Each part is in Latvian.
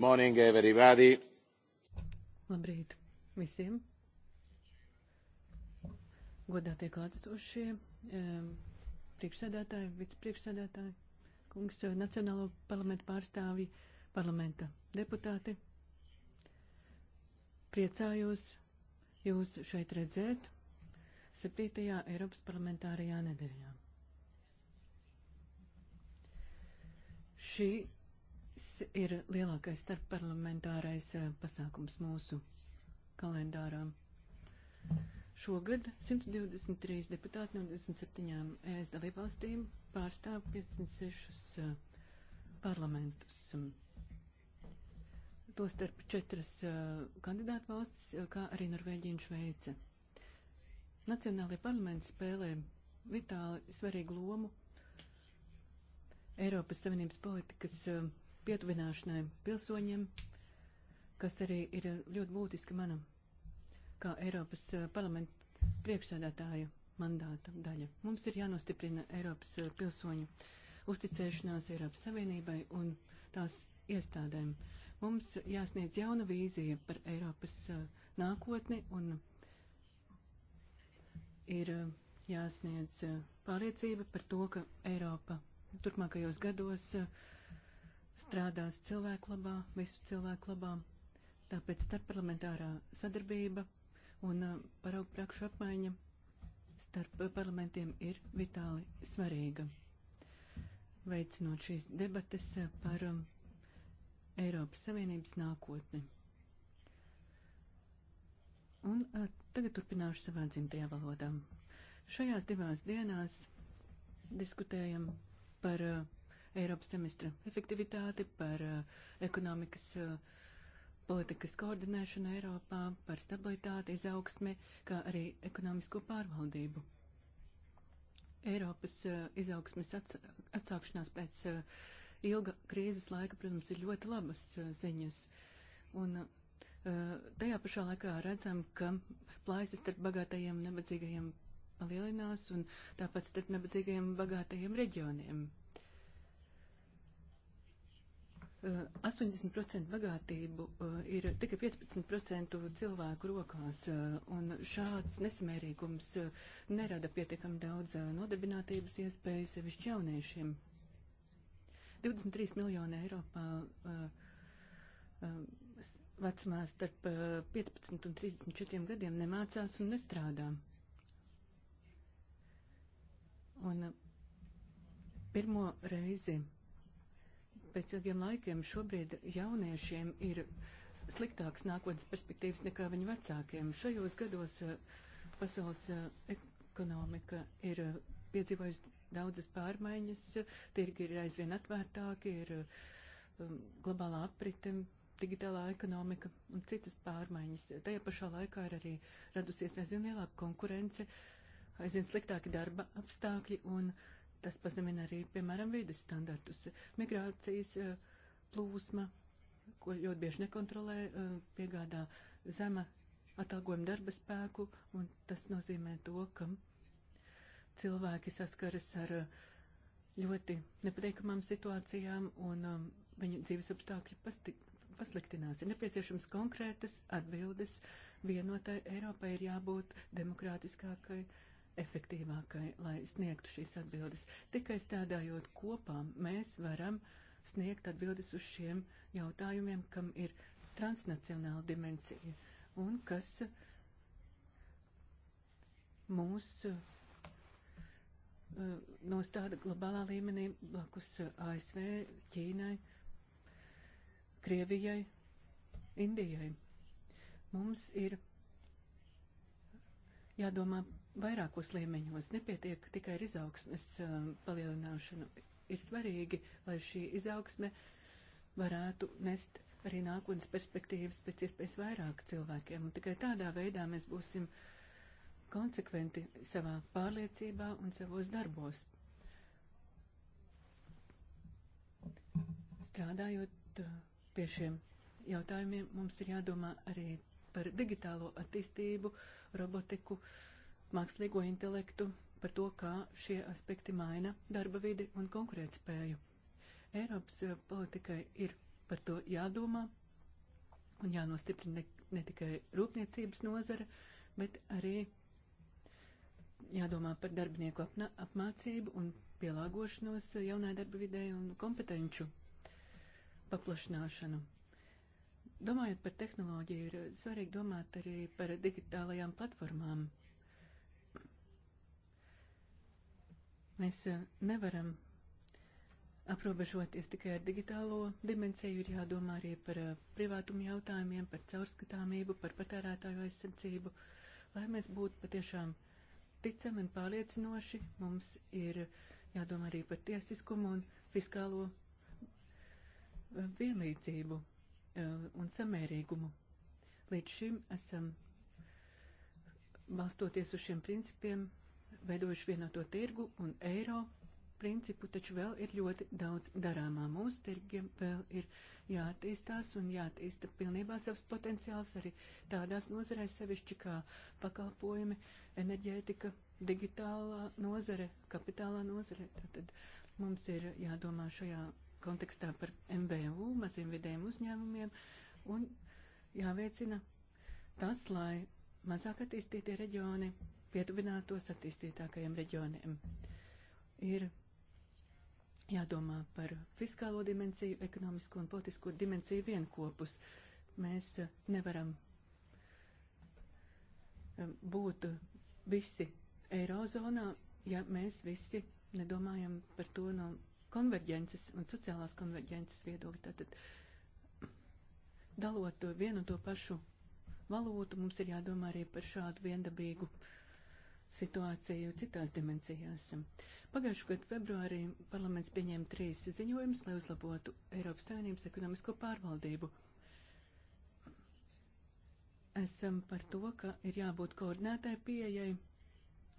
Good morning, everybody. Labrīt visiem. Godātie klātesošie, priekšsēdētāji, vicepriekšsēdētāji, kungs, Nacionālo parlamentu pārstāvji, parlamenta deputāti. Priecājos jūs šeit redzēt 7. Eiropas parlamentārajā nedēļā. Šī ir lielākais starpparlamentārais eh, pasākums mūsu kalendārā. Šogad 123 deputāti no 27 ES dalībvalstīm pārstāv 56 eh, parlamentus. Tostarp četras eh, kandidātu valstis, kā arī Norvēģija un Šveice. Nacionālajie parlamenti spēlē vitāli svarīgu lomu Eiropas Savienības politikas pietuvināšanai pilsoņiem, kas arī ir ļoti būtiski manam, kā Eiropas eh, parlamenta priekšsēdētāja mandāta daļa. Mums ir jānostiprina Eiropas eh, pilsoņu uzticēšanās Eiropas Savienībai un tās iestādēm. Mums jāsniedz jauna vīzija par Eiropas eh, nākotni un ir jāsniedz pārliecība par to, ka Eiropa turpmākajos gados uh, strādās cilvēku labā, visu cilvēku labā. Tāpēc starpparlamentārā sadarbība un uh, paraugu prakšu apmaiņa starp parlamentiem ir vitāli svarīga. Veicinot šīs debates uh, par um, Eiropas Savienības nākotni. Un a, uh, tagad turpināšu savā dzimtajā valodā. Šajās divās dienās diskutējam par uh, Eiropas semestra efektivitāti, par eh, ekonomikas eh, politikas koordinēšanu Eiropā, par stabilitāti, izaugsmi, kā arī ekonomisko pārvaldību. Eiropas eh, izaugsmes atsākšanās pēc ilga krīzes laika, protams, ir ļoti labas ziņas. Un tajā pašā laikā redzam, ka plājas starp bagātajiem un nabadzīgajiem palielinās, un tāpat starp nabadzīgajiem un bagātajiem reģioniem. 80% eh, bagātību eh, ir tikai 15% cilvēku rokās, eh, un šāds nesamērīgums nerada pietiekami daudz nodarbinātības iespēju sevišķi jauniešiem. 23 miljoni Eiropā vecumā starp 15 un 34 gadiem nemācās un nestrādā. Un pirmo reizi pēc ilgiem laikiem šobrīd jauniešiem ir sliktāks nākotnes perspektīvas nekā viņu vecākiem. Šajos gados eh, pasaules eh, ekonomika ir eh, piedzīvojusi daudzas pārmaiņas, tirgi ir aizvien atvērtāki, ir um, globālā aprite, digitālā ekonomika un citas pārmaiņas. Tajā pašā laikā ir arī radusies aizvien lielāka konkurence, aizvien sliktāki darba apstākļi un uh, Tas pazemina arī, piemēram, vides standartus. Migrācijas eh, plūsma, ko ļoti bieži nekontrolē, eh, piegādā zema atalgojuma darba spēku, un tas nozīmē to, ka cilvēki saskaras ar eh, ļoti nepateikamām situācijām, un um, viņu dzīves apstākļi pastik, pasliktinās. Ir nepieciešams konkrētas atbildes. Vienotai Eiropai ir jābūt demokrātiskākai. Uh, efektīvākai, lai sniegtu šīs atbildes. Tikai strādājot kopā, mēs varam sniegt atbildes uz šiem jautājumiem, kam ir transnacionāla dimensija un kas mūs eh, nostāda globālā līmenī blakus ASV, Ķīnai, Krievijai, Indijai. Mums ir jādomā vairākos līmeņos. Nepietiek tikai ar izaugsmes um, palielināšanu. Ir svarīgi, lai šī izaugsme varētu nest arī nākotnes perspektīvas pēc iespējas vairāk cilvēkiem. Un tikai tādā veidā mēs būsim konsekventi savā pārliecībā un savos darbos. Strādājot uh, pie šiem jautājumiem, mums ir jādomā arī par digitālo attīstību, robotiku, uh, mākslīgo intelektu, par to, kā šie aspekti maina darba vidi un konkurētspēju. Eiropas eh, politikai ir par to jādomā un jānostiprina ne, ne tikai rūpniecības nozara, bet arī jādomā par darbinieku apna, apmācību un pielāgošanos jaunai darba vidē un kompetenču paplašināšanu. Domājot par tehnoloģiju, ir svarīgi domāt arī par digitālajām platformām. Mēs eh, nevaram aprobežoties tikai ar digitālo dimensiju, ir jādomā arī par eh, privātumu jautājumiem, par caurskatāmību, par patērētāju aizsardzību. Lai mēs būtu patiešām ticami un pārliecinoši, mums ir jādomā arī par tiesiskumu un fiskālo eh, vienlīdzību un samērīgumu. Līdz šim esam, balstoties uz šiem principiem, veidojuši vienoto tirgu un eiro principu, taču vēl ir ļoti daudz darāmā. Mūsu tirgiem vēl ir jāattīstās un jāattīsta pilnībā savs potenciāls arī tādās nozarēs sevišķi kā pakalpojumi, enerģētika, digitālā nozare, kapitālā nozare. Tātad mums ir jādomā šajā kontekstā par MBU, maziem vidējiem uzņēmumiem, un jāveicina tas, lai mazāk attīstītie reģioni pietuvinātos attīstītākajiem reģioniem. Ir jādomā par fiskālo dimensiju, ekonomisko un politisko dimensiju vienkopus. Mēs eh, nevaram eh, būt visi Eirozonā, ja mēs visi nedomājam par to no konverģences un sociālās konverģences viedokļa. Tātad dalot vienu un to pašu valūtu, mums ir jādomā arī par šādu viendabīgu uh, situāciju citās dimensijās. Pagājušajā gadu februārī parlaments pieņēma trīs ziņojumus, lai uzlabotu Eiropas Savienības ekonomisko pārvaldību. Esam par to, ka ir jābūt koordinētai pieejai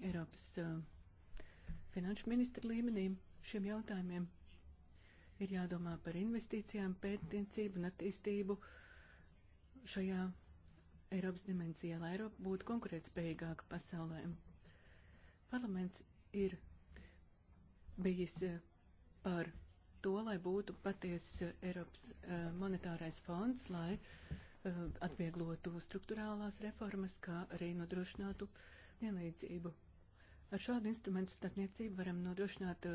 Eiropas uh, finanšu ministra līmenī šiem jautājumiem. Ir jādomā par investīcijām, pētniecību un attīstību šajā Eiropas dimensijā, lai Eiropa būtu konkurētspējīgāka pasaulēm. Parlaments ir bijis eh, par to, lai būtu patiesa eh, Eiropas eh, monetārais fonds, lai atvieglotu struktūrālās reformas, kā arī nodrošinātu vienlīdzību. Ar šādu instrumentu starpniecību varam nodrošināt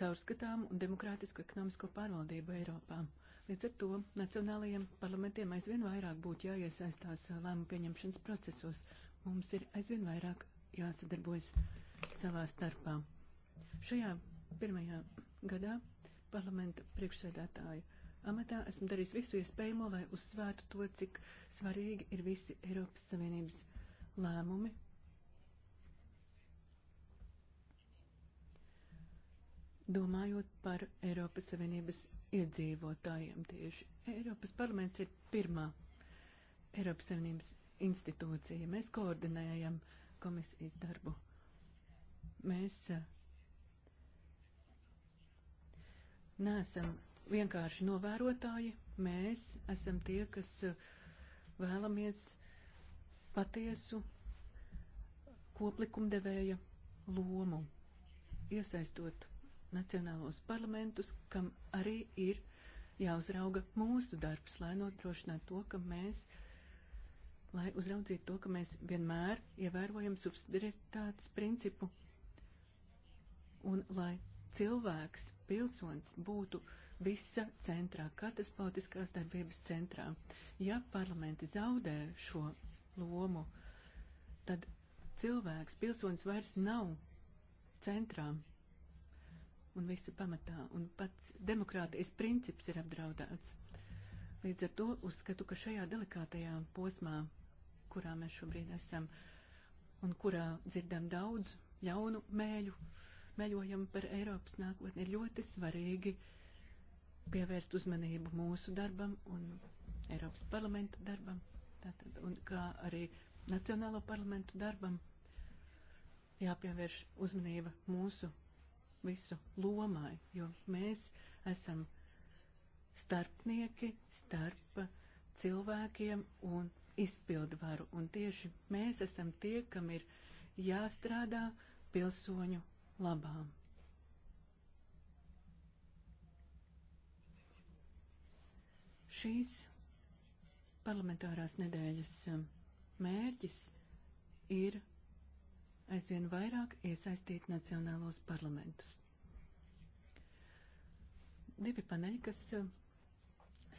caurskatām un demokrātisku ekonomisko pārvaldību Eiropā. Līdz ar to nacionālajiem parlamentiem aizvien vairāk būtu jāiesaistās lēmu pieņemšanas procesos. Mums ir aizvien vairāk jāsadarbojas savā starpā. Šajā pirmajā gadā parlamenta priekšsēdētāju amatā esmu darījis visu iespējamo, lai uzsvērtu to, cik svarīgi ir visi Eiropas Savienības lēmumi. Domājot par Eiropas Savienības iedzīvotājiem tieši. Eiropas parlaments ir pirmā Eiropas Savienības institūcija. Mēs koordinējam uh, komisijas darbu. Mēs neesam vienkārši novērotāji, mēs esam tie, kas vēlamies patiesu koplikumdevēja lomu, iesaistot nacionālos parlamentus, kam arī ir jāuzrauga mūsu darbs, lai nodrošinātu to, ka mēs uh, lai uzraudzītu to, ka mēs vienmēr ievērojam subsidiaritātes principu un lai cilvēks, pilsonis būtu visa centrā, katras politiskās darbības centrā. Ja parlamenti zaudē šo lomu, tad cilvēks, pilsonis vairs nav centrā un visa pamatā, un pats demokrātijas princips ir apdraudēts. Līdz ar to uzskatu, ka šajā delikātajā posmā kurā mēs šobrīd esam un kurā dzirdam daudz jaunu mēļu, meļojam par Eiropas nākotni, ir ļoti svarīgi pievērst uzmanību mūsu darbam un Eiropas parlamenta darbam, tātad, un kā arī Nacionālo parlamentu darbam jāpievērš uzmanība mūsu visu lomai, jo mēs esam starpnieki starp cilvēkiem un izpildvaru, un tieši mēs esam tie, kam ir jāstrādā pilsoņu labām. Šīs parlamentārās nedēļas um, mērķis ir aizvien vairāk iesaistīt nacionālos parlamentus. Divi paneļi, kas um,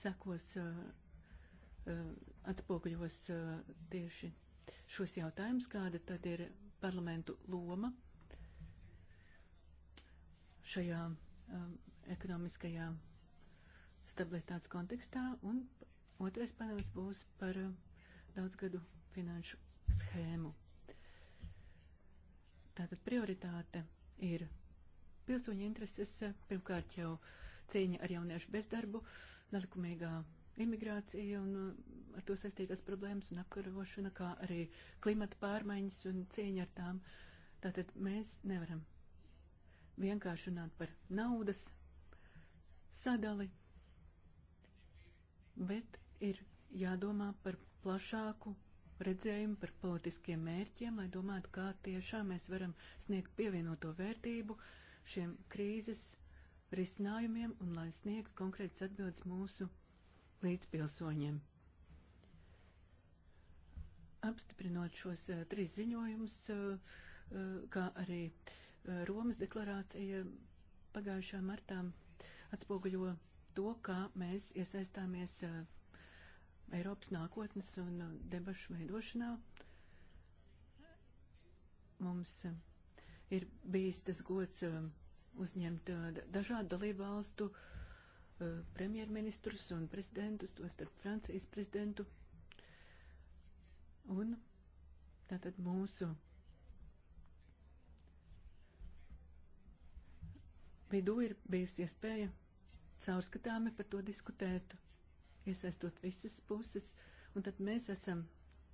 sakos uh, Э, atspoguļos э, tieši šos jautājumus, kāda tad ir parlamentu loma šajā ekonomiskajā stabilitātes kontekstā, un otrais panels būs par daudzgadu finanšu schēmu. Tātad prioritāte ir pilsoņu intereses, pirmkārt jau cīņa ar jauniešu bezdarbu, nelikumīgā imigrācija un uh, ar to saistītās problēmas un apkarošana, kā arī klimata pārmaiņas un cieņa ar tām. Tātad mēs nevaram vienkārši runāt par naudas sadali, bet ir jādomā par plašāku redzējumu, par politiskiem mērķiem, lai domātu, kā tiešām mēs varam sniegt pievienoto vērtību šiem krīzes risinājumiem un lai sniegtu konkrētas atbildes mūsu līdzpilsoņiem. Apstiprinot šos uh, trīs ziņojumus, uh, uh, kā arī uh, Romas deklarācija pagājušā martā atspoguļo to, kā mēs iesaistāmies uh, Eiropas nākotnes un uh, debašu veidošanā. Mums uh, ir bijis tas gods uh, uzņemt uh, dažādu dalību valstu uh, Uh, premjerministrus un prezidentus, to starp Francijas prezidentu. Un tātad mūsu vidū ir bijusi iespēja caurskatāmi par to diskutēt, iesaistot visas puses, un tad mēs esam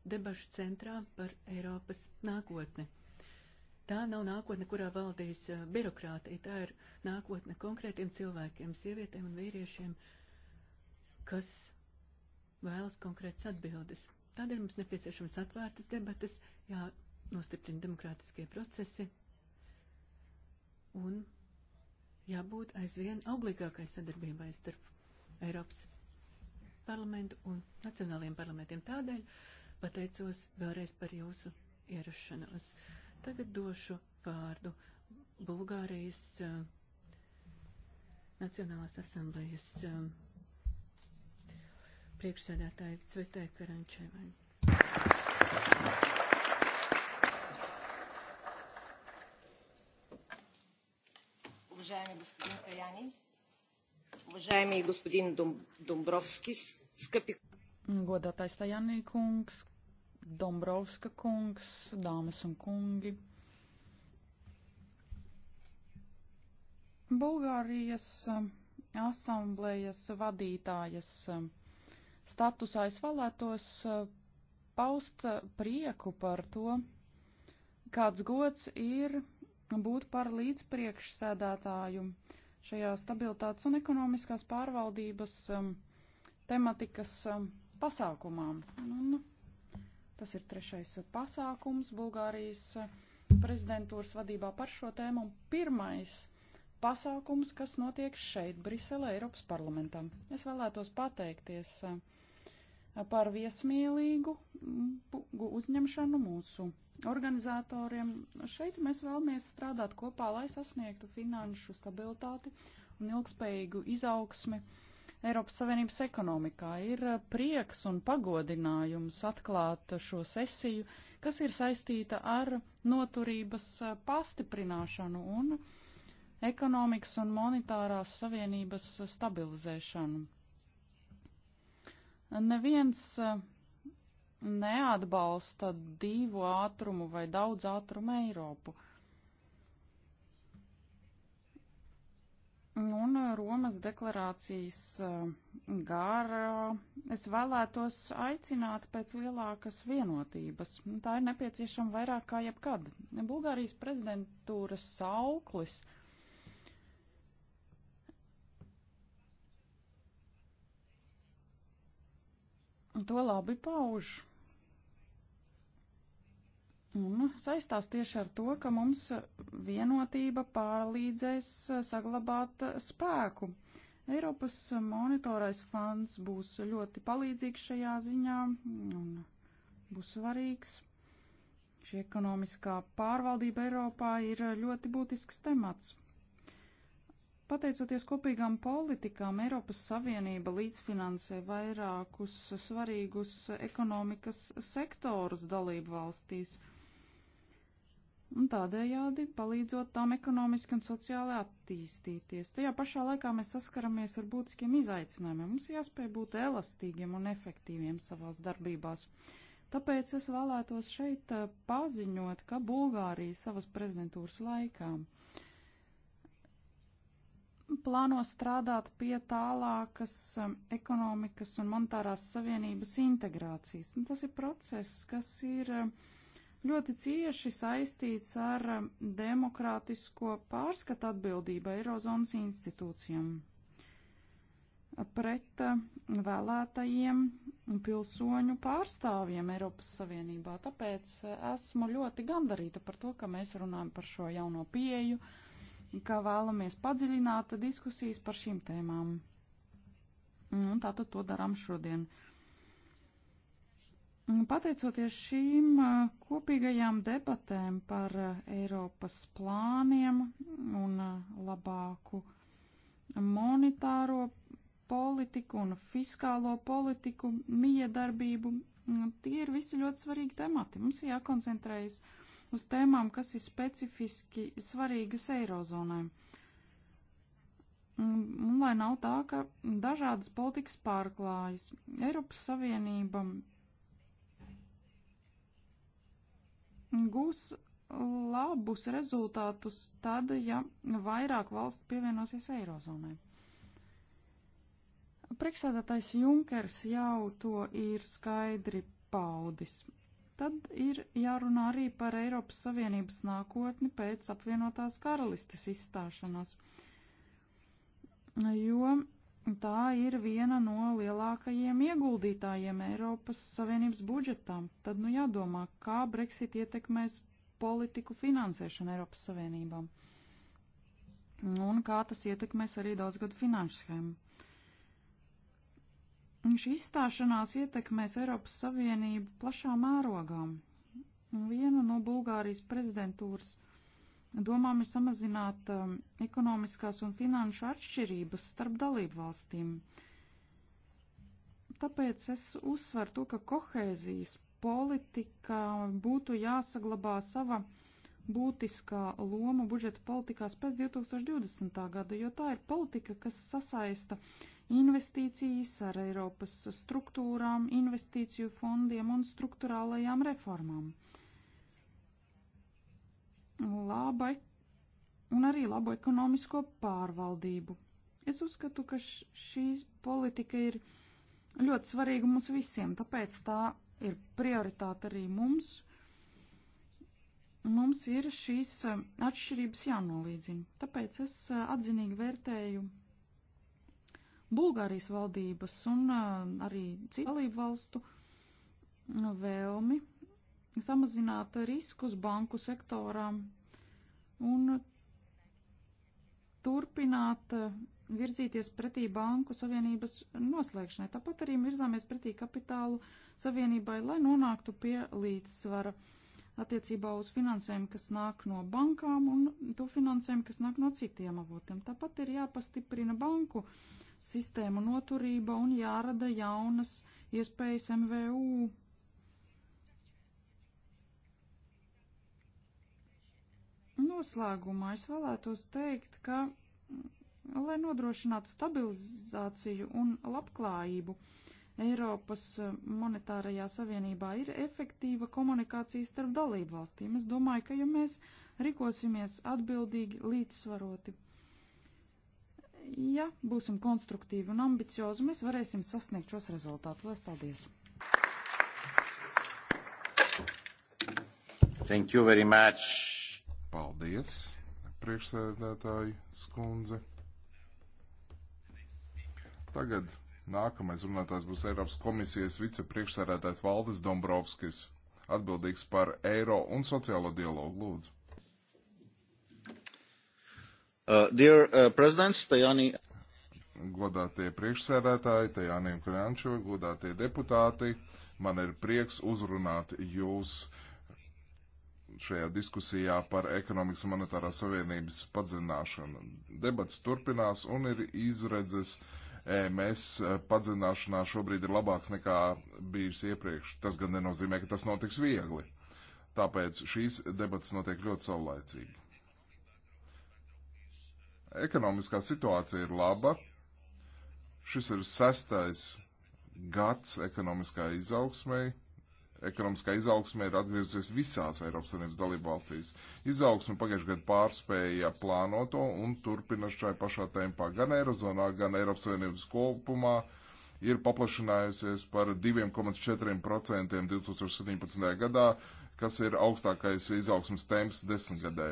debašu centrā par Eiropas nākotni. Tā nav nākotne, kurā valdīs uh, eh, birokrātija. Tā ir nākotne konkrētiem cilvēkiem, sievietēm un vīriešiem, kas vēlas konkrētas atbildes. Tādēļ mums nepieciešams atvērtas debatas, jānostiprina demokrātiskie procesi un jābūt aizvien auglīgākai sadarbībai starp Eiropas parlamentu un nacionāliem parlamentiem. Tādēļ pateicos vēlreiz par jūsu ierašanos. Tagad došu vārdu Bulgārijas uh, Nacionālās asamblejas um, eh, priekšsēdētāja Cvetai Karančevai. Уважаеми господин Таяни, уважаеми господин Домбровскис, скъпи... Godātais Tajānī kungs, Dombrovska kungs, dāmas un kungi. Bulgārijas um, asamblējas vadītājas um, statusā es vēlētos uh, paust uh, prieku par to, kāds gods ir būt par līdzpriekšsēdētāju šajā stabilitātes un ekonomiskās pārvaldības um, tematikas pasākumā. Un Tas ir trešais pasākums Bulgārijas prezidentūras vadībā par šo tēmu un pirmais pasākums, kas notiek šeit, Briselē, Eiropas parlamentā. Es vēlētos pateikties eh, par viesmīlīgu uzņemšanu mūsu organizatoriem. Šeit mēs vēlamies strādāt kopā, lai sasniegtu finanšu stabilitāti un ilgspējīgu izaugsmi Eiropas Savienības ekonomikā. Ir eh, prieks un pagodinājums atklāt šo sesiju, kas ir saistīta ar noturības eh, pastiprināšanu un ekonomikas un monetārās savienības eh, stabilizēšanu. Neviens neatbalsta divu ātrumu vai daudz ātrumu Eiropu. un uh, Romas deklarācijas uh, gārā es vēlētos aicināt pēc lielākas vienotības. Tā ir nepieciešama vairāk kā jebkad. Bulgārijas prezidentūras sauklis to labi pauž. Un saistās tieši ar to, ka mums vienotība pārlīdzēs saglabāt spēku. Eiropas monitorais fonds būs ļoti palīdzīgs šajā ziņā un būs svarīgs. Šī ekonomiskā pārvaldība Eiropā ir ļoti būtisks temats. Pateicoties kopīgām politikām, Eiropas Savienība līdzfinansē vairākus svarīgus ekonomikas sektorus dalību valstīs un tādējādi palīdzot tām ekonomiski un sociāli attīstīties. Tajā pašā laikā mēs saskaramies ar būtiskiem izaicinājumiem. Mums jāspēj būt elastīgiem un efektīviem savās darbībās. Tāpēc es vēlētos šeit eh, paziņot, ka Bulgārija savas prezidentūras laikā plāno strādāt pie tālākas eh, ekonomikas un monetārās savienības integrācijas. Tas ir process, kas ir uh, ļoti cieši saistīts ar um, demokrātisko pārskatu atbildību Eirozonas institūcijām pret um, vēlētajiem pilsoņu pārstāvjiem Eiropas Savienībā. Tāpēc uh, esmu ļoti gandarīta par to, ka mēs runājam par šo jauno pieju, ka vēlamies padziļināt diskusijas par šīm tēmām. Un tātad to darām šodien. Uh, Pateicoties šīm kopīgajām debatēm par Eiropas plāniem un labāku monetāro politiku un fiskālo politiku miedarbību, tie ir visi ļoti svarīgi temati. Mums ir jākoncentrējas uz tēmām, kas ir specifiski svarīgas Eirozonai. Un lai nav tā, ka dažādas politikas pārklājas, Eiropas Savienība gūs labus rezultātus tad, ja vairāk valstu pievienosies Eirozonai. Priekšsēdētājs Junkers jau to ir skaidri paudis. Tad ir jārunā arī par Eiropas Savienības nākotni pēc apvienotās karalistes izstāšanās, jo tā ir viena no lielākajiem ieguldītājiem Eiropas Savienības budžetā. Tad nu jādomā, kā Brexit ietekmēs politiku finansēšanu Eiropas Savienībām un kā tas ietekmēs arī daudzgadu finanšu schēmu. Šī izstāšanās ietekmēs Eiropas Savienību plašā mērogā. Viena no Bulgārijas prezidentūras domām ir samazināt um, ekonomiskās un finanšu atšķirības starp dalību valstīm. Tāpēc es uzsveru to, ka kohēzijas politikā būtu jāsaglabā sava būtiskā loma budžeta politikās pēc 2020. gada, jo tā ir politika, kas sasaista investīcijas ar Eiropas struktūrām, investīciju fondiem un struktūrālajām reformām laba un arī labu ekonomisko pārvaldību. Es uzskatu, ka šī politika ir ļoti svarīga mums visiem, tāpēc tā ir prioritāte arī mums. Mums ir šīs eh, atšķirības jānolīdzina. Tāpēc es eh, atzinīgi vērtēju Bulgārijas valdības un eh, arī citu dalību valstu vēlmi samazināt riskus banku sektorā un turpināt eh, virzīties pretī banku savienības noslēgšanai. Tāpat arī virzāmies pretī kapitālu savienībai, lai nonāktu pie līdzsvara attiecībā uz finansēm, kas nāk no bankām un to finansēm, kas nāk no citiem avotiem. Tāpat ir jāpastiprina banku sistēmu noturība un jārada jaunas iespējas MVU Noslēgumā es vēlētos teikt, ka, mm, lai nodrošinātu stabilizāciju un labklājību, Eiropas eh, monetārajā savienībā ir efektīva komunikācija starp dalību valstīm. Es domāju, ka ja mēs rīkosimies atbildīgi, līdzsvaroti, ja būsim konstruktīvi un ambiciozi, mēs varēsim sasniegt šos rezultātus. Lielas paldies! Thank you very much. Paldies, priekšsēdētāji skundze. Tagad nākamais runātājs būs Eiropas komisijas vicepriekšsēdētājs Valdis Dombrovskis, atbildīgs par eiro un sociālo dialogu. Lūdzu. Uh, dear uh, President Stajani. Godātie priekšsēdētāji, Tajāniem Krančo, godātie deputāti, man ir prieks uzrunāt jūs uh, šajā diskusijā par ekonomikas un monetārās savienības padzināšanu. Debats turpinās un ir izredzes EMS eh, eh, padzināšanā šobrīd ir labāks nekā bijis iepriekš. Tas gan nenozīmē, ka tas notiks viegli. Tāpēc šīs debats notiek ļoti saulaicīgi. Ekonomiskā situācija ir laba. Šis ir sestais gads ekonomiskā izaugsmēji Ekonomiskā izaugsme ir atgriezusies visās Eiropas Savienības dalībvalstīs. Izaugsme pagājušajā gadā pārspēja plānoto un turpina šai pašā tempā. Gan Eirozonā, gan Eiropas Savienības kopumā ir paplašinājusies par 2,4% 2017. gadā, kas ir augstākais izaugsmes temps desmitgadē.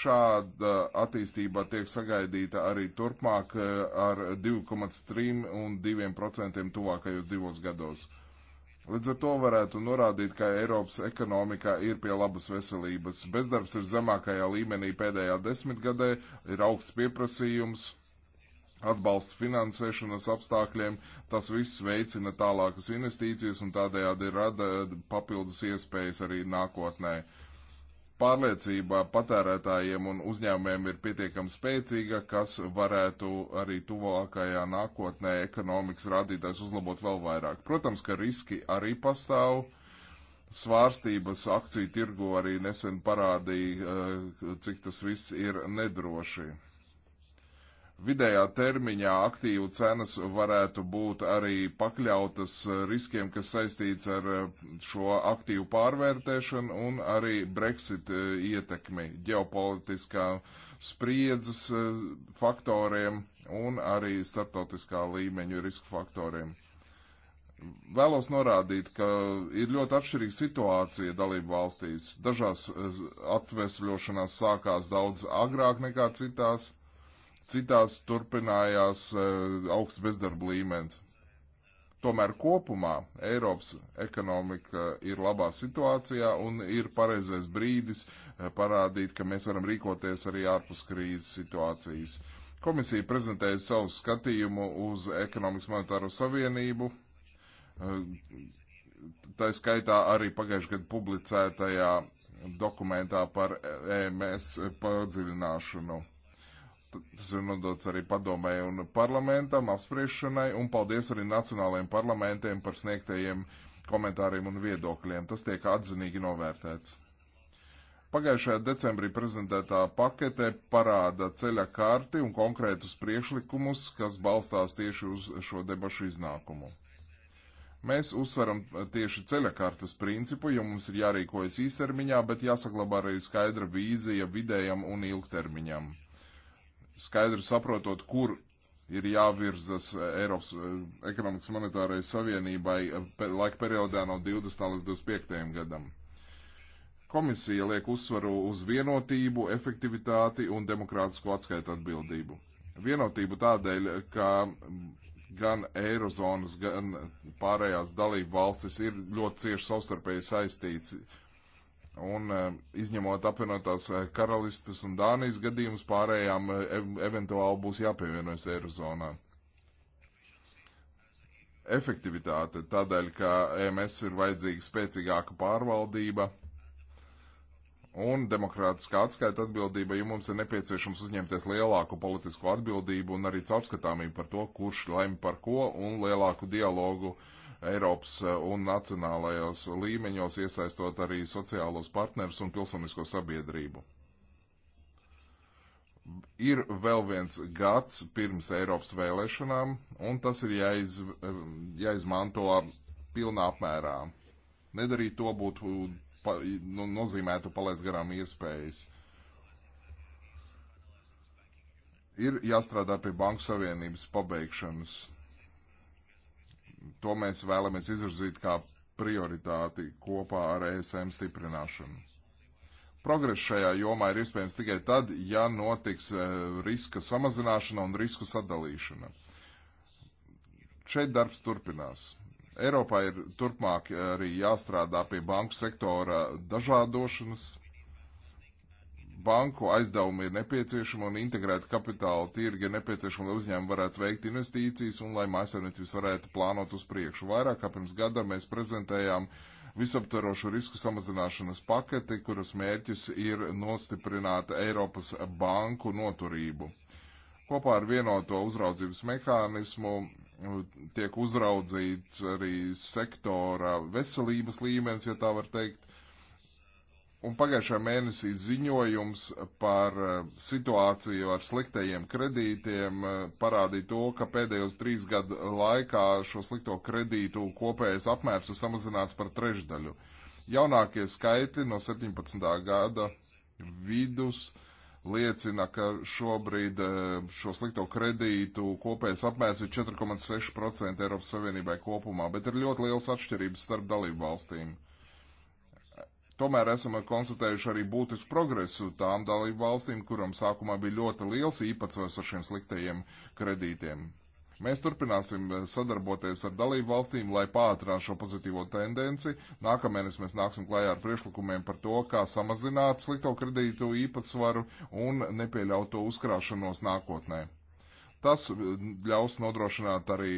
Šāda attīstība tiek sagaidīta arī turpmāk eh, ar 2,3 un 2% tuvākajos divos gados Līdz ar to varētu norādīt, ka Eiropas ekonomikā ir pie labas veselības. Bezdarbs ir zemākajā līmenī pēdējā desmitgadē, ir augsts pieprasījums, atbalsts finansēšanas apstākļiem, tas viss veicina tālākas investīcijas un tādējādi rada papildus iespējas arī nākotnē. Uh, pārliecība patērētājiem un uzņēmumiem ir pietiekami spēcīga, kas varētu arī tuvākajā nākotnē ekonomikas rādītājs uzlabot vēl vairāk. Protams, ka riski arī pastāv. Svārstības akciju tirgu arī nesen parādīja, eh, cik tas viss ir nedroši. Vidējā termiņā aktīvu cenas varētu būt arī pakļautas riskiem, kas saistīts ar eh, šo aktīvu pārvērtēšanu un arī Brexit eh, ietekmi ģeopolitiskā spriedzes eh, faktoriem un arī starptautiskā līmeņa risku faktoriem. Vēlos norādīt, ka ir ļoti atšķirīga situācija dalību valstīs. Dažās atvesļošanās sākās daudz agrāk nekā citās citās turpinājās eh, augsts bezdarba līmenis. Tomēr kopumā Eiropas ekonomika ir labā situācijā un ir pareizais brīdis eh, parādīt, ka mēs varam rīkoties arī ārpus krīzes situācijas. Komisija prezentēja savu skatījumu uz ekonomikas monetāro savienību, eh, tā skaitā arī pagājušajā gadu publicētajā dokumentā par EMS padziļināšanu. Tas ir nodots arī padomē un parlamentam apspriešanai, un paldies arī nacionālajiem parlamentiem par sniegtajiem komentāriem un viedokļiem. Tas tiek atzinīgi novērtēts. Pagājušajā decembrī prezentētā pakete parāda ceļa karti un konkrētus priekšlikumus, kas balstās tieši uz šo debašu iznākumu. Mēs uzsveram tieši ceļa kartas principu, jo mums ir jārīkojas īstermiņā, bet jāsaglabā arī skaidra vīzija vidējam un ilgtermiņam skaidri saprotot, kur ir jāvirzas eh, Eiropas eh, ekonomikas monetārai savienībai eh, laika periodā no 20. līdz 25. gadam. Komisija liek uzsvaru uz vienotību, efektivitāti un demokrātisko atskaitu atbildību. Vienotību tādēļ, ka gan Eirozonas, gan pārējās dalību valstis ir ļoti cieši savstarpēji saistīts Un e, izņemot apvienotās e, karalistas un Dānijas gadījumus, pārējām e, eventuāli būs jāpievienojas Eirozonā. Efektivitāte tādēļ, ka EMS ir vajadzīga spēcīgāka pārvaldība un demokrātiskā atskaita atbildība, ja mums ir nepieciešams uzņemties lielāku politisko atbildību un arī caurskatāmību par to, kurš lem par ko un lielāku dialogu uh, Eiropas eh, un nacionālajos līmeņos, iesaistot arī sociālos partnerus un pilsonisko sabiedrību. Ir vēl viens gads pirms Eiropas vēlēšanām, un tas ir jāiz, eh, jāizmanto pilnā apmērā. Nedarīt to būtu pa, nu, nozīmētu palaist garām iespējas. Ir jāstrādā pie Banku Savienības pabeigšanas to mēs vēlamies izvirzīt kā prioritāti kopā ar ESM stiprināšanu. Progress šajā jomā ir iespējams tikai tad, ja notiks e, riska samazināšana un risku sadalīšana. Šeit darbs turpinās. Eiropā ir turpmāk arī jāstrādā pie banku sektora dažādošanas, banku aizdevumi ir nepieciešami un integrēta kapitāla tirgi ir nepieciešami, lai uzņēmumi varētu veikt investīcijas un lai mājasemniecības varētu plānot uz priekšu. Vairāk kā pirms gada mēs prezentējām visaptverošu risku samazināšanas paketi, kuras mērķis ir nostiprināt Eiropas banku noturību. Kopā ar vienoto uzraudzības mehānismu uh, tiek uzraudzīts arī sektora veselības līmenis, ja tā var teikt, Un pagājušā mēnesī ziņojums par eh, situāciju ar sliktajiem kredītiem eh, parādīja to, ka pēdējos trīs gadu laikā šo slikto kredītu kopējais apmērs ir samazināts par trešdaļu. Jaunākie skaitļi no 17. gada vidus liecina, ka šobrīd eh, šo slikto kredītu kopējais apmērs ir 4,6% Eiropas Savienībai kopumā, bet ir ļoti liels atšķirības starp dalību valstīm Tomēr esam konstatējuši arī būtisku progresu tām dalību valstīm, kuram sākumā bija ļoti liels īpatsvars ar šiem sliktajiem kredītiem. Mēs turpināsim eh, sadarboties ar dalību valstīm, lai pātrinātu šo pozitīvo tendenci. Nākamēnes mēs nāksim klajā ar priekšlikumiem par to, kā samazināt slikto kredītu īpatsvaru un nepieļautu uzkrāšanos nākotnē. Tas eh, ļaus nodrošināt arī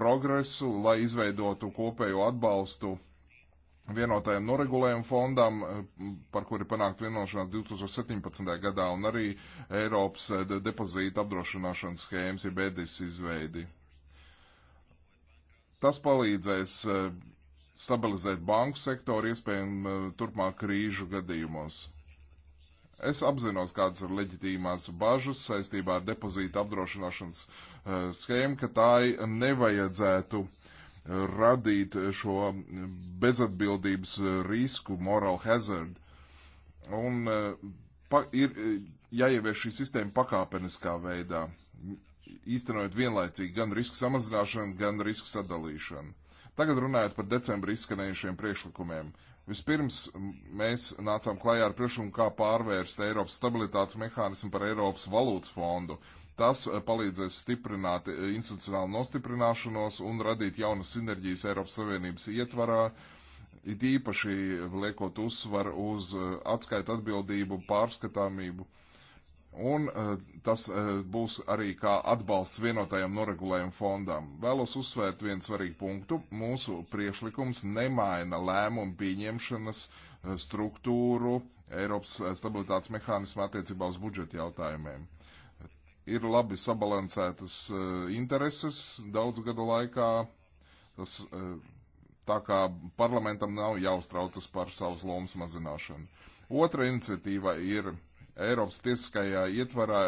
progresu, lai izveidotu kopējo atbalstu vienotajam noregulējumu fondam, eh, par kuri panākt vienošanās 2017. gadā, un arī Eiropas eh, depozīta apdrošināšanas schēmas, jeb EDIS izveidi. Tas palīdzēs eh, stabilizēt banku sektoru iespējami turpmāk krīžu gadījumos. Es apzinos, kādas ir leģitīmās bažas saistībā ar depozīta apdrošināšanas uh, schēmu, ka tā nevajadzētu uh, radīt šo bezatbildības risku, moral hazard. Un eh, pa, ir eh, jāievieš šī sistēma pakāpeniskā veidā, īstenojot vienlaicīgi gan risku samazināšanu, gan risku sadalīšanu. Tagad runājot par decembra izskanējušiem priekšlikumiem. Vispirms mēs nācām klajā ar priekšlikumu, kā pārvērst Eiropas stabilitātes mehānismu par Eiropas valūtas fondu. Uh, Tas eh, palīdzēs stiprināt eh, institucionālu nostiprināšanos un radīt jaunas sinerģijas Eiropas Savienības ietvarā, it īpaši liekot uzsvaru uz eh, atskaita atbildību, pārskatāmību. Un tas būs arī kā atbalsts vienotajam noregulējumu fondam. Vēlos uzsvērt vienu svarīgu punktu. Mūsu priešlikums nemaina lēmumu pieņemšanas struktūru Eiropas stabilitātes mehānismu attiecībā uz budžeta jautājumiem. Uh, ir labi sabalansētas eh, intereses daudzu gadu laikā. Tas, eh, tā kā parlamentam nav jāuztraucas par savas lomas mazināšanu. Otra iniciatīva ir Eiropas tiesiskajā ietvarā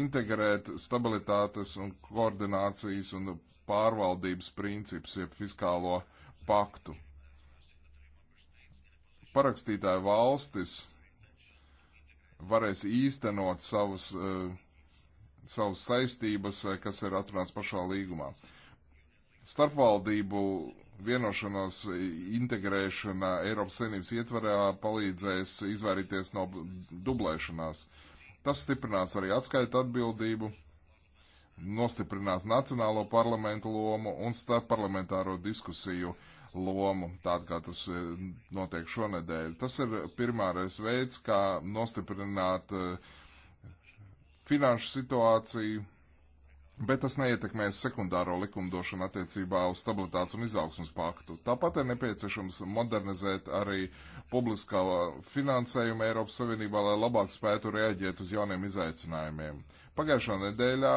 integrēt stabilitātes un koordinācijas un pārvaldības principus, jeb fiskālo paktu. Parakstītāja valstis varēs īstenot savas uh, savas saistības, eh, kas ir atrunāts pašā līgumā. Starpvaldību vienošanos eh, integrēšana Eiropas Savienības ietvarā palīdzēs izvairīties no dublēšanās. Tas stiprinās arī atskaita atbildību, nostiprinās nacionālo parlamentu lomu un starpparlamentāro diskusiju lomu, tādu kā tas eh, notiek šonedēļ. Tas ir primārais veids, kā nostiprināt uh, finanšu situāciju, bet tas neietekmēs sekundāro likumdošanu attiecībā uz stabilitātes un izaugsmas paktu. Tāpat ir nepieciešams modernizēt arī publiskā finansējuma Eiropas Savienībā, lai labāk spētu reaģēt uz jauniem izaicinājumiem. Pagājušā nedēļā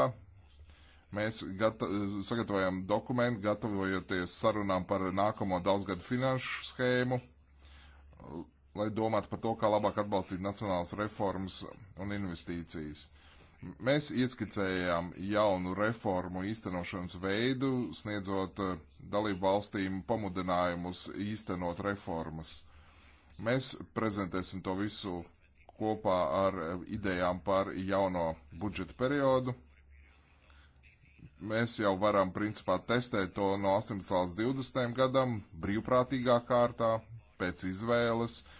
mēs gata, sagatavojam dokumentu, gatavojoties sarunām par nākamo daudzgadu finanšu schēmu, lai domātu par to, kā labāk atbalstīt nacionālas reformas un investīcijas. Mēs ieskicējām jaunu reformu īstenošanas veidu, sniedzot eh, dalību valstīm pamudinājumus īstenot reformas. Mēs prezentēsim to visu kopā ar eh, idejām par jauno budžeta periodu. Mēs jau varam principā testēt to no 18 līdz 20 gadam brīvprātīgā kārtā, pēc izvēles, uh,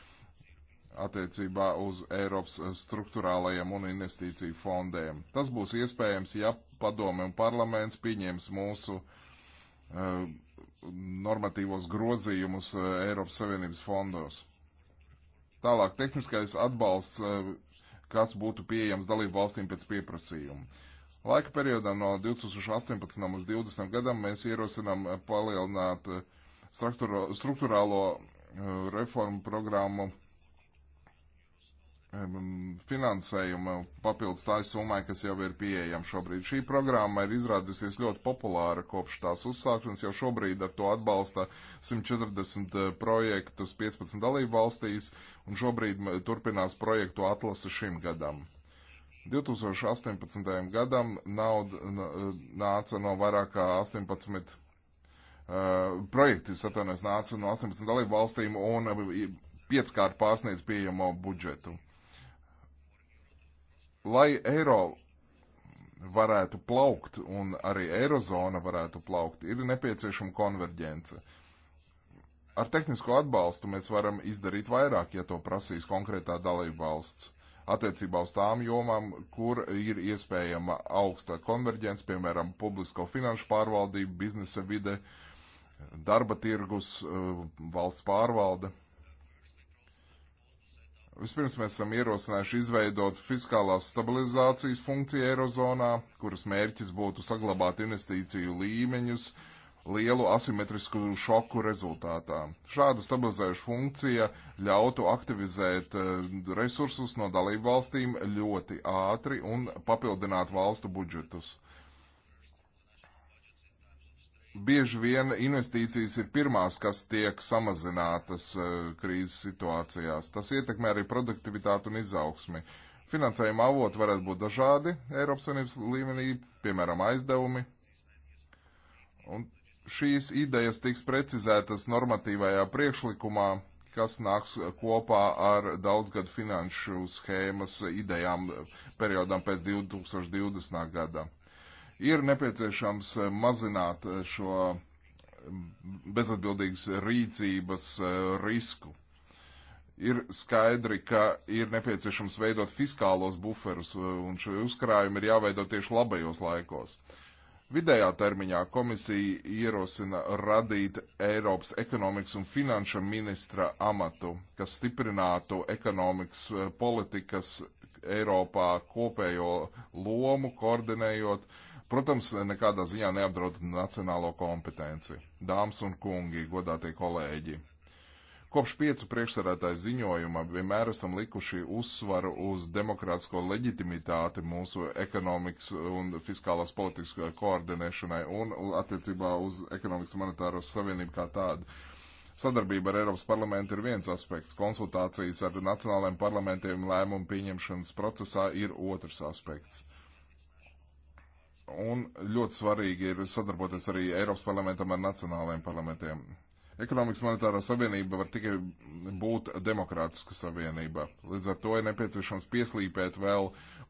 attiecībā uz Eiropas eh, struktūrālajiem un investīciju fondiem. Tas būs iespējams, ja padome un parlaments pieņems mūsu uh, normatīvos grozījumus uh, Eiropas Savienības fondos. Tālāk, tehniskais atbalsts, uh, kas būtu pieejams dalību valstīm pēc pieprasījuma. Laika periodā no 2018. līdz 2020. gadam mēs ierosinām palielināt struktūrālo reformu programmu finansējuma papildus tā summai, kas jau ir pieejama šobrīd. Šī programma ir izrādusies ļoti populāra kopš tās uzsākšanas, jau šobrīd ar to atbalsta 140 eh, projektus 15 dalību valstīs, un šobrīd turpinās projektu atlase šim gadam. 2018. gadam nauda eh, nāca no vairāk kā 18 Uh, eh, projekti, es atvainojos, nāca no 18 dalību valstīm un pieckārt pārsniedz pieejamo budžetu lai eiro varētu plaukt un arī eirozona varētu plaukt, ir nepieciešama konverģence. Ar tehnisko atbalstu mēs varam izdarīt vairāk, ja to prasīs konkrētā dalība valsts. Attiecībā uz tām jomām, kur ir iespējama augsta konverģence, piemēram, publisko finanšu pārvaldība, biznesa vide, darba tirgus, eh, valsts pārvalde. Vispirms mēs esam ierosinājuši izveidot fiskālās stabilizācijas funkciju Eirozonā, kuras mērķis būtu saglabāt investīciju līmeņus lielu asimetrisku šoku rezultātā. Šāda stabilizējuša funkcija ļautu aktivizēt eh, resursus no dalību valstīm ļoti ātri un papildināt valstu budžetus bieži vien investīcijas ir pirmās, kas tiek samazinātas eh, krīzes situācijās. Tas ietekmē arī produktivitāti un izaugsmi. Finansējuma avoti varētu būt dažādi Eiropas Savienības līmenī, piemēram, aizdevumi. Un šīs idejas tiks precizētas normatīvajā priekšlikumā, kas nāks kopā ar daudzgadu finanšu schēmas idejām periodam pēc 2020. gadam Ir nepieciešams eh, mazināt eh, šo mm, bezatbildīgas rīcības eh, risku. Ir skaidri, ka ir nepieciešams veidot fiskālos buferus, un šo uzkrājumu ir jāveido tieši labajos laikos. Vidējā termiņā komisija ierosina radīt Eiropas ekonomikas un finanšu ministra amatu, kas stiprinātu ekonomikas politikas Eiropā kopējo lomu, koordinējot uh, Protams, nekādā ziņā neapdraud nacionālo kompetenci. Dāmas un kungi, godātie kolēģi, kopš piecu priekšsarētāju ziņojuma vienmēr esam likuši uzsvaru uz demokrātisko leģitimitāti mūsu ekonomikas un fiskālās politikas koordinēšanai un attiecībā uz ekonomikas monetāro savienību kā tādu. Sadarbība ar Eiropas parlamentu ir viens aspekts, konsultācijas ar nacionālajiem parlamentiem lēmumu pieņemšanas procesā ir otrs aspekts. Un ļoti svarīgi ir sadarboties arī Eiropas parlamentam ar nacionālajiem parlamentiem. Ekonomikas monetārā savienība var tikai būt demokrātiska savienība. Līdz ar to ir nepieciešams pieslīpēt vēl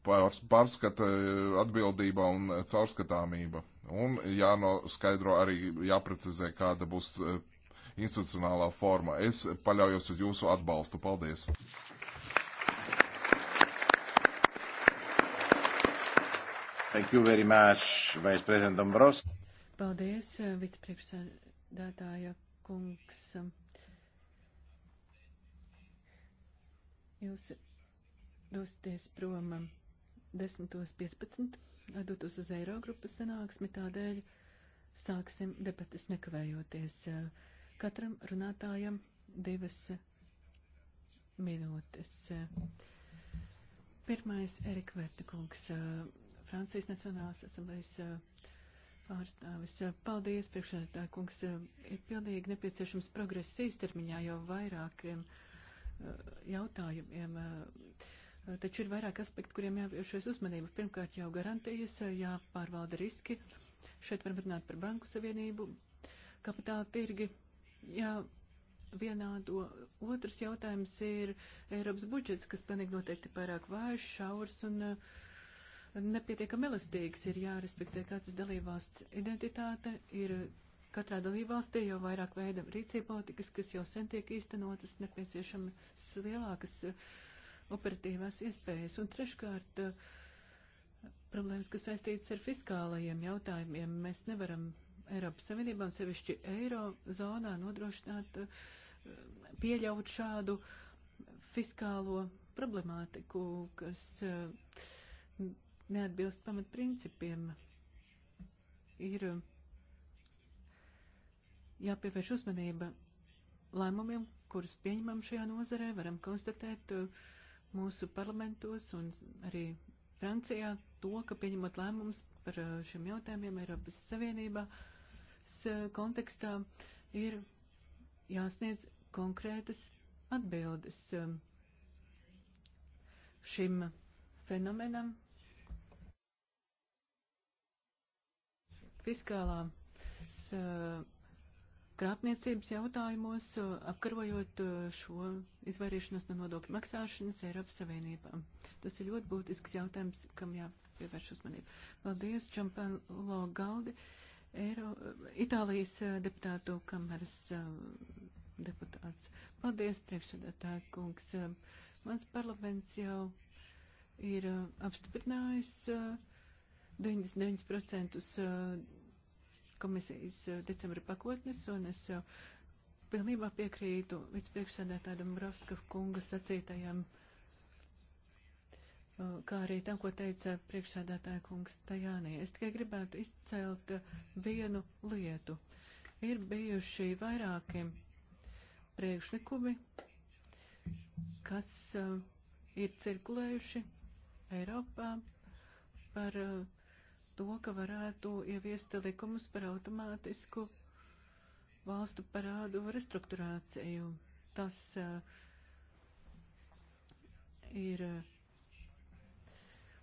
pārskata eh, atbildība un caurskatāmība. Un jānoskaidro arī, jāprecizē, kāda būs eh, institucionālā forma. Es paļaujos uz jūsu atbalstu. Paldies! Thank you very much, Vice President Dombrovs. Paldies, eh, vicepriekšsēdētāja kungs. Jūs dosieties prom 10.15, dotos uz Eirogrupas sanāksmi, tādēļ sāksim debatas nekavējoties. Katram runātājam divas minūtes. Pirmais Erika Vērta kungs, Francijas Nacionālās asamblejas pārstāvis. Paldies, priekšsēdētā kungs. Ir pilnīgi nepieciešams progress īstermiņā jau vairākiem jautājumiem. Taču ir vairāk aspektu, kuriem jāpievēršas uzmanība. Pirmkārt, jau garantijas, jāpārvalda riski. Šeit varam runāt par banku savienību, kapitāla tirgi. Jā, vienādo. Otrs jautājums ir Eiropas budžets, kas pilnīgi noteikti pārāk vājš, šaurs un uh, nepietiekam elastīgs, ir jārespektē kādas dalībvalsts identitāte, ir katrā dalībvalstī jau vairāk veida rīcība politikas, kas jau sen tiek īstenotas, nepieciešamas lielākas uh, operatīvās iespējas. Un treškārt, uh, problēmas, kas saistītas ar fiskālajiem jautājumiem, mēs nevaram Eiropas Savienībā un sevišķi eiro zonā nodrošināt, uh, pieļaut šādu fiskālo problemātiku, kas uh, neatbilst pamatprincipiem. Ir jāpievērš uzmanība lēmumiem, kurus pieņemam šajā nozarē. Varam konstatēt uh, mūsu parlamentos un arī Francijā to, ka pieņemot lēmumus par uh, šiem jautājumiem Eiropas Savienībās uh, kontekstā ir jāsniedz konkrētas atbildes um, šim fenomenam fiskālās eh, krāpniecības jautājumos, eh, apkarojot eh, šo izvairīšanos no nodokļu maksāšanas Eiropas Savienībā. Tas ir ļoti būtisks jautājums, kam jāpievērš uzmanība. Paldies, Čampelo Galdi, Eiro, Itālijas deputātu kameras deputāts. Paldies, priekšsēdētāji kungs. Mans parlaments jau ir apstiprinājis 99% komisijas eh, decembra pakotnes, un es eh, pilnībā piekrītu vicepriekšsēdētājam Brovska kunga sacītajam, eh, kā arī tam, ko teica priekšsēdētāja kungs Tajānī. Es tikai gribētu izcelt vienu lietu. Ir bijuši vairāki priekšlikumi, kas ir cirkulējuši Eiropā par uh, to, ka varētu ieviest likumus par automātisku valstu parādu restruktūrāciju. Tas uh, ir eh,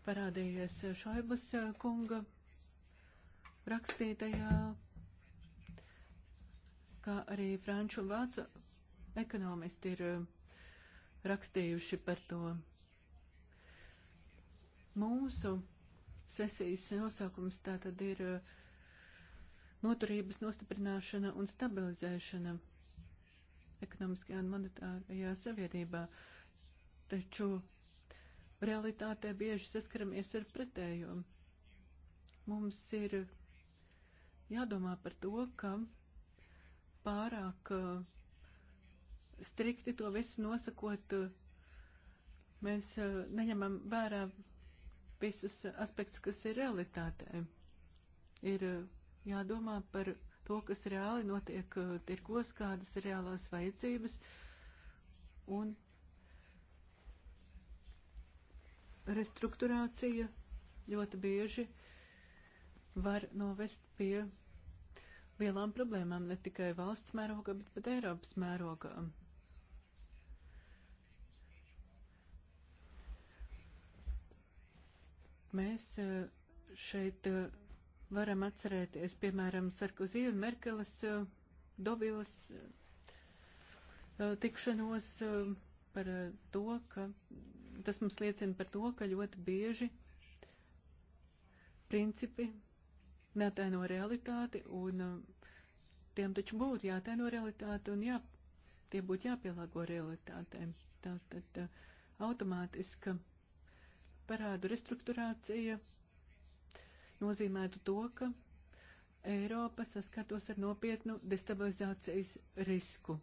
parādījies Šaibas eh, kunga rakstītajā, kā arī franču un vācu ekonomisti ir rakstījuši par to. Mūsu sesijas nosaukums tā tad ir uh, noturības nostiprināšana un stabilizēšana ekonomiskajā un monetārajā savienībā. Taču realitātē bieži saskaramies ar pretējo. Mums ir jādomā par to, ka pārāk uh, strikti to visu nosakot, uh, mēs neņemam vērā visus aspektus, kas ir realitātē. Ir eh, jādomā par to, kas reāli notiek eh, tirkos, kādas ir reālās vajadzības un restruktūrācija ļoti bieži var novest pie lielām problēmām ne tikai valsts mērogā, bet pat Eiropas mērogā. Mēs eh, šeit eh, varam atcerēties, piemēram, Sarkozī un Merkeles eh, Dovilas tikšanos par to, ka tas mums liecina par to, ka ļoti bieži principi neatēno realitāti un tiem taču būtu jāatēno realitāti un jā, tie būtu jāpielāgo realitātēm. Tātad automātiska. Tā, Parādu restruktūrācija nozīmētu to, ka Eiropa saskatos ar nopietnu destabilizācijas risku.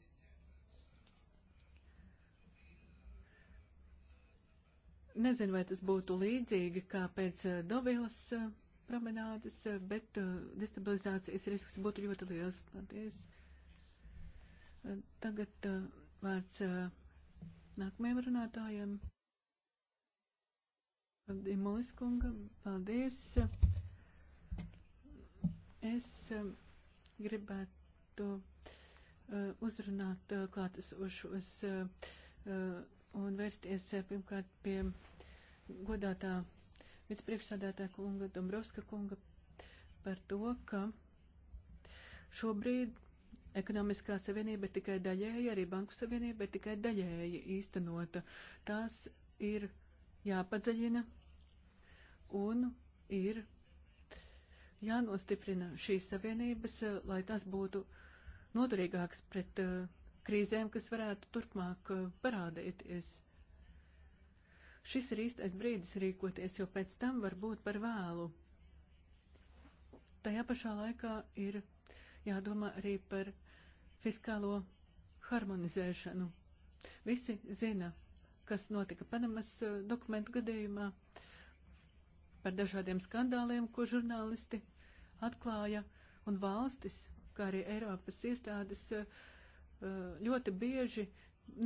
Nezinu, vai tas būtu līdzīgi kā pēc eh, Dovilas eh, promenādes, eh, bet destabilizācijas risks būtu ļoti liels. Paldies. Tagad vārds nākamajam runātājam. Dimulis kungam, paldies. Es um, gribētu uh, uzrunāt uh, klātesošos uh, un vērsties pirmkārt pie godātā vicepriekšsādātā kunga Dombrovska kunga par to, ka šobrīd ekonomiskā savienība ir tikai daļēji, arī banku savienība ir tikai daļēji īstenota. Tās ir jāpadziļina un ir jānostiprina šīs savienības, eh, lai tas būtu noturīgāks pret uh, krīzēm, kas varētu turpmāk uh, parādīties. Šis ir īstais brīdis rīkoties, jo pēc tam var būt par vēlu. Tajā pašā laikā ir jādomā arī par fiskālo harmonizēšanu. Visi zina, kas notika Panamas eh, dokumentu gadījumā, par dažādiem skandāliem, ko žurnālisti atklāja, un valstis, kā arī Eiropas iestādes, eh, eh, ļoti bieži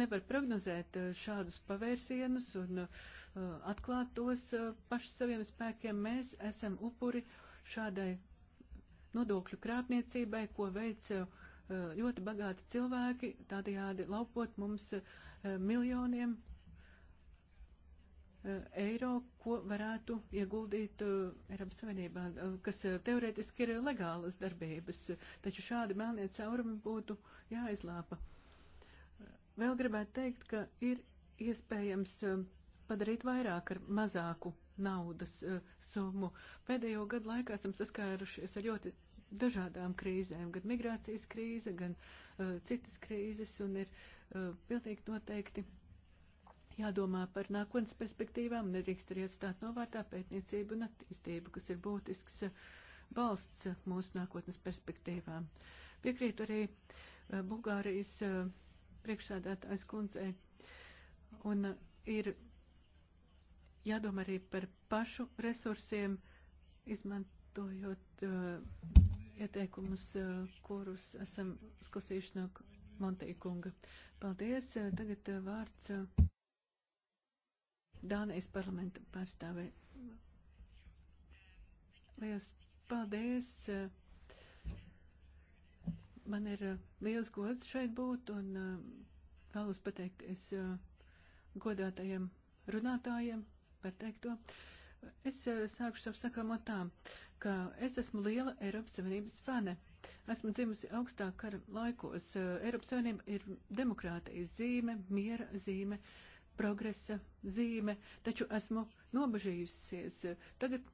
nevar prognozēt šādus pavērsienus un atklāt tos pašu saviem spēkiem. Mēs esam upuri šādai nodokļu krāpniecībai, ko veic ļoti bagāti cilvēki, tādējādi laupot mums miljoniem Eh, eiro, ko varētu ieguldīt eh, Eiropas Savienībā, eh, kas teoretiski ir legālas darbības, taču šādi melnie caurumi būtu jāizlāpa. Vēl gribētu teikt, ka ir iespējams padarīt vairāk ar mazāku naudas summu. Pēdējo gadu laikā esam saskārušies ar ļoti dažādām krīzēm, gan migrācijas krīze, gan uh, citas krīzes, un ir uh, pilnīgi noteikti jādomā par nākotnes perspektīvām, nedrīkst arī atstāt novārtā pētniecību un attīstību, kas ir būtisks balsts mūsu nākotnes perspektīvām. Piekrītu arī eh, Bulgārijas eh, priekšsādātājs kundzei. Un eh, ir jādomā arī par pašu resursiem, izmantojot uh, ieteikumus, uh, kurus esam sklausījuši no Monteja kunga. Paldies! Tagad uh, vārds. Uh, Dānijas parlamenta pārstāvē. Lielas paldies! Man ir eh, liels gods šeit būt un eh, vēlos pateikties eh, godātajiem runātājiem par teikto. Es sāku savu sakāmo tā, ka es esmu liela Eiropas Savienības fane. Esmu dzimusi augstā kara laikos. Eiropas Savienība ir demokrātijas zīme, miera zīme. Uh, progresa zīme, taču esmu nobežījusies. Tagad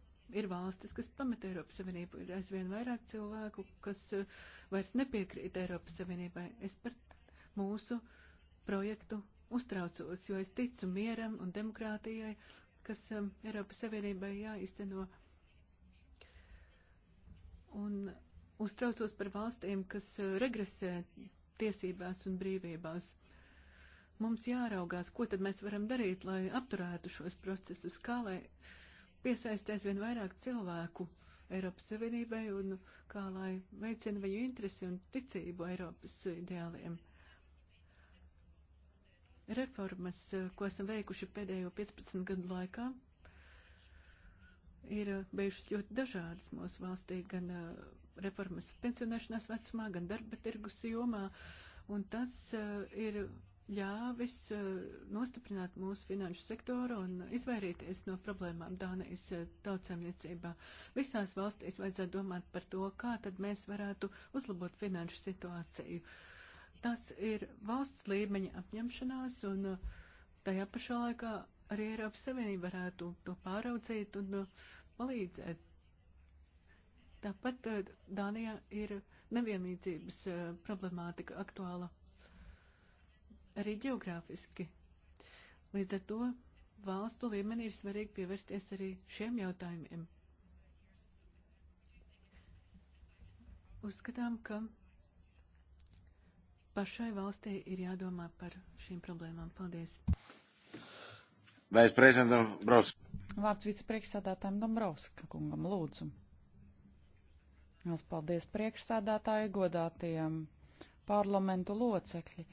ir valstis, kas pameta Eiropas Savienību, ir aizvien vairāk cilvēku, kas eh, vairs nepiekrīt Eiropas Savienībai. Es par mūsu projektu uztraucos, jo es ticu mieram un demokrātijai, kas um, Eiropas Savienībai jāizteno. Un uztraucos par valstīm, kas eh, regresē tiesībās un brīvībās mums jāraugās, ko tad mēs varam darīt, lai apturētu šos procesus, kā lai piesaistēs vien vairāk cilvēku Eiropas Savienībai un kā lai veicina viņu interesi un ticību Eiropas ideāliem. Reformas, ko esam veikuši pēdējo 15 gadu laikā, ir bijušas ļoti dažādas mūsu valstī, gan uh, reformas pensionēšanās vecumā, gan darba tirgus jomā, un tas uh, ir ļāvis eh, nostiprināt mūsu finanšu sektoru un izvairīties no problēmām Dānijas eh, tautsēmniecībā. Visās valstīs vajadzētu domāt par to, kā tad mēs varētu uzlabot finanšu situāciju. Tas ir valsts līmeņa apņemšanās un eh, tajā pašā laikā arī Eiropas Savienība varētu to pāraudzīt un palīdzēt. Tāpat Dānijā ir nevienlīdzības problemātika aktuāla arī geogrāfiski. Līdz ar to valstu līmenī ir svarīgi pievērsties arī šiem jautājumiem. Uzskatām, ka pašai valstī ir jādomā par šīm problēmām. Paldies! Vārds vicepriekšsādātājiem Dombrovska kungam lūdzu. Liels paldies priekšsādātāju godātajiem parlamentu locekļi.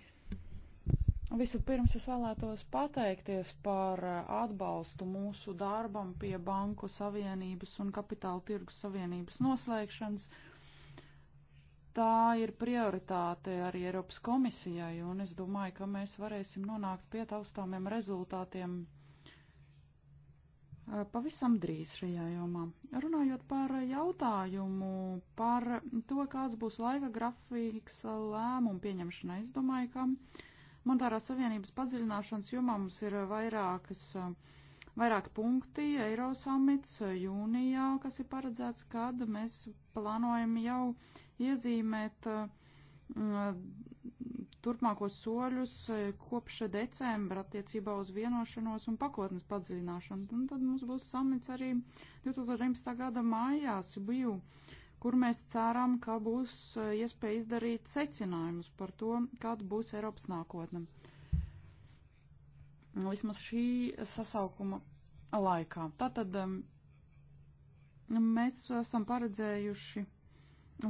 Vispirms es vēlētos pateikties par eh, atbalstu mūsu darbam pie Banku Savienības un Kapitāla tirgus Savienības noslēgšanas. Tā ir prioritāte arī Eiropas komisijai, un es domāju, ka mēs varēsim nonākt pie taustāmiem rezultātiem eh, pavisam drīz šajā jomā. Runājot par jautājumu par to, kāds būs laika grafiks lēmumu pieņemšanai, es domāju, ka Monetārās savienības padziļināšanas jomā mums ir eh, vairākas, eh, vairāk punkti. Eirosamits eh, jūnijā, kas ir paredzēts, kad mēs plānojam jau iezīmēt m, mm, turpmākos soļus kopš decembra attiecībā uz vienošanos un pakotnes padziļināšanu. Un tad mums būs samits arī 2019. gada mājās, biju. Uh, kur mēs ceram, ka būs eh, iespēja izdarīt secinājumus par to, kāda būs Eiropas nākotne. Vismaz šī sasaukuma laikā. Tātad mēs esam paredzējuši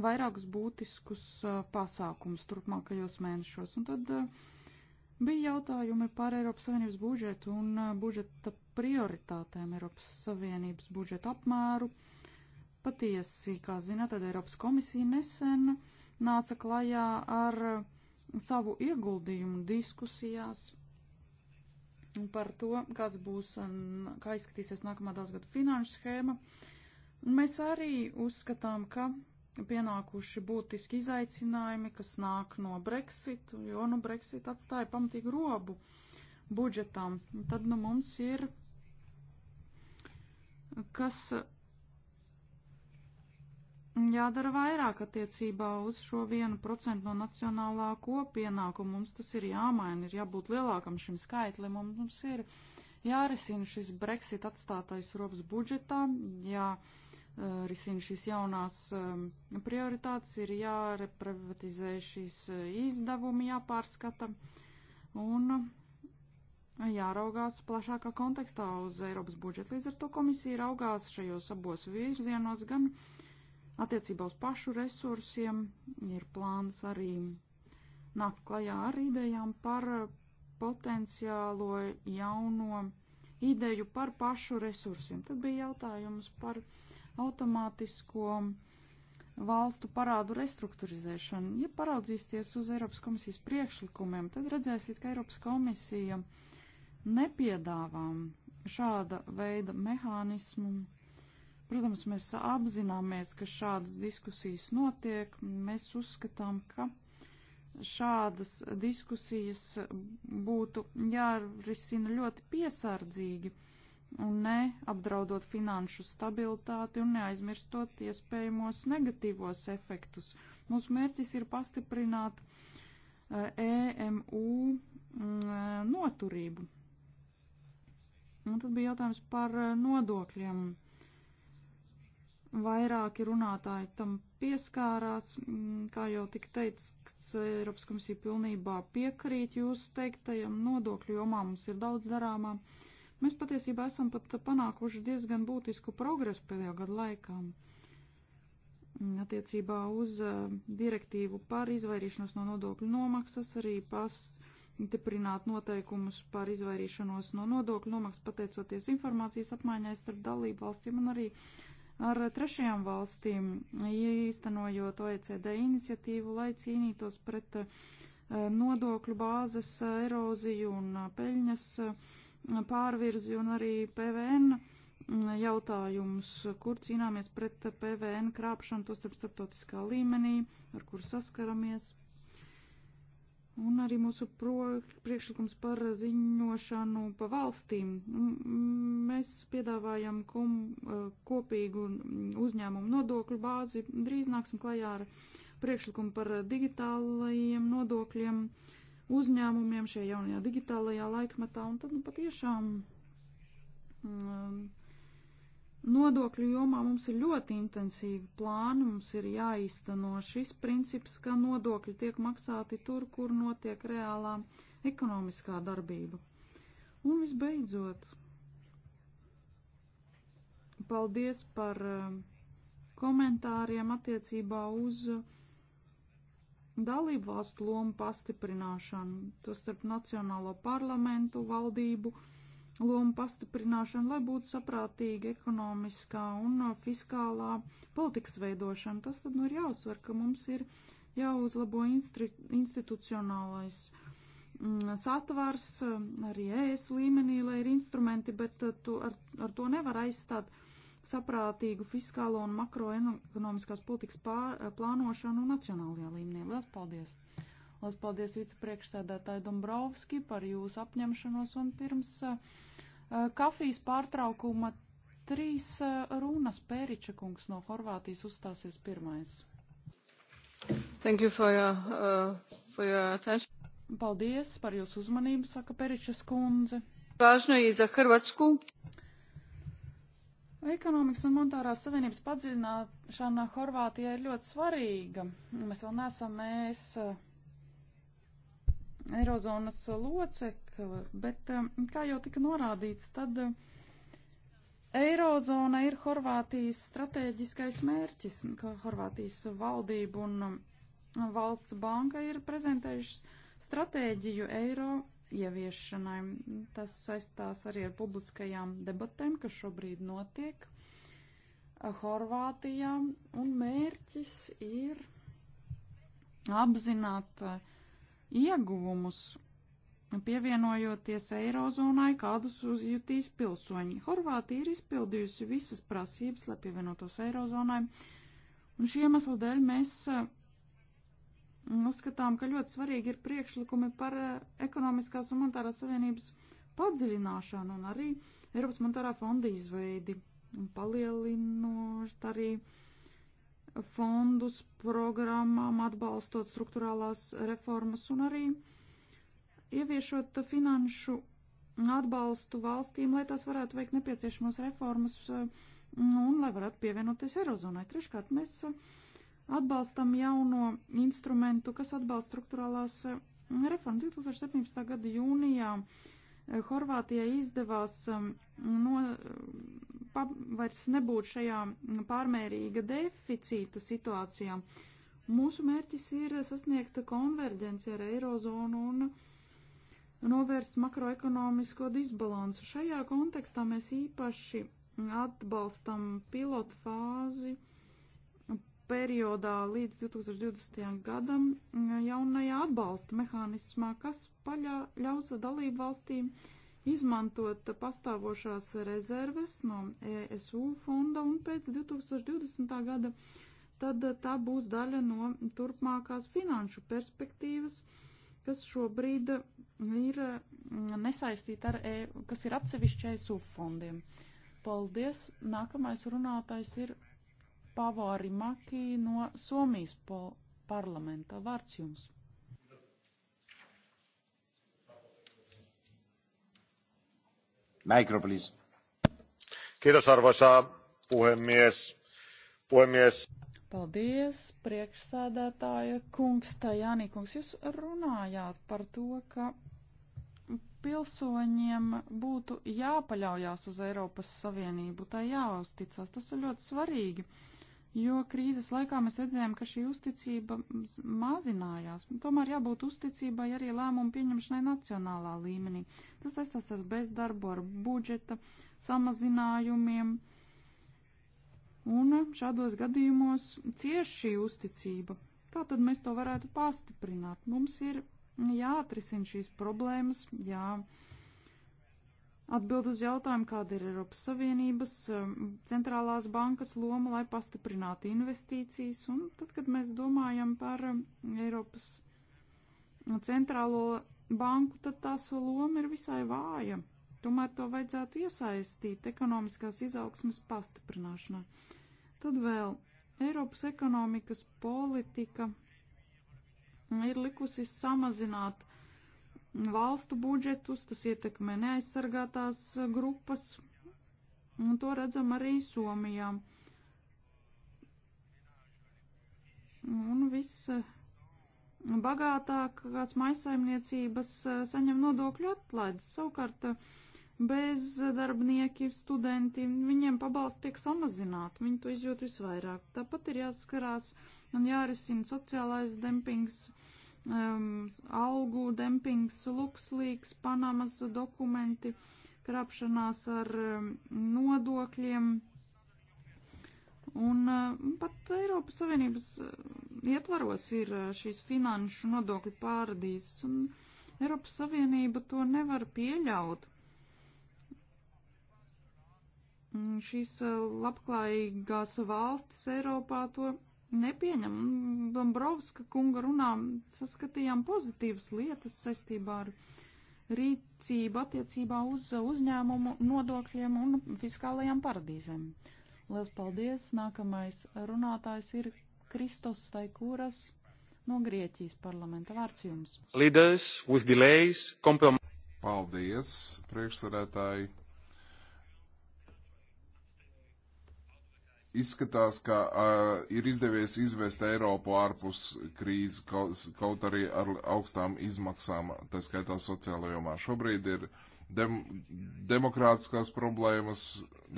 vairākus būtiskus eh, pasākumus turpmākajos mēnešos. Un tad eh, bija jautājumi par Eiropas Savienības budžetu un budžeta prioritātēm, Eiropas Savienības budžeta apmēru. Uh, Patiesi, kā zināt, tad Eiropas komisija nesen nāca klajā ar savu ieguldījumu diskusijās par to, kāds būs, kā izskatīsies nākamā daudzgada finanšu schēma. Mēs arī uzskatām, ka pienākuši būtiski izaicinājumi, kas nāk no Brexit, jo nu Brexit atstāja pamatīgu robu budžetam. Tad nu mums ir kas jādara vairāk attiecībā uz šo vienu procentu no nacionālā kopienākuma. Mums tas ir jāmaina, ir jābūt lielākam šim skaitlim, un mums ir jārisina šis Brexit atstātais robs budžetā, jārisina eh, šīs jaunās eh, prioritātes, ir jāreprivatizē šīs eh, izdevumi, jāpārskata, un jāraugās plašākā kontekstā uz Eiropas budžetu. Līdz ar to komisija raugās šajos abos virzienos gan. Uh, Attiecībā uz pašu resursiem ir plāns arī nākt klajā ar idejām par potenciālo jauno ideju par pašu resursiem. Tad bija jautājums par automātisko valstu parādu restruktūrizēšanu. Ja paraudzīsties uz Eiropas komisijas priekšlikumiem, tad redzēsiet, ka Eiropas komisija nepiedāvā šāda veida mehānismu Protams, mēs apzināmies, ka šādas diskusijas notiek. Mēs uzskatām, ka šādas diskusijas būtu jārisina ļoti piesardzīgi un neapdraudot finanšu stabilitāti un neaizmirstot iespējamos negatīvos efektus. Mūsu mērķis ir pastiprināt EMU eh, e mm, eh, noturību. Un tad bija jautājums par eh, nodokļiem Vairāki runātāji tam pieskārās, mm, kā jau tika teikts, Eiropas komisija pilnībā piekrīt jūsu teiktajam nodokļu jomā mums ir daudz darāmā. Mēs patiesībā esam pat panākuši diezgan būtisku progresu pēdējo gadu laikā attiecībā uz eh, direktīvu par izvairīšanos no nodokļu nomaksas, arī pastiprināt noteikumus par izvairīšanos no nodokļu nomaksas pateicoties informācijas apmaiņai starp dalību valstīm un arī uh, ar trešajām valstīm, īstenojot OECD iniciatīvu, lai cīnītos pret eh, nodokļu bāzes eh, eroziju un eh, peļņas pārvirzi un arī PVN mm, jautājums, kur cīnāmies pret PVN krāpšanu, to starp starptautiskā līmenī, ar kur saskaramies Un arī mūsu pro, priekšlikums par ziņošanu pa valstīm. Mēs piedāvājam kom, uh, kopīgu uzņēmumu nodokļu bāzi. Drīz nāksim klajā ar priekšlikumu par digitālajiem nodokļiem uzņēmumiem šajā jaunajā digitālajā laikmetā. Un tad nu, patiešām um, Nodokļu jomā mums ir ļoti intensīvi plāni, mums ir jāīsteno šis princips, ka nodokļi tiek maksāti tur, kur notiek reālā ekonomiskā darbība. Un visbeidzot, paldies par um, komentāriem attiecībā uz um, dalību valstu lomu pastiprināšanu, to starp Nacionālo parlamentu valdību lomu pastiprināšana, lai būtu saprātīga ekonomiskā un uh, fiskālā politikas veidošana. Tas tad nu ir jāuzsver, ka mums ir jāuzlabo institucionālais mm, satvars uh, arī ES līmenī, lai ir instrumenti, bet uh, to, ar, ar to nevar aizstāt saprātīgu fiskālo un makroekonomiskās politikas pār, plānošanu nacionālajā līmenī. Lielas paldies! Lielas paldies vicepriekšsēdētāju Dombrovski par jūsu apņemšanos un pirms uh, uh, kafijas pārtraukuma trīs uh, runas Pēriča kungs no Horvātijas uzstāsies pirmais. Thank you for your, uh, for your attention. Paldies par jūsu uzmanību, saka Peričas kundze. Važno i za Hrvatsku. Ekonomikas un monetārās savienības padziļināšana Horvātijai ir ļoti svarīga. Mēs vēl neesam mēs. Uh, Eirozonas locekli, bet um, kā jau tika norādīts, tad um, Eirozona ir Horvātijas strateģiskais mērķis, ka Horvātijas valdība un um, valsts banka ir prezentējušas stratēģiju eiro ieviešanai. Tas saistās arī ar publiskajām debatēm, kas šobrīd notiek uh, Horvātijā, un mērķis ir apzināt uh, ieguvumus, pievienojoties Eirozonai, kādus uzjutīs pilsoņi. Horvātija ir izpildījusi visas prasības, lai pievienotos Eirozonai, un šī iemesla dēļ mēs eh, uzskatām, ka ļoti svarīgi ir priekšlikumi par eh, ekonomiskās un monetārās savienības padziļināšanu un arī Eiropas monetārā fonda izveidi, un palielinot arī uh, fondus programmām, atbalstot struktūrālās reformas un arī ieviešot finanšu atbalstu valstīm, lai tās varētu veikt nepieciešamos reformas un lai varētu pievienoties Eirozonai. Treškārt, mēs atbalstam jauno instrumentu, kas atbalsta struktūrālās reformas. 2017. gada jūnijā Horvātijai izdevās no, vairs nebūtu šajā pārmērīga deficīta situācijā. Mūsu mērķis ir sasniegt konverģenci ar eirozonu un novērst makroekonomisko disbalansu. Šajā kontekstā mēs īpaši atbalstam pilotu fāzi periodā līdz 2020. gadam jaunajā atbalsta mehānismā, kas paļa, ļaus dalību valstīm uh, izmantot pastāvošās rezerves no ESU fonda un pēc 2020. gada tad eh, tā būs daļa no turpmākās finanšu perspektīvas, kas šobrīd eh, ir mm, nesaistīta ar, e, kas ir atsevišķi ESU fondiem. Paldies! Nākamais runātais ir Pavāri Makī no Somijas parlamenta. Vārds jums! Micro, please. Kiitos, arvoisa puhemies. Puhemies. Paldies, priekšsēdētāja kungs, Tajani kungs. Jūs runājāt par to, ka pilsoņiem būtu jāpaļaujās uz Eiropas Savienību, tai jāuzticas. Tas ir ļoti svarīgi. Uh, jo krīzes laikā mēs redzējām, ka šī uzticība mazinājās. Tomēr jābūt uzticībai arī lēmumu pieņemšanai nacionālā līmenī. Tas saistās ar bezdarbu, ar budžeta samazinājumiem. Un šādos gadījumos cieš šī uzticība. Kā tad mēs to varētu pastiprināt? Mums ir jāatrisina šīs problēmas, jā. Jā Atbild uz jautājumu, kāda ir Eiropas Savienības um, centrālās bankas loma, lai pastiprinātu investīcijas, un tad, kad mēs domājam par um, Eiropas um, centrālo banku, tad tās loma ir visai vāja. Tomēr to vajadzētu iesaistīt ekonomiskās izaugsmas pastiprināšanā. Tad vēl Eiropas ekonomikas politika ir likusi samazināt valstu budžetus, tas ietekmē neaizsargātās grupas, un to redzam arī Somijā. Un viss eh, bagātākās maisaimniecības eh, saņem nodokļu atlaides. Savukārt eh, bezdarbnieki, studenti, viņiem pabalsti tiek samazināti, viņi to izjūt visvairāk. Tāpat ir jāskarās un jārisina sociālais dempings um, algu dempings, lukslīgs, Panamas dokumenti, krapšanās ar um, nodokļiem. Un pat Eiropas Savienības ietvaros ir eh, šīs finanšu nodokļu pārdīzes, un Eiropas Savienība to nevar pieļaut. Šīs eh, labklājīgās valstis Eiropā to nepieņem. Dombrovska kunga runā saskatījām pozitīvas lietas saistībā ar rīcību attiecībā uz uzņēmumu nodokļiem un fiskālajām paradīzēm. Lielas paldies! Nākamais runātājs ir Kristos Staikūras no Grieķijas parlamenta. Vārds jums. Leaders with delays, compromise. Paldies, priekšsarētāji, izskatās, ka uh, ir izdevies izvest Eiropu ārpus krīzes, kaut, kaut arī ar augstām izmaksām, tā skaitā sociālajā jomā. Šobrīd ir dem, demokrātiskās problēmas,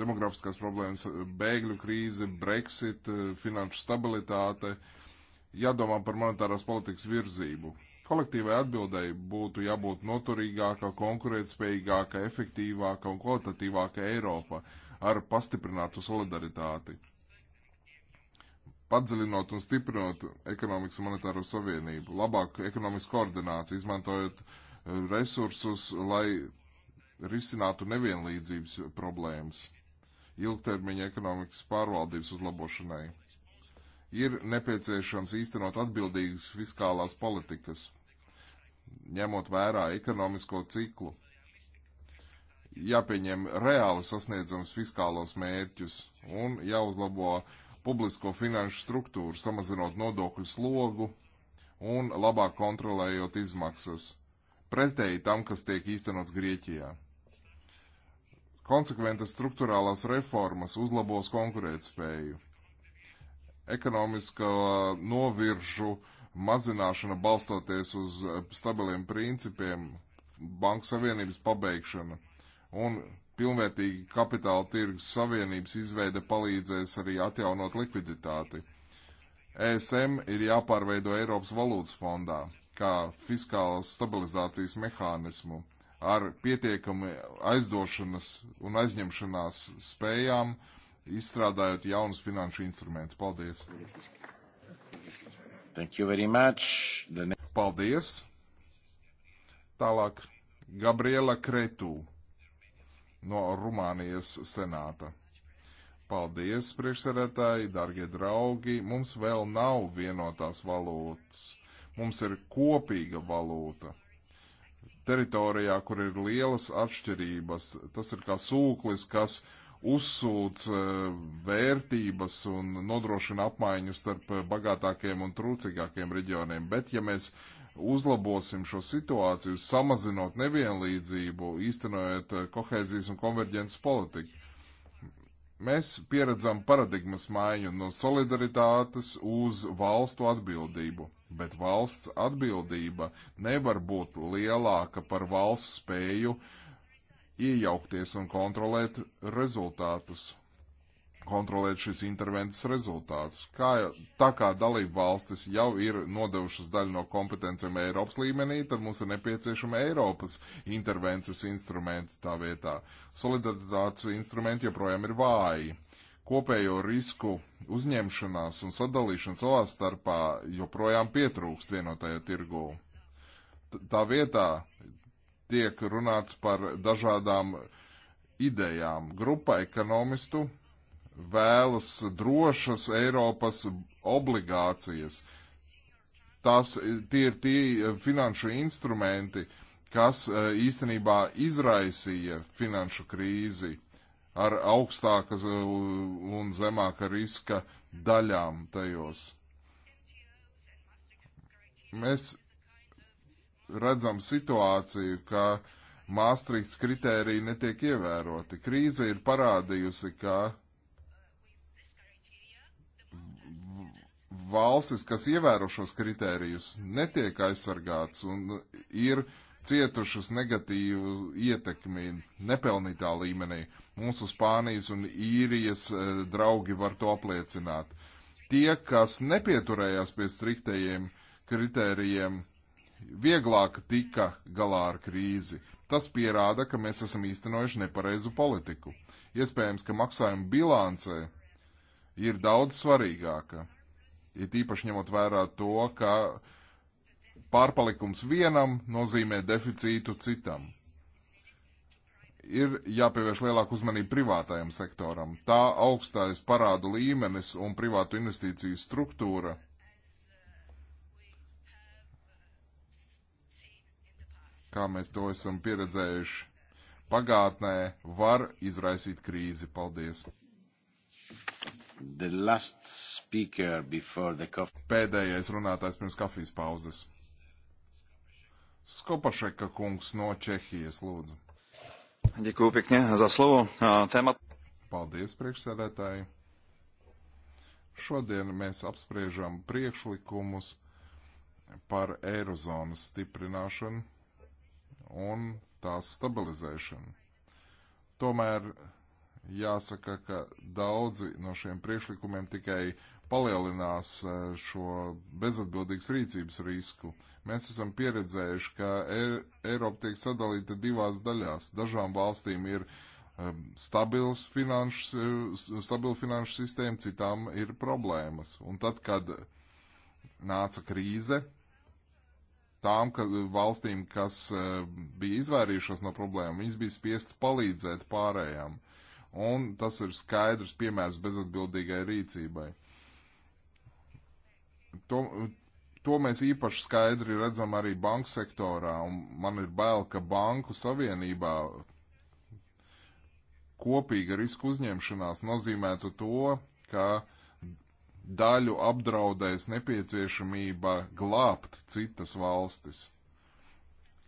demografiskās problēmas, bēgļu krīze, Brexit, finanšu stabilitāte. Jādomā par monetārās politikas virzību. Kolektīvai atbildēji būtu jābūt noturīgāka, konkurētspējīgāka, efektīvāka un kvalitatīvāka Eiropa. Uh, ar pastiprinātu solidaritāti, padziļinot un stiprinot ekonomikas un monetāro savienību, labāku ekonomisku koordināciju, izmantojot eh, resursus, lai risinātu nevienlīdzības problēmas, ilgtermiņa ekonomikas pārvaldības uzlabošanai. Ir nepieciešams īstenot atbildīgas fiskālās politikas, ņemot vērā ekonomisko ciklu jāpieņem reāli sasniedzams fiskālos mērķus un jāuzlabo publisko finanšu struktūru, samazinot nodokļu slogu un labāk kontrolējot izmaksas, pretēji tam, kas tiek īstenots Grieķijā. Konsekventas struktūrālās reformas uzlabos konkurētspēju. Ekonomiskā noviržu mazināšana balstoties uz stabiliem principiem, banku savienības pabeigšana – un pilnvērtīgi kapitāla tirgus savienības izveide palīdzēs arī atjaunot likviditāti. ESM ir jāpārveido Eiropas valūtas fondā kā fiskālas stabilizācijas mehānismu ar pietiekami aizdošanas un aizņemšanās spējām, izstrādājot jaunus finanšu instrumentus. Paldies! Thank you very much. The... Paldies! Tālāk Gabriela Kretū no Rumānijas senāta. Paldies, priekšsēdētāji, darbie draugi! Mums vēl nav vienotās valūtas. Mums ir kopīga valūta. Teritorijā, kur ir lielas atšķirības, tas ir kā sūklis, kas uzsūc eh, vērtības un nodrošina apmaiņu starp eh, bagātākiem un trūcīgākiem reģioniem. Bet, ja mēs uh, uzlabosim šo situāciju, samazinot nevienlīdzību, īstenojot eh, kohēzijas un konverģences politiku. Mēs pieredzam paradigmas maiņu no solidaritātes uz valstu atbildību, bet valsts atbildība nevar būt lielāka par valsts spēju iejaukties un kontrolēt rezultātus kontrolēt šīs intervences rezultātus. Kā, tā kā dalība valstis jau ir nodevušas daļu no kompetencijām Eiropas līmenī, tad mums ir nepieciešama Eiropas intervences instrumenti tā vietā. Solidaritātes instrumenti joprojām ir vāji. Kopējo risku uzņemšanās un sadalīšana savā starpā joprojām pietrūkst vienotajā tirgū. T tā vietā tiek runāts par dažādām idejām. Grupa ekonomistu vēlas drošas Eiropas obligācijas. Tas, tie ir tie eh, finanšu instrumenti, kas eh, īstenībā izraisīja finanšu krīzi ar augstākas eh, un zemāka riska daļām tajos. Mēs redzam situāciju, ka Māstrīts kritēriji netiek ievēroti. Krīze ir parādījusi, ka valstis, kas ievēro šos kritērijus, netiek aizsargāts un ir cietušas negatīvu ietekmi nepelnītā līmenī. Mūsu Spānijas un īrijas e, draugi var to apliecināt. Tie, kas nepieturējās pie striktajiem kritērijiem, vieglāk tika galā ar krīzi. Tas pierāda, ka mēs esam īstenojuši nepareizu politiku. Iespējams, ka maksājuma bilance ir daudz svarīgāka. It īpaši ņemot vērā to, ka pārpalikums vienam nozīmē deficītu citam. Ir jāpievērš lielāka uzmanība privātajam sektoram. Tā augstais parādu līmenis un privātu investīciju struktūra kā mēs to esam pieredzējuši pagātnē, var izraisīt krīzi. Paldies! the... Pēdējais runātājs pirms kafijas pauzes. Skopašeka kungs no Čehijas, lūdzu. Ďakujem pekne za slovo. Téma... Paldies, priekšsēdētāji. Šodien mēs apspriežam priekšlikumus par Eirozonas stiprināšanu un tās stabilizēšanu. Tomēr Jāsaka, ka daudzi no šiem priekšlikumiem tikai palielinās e, šo bezatbildīgas rīcības risku. Mēs esam pieredzējuši, ka e, Eiropa tiek sadalīta divās daļās. Dažām valstīm ir e, stabils finanšu, stabila finanšu sistēma, citām ir problēmas. Un tad, kad nāca krīze, tām ka, valstīm, kas bija izvairījušās no problēmām, viņas bija spiests palīdzēt pārējām un tas ir skaidrs piemērs bezatbildīgai rīcībai. To, to mēs īpaši skaidri redzam arī banku sektorā, un man ir bail, ka banku savienībā kopīga riska uzņemšanās nozīmētu to, ka daļu apdraudēs nepieciešamība glābt citas valstis.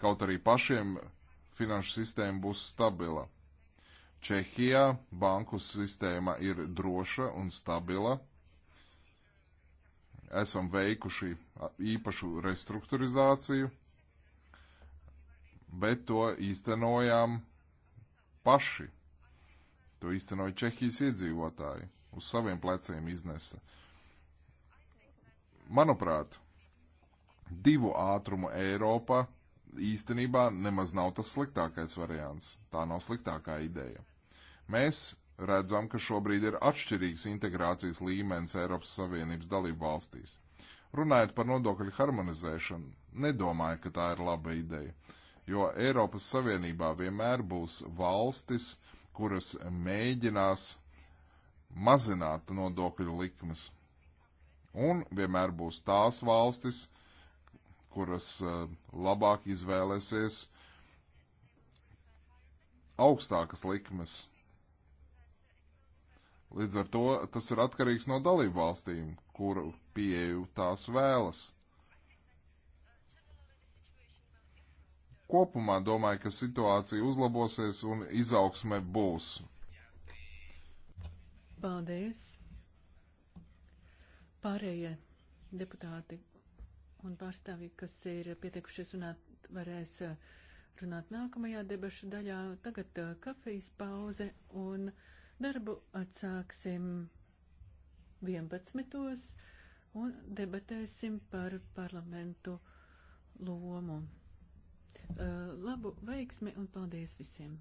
Kaut arī pašiem finanšu sistēma būs stabila. Čehijā banku sistēma ir droša un stabila. Esam veikuši īpašu restruktūrizāciju, bet to īstenojām paši. To īstenoja Čehijas iedzīvotāji, uz saviem pleciem iznesa. Manuprāt, divu ātrumu Eiropa īstenībā nemaz nav tas sliktākais variants. Tā nav sliktākā ideja. Mēs redzam, ka šobrīd ir atšķirīgs integrācijas līmenis Eiropas Savienības dalību valstīs. Runājot par nodokļu harmonizēšanu, nedomāju, ka tā ir laba ideja, jo Eiropas Savienībā vienmēr būs valstis, kuras mēģinās mazināt nodokļu likmes. Un vienmēr būs tās valstis, kuras eh, labāk izvēlēsies augstākas likmes. Līdz ar to tas ir atkarīgs no dalību valstīm, kuru pieeju tās vēlas. Kopumā domāju, ka situācija uzlabosies un izaugsme būs. Paldies! Pārējie deputāti un pārstāvji, kas ir pieteikušies runāt, varēs uh, runāt nākamajā debašu daļā. Tagad uh, kafijas pauze un darbu atsāksim 11. un debatēsim par parlamentu lomu. Uh, labu veiksmi un paldies visiem!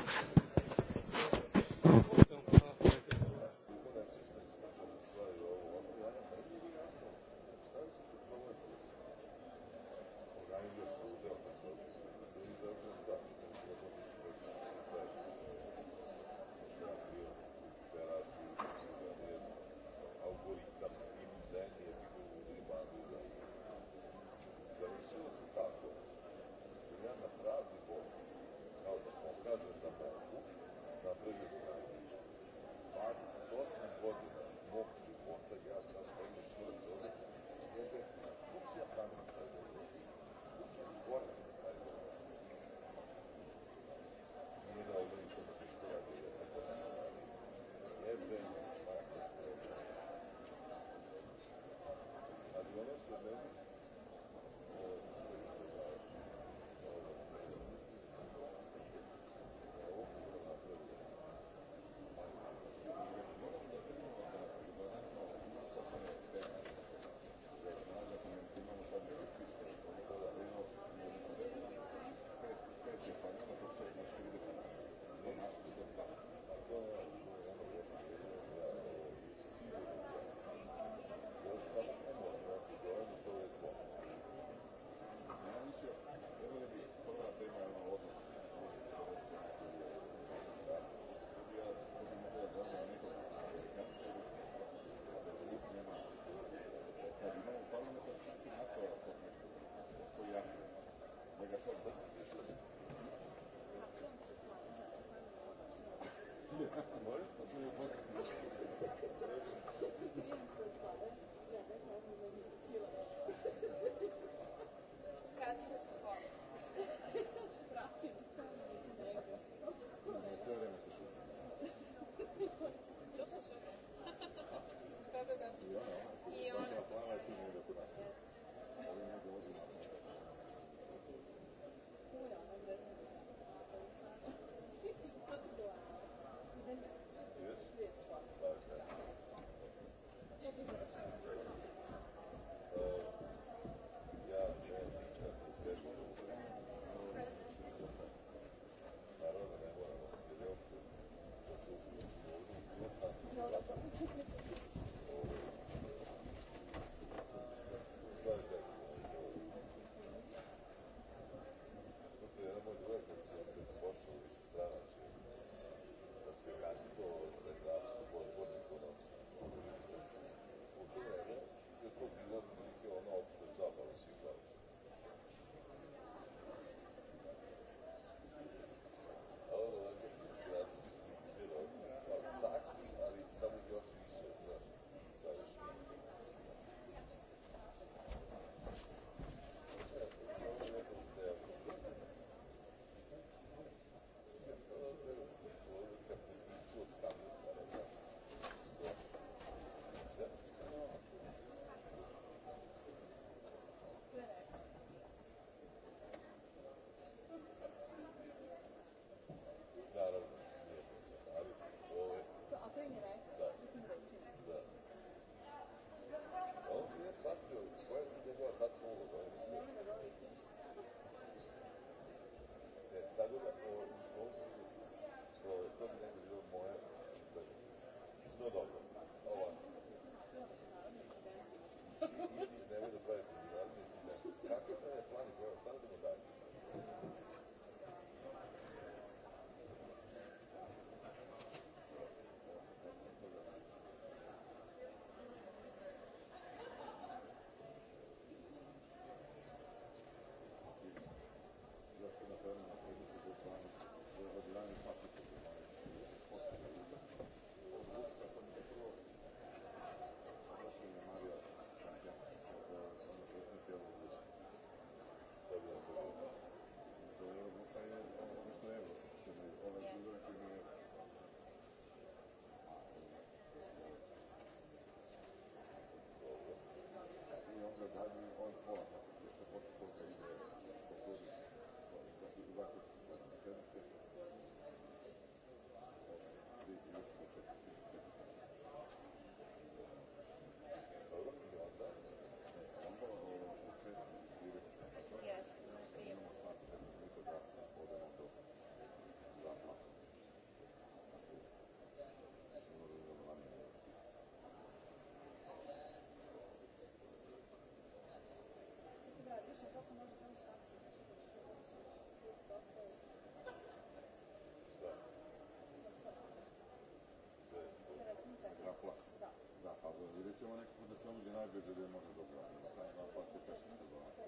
baby. was acțiune cu puteți să ajunge la BJD Moldova. Asta e la parte personală.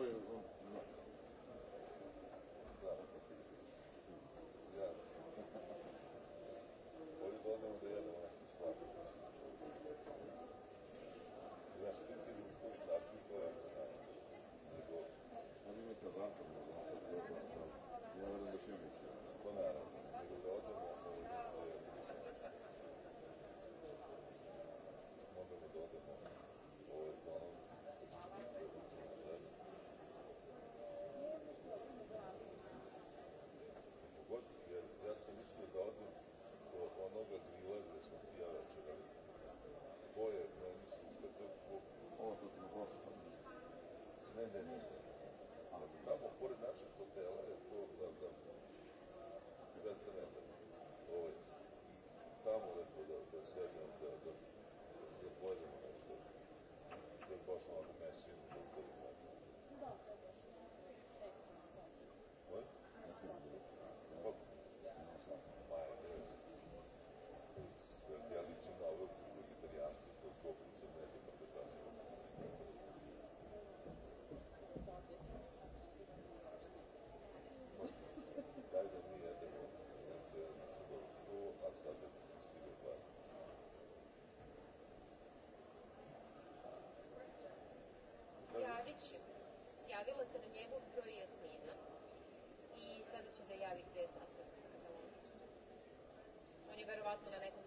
Ko je on? Račin. Javila se na njegov broj Jasmina i sada će da javi gde je sastanak sa katalonicom. On je verovatno na nekom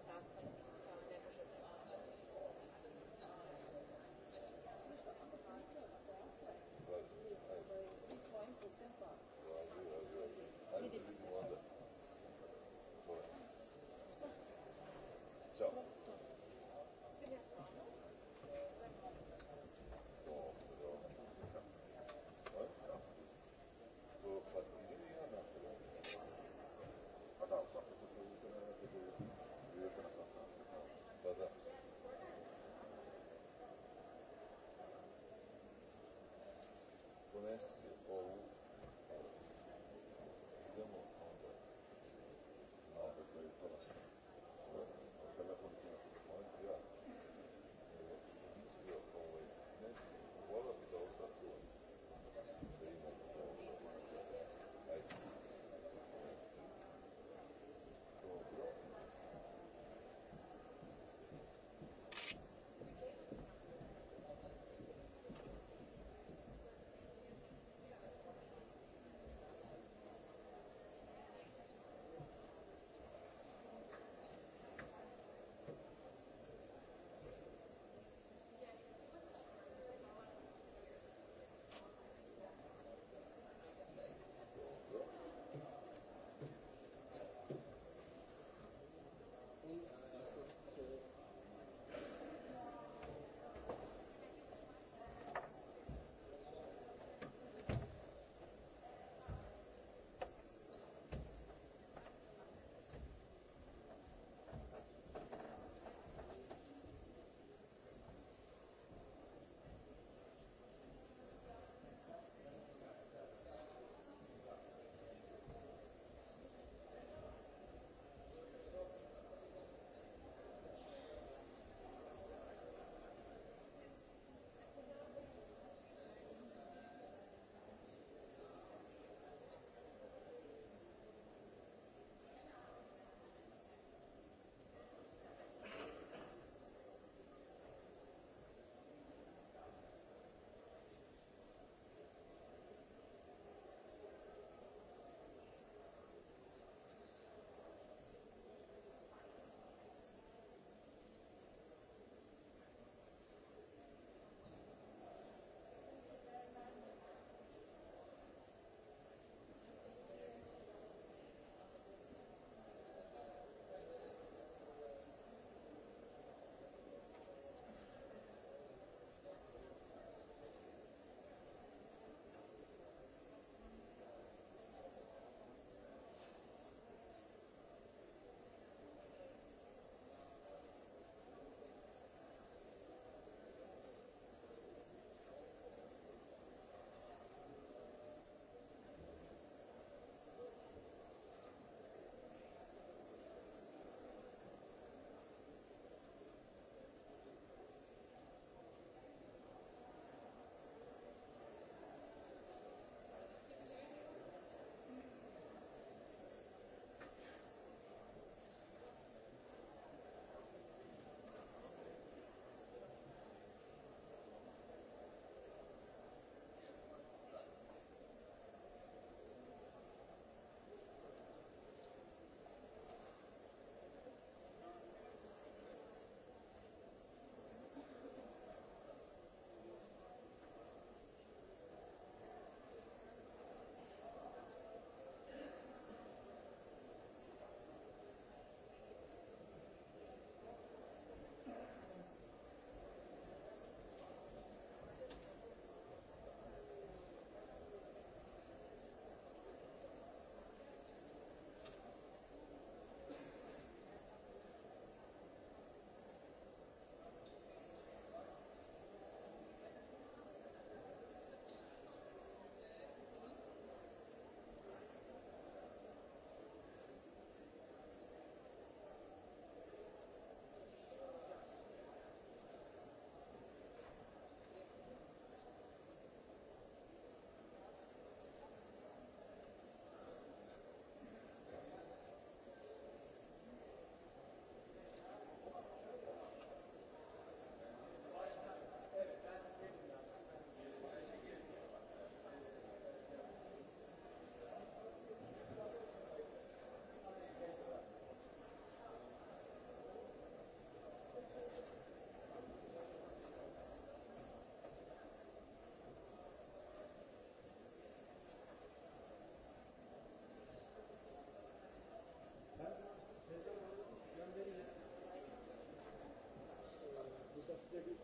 Sehr gut.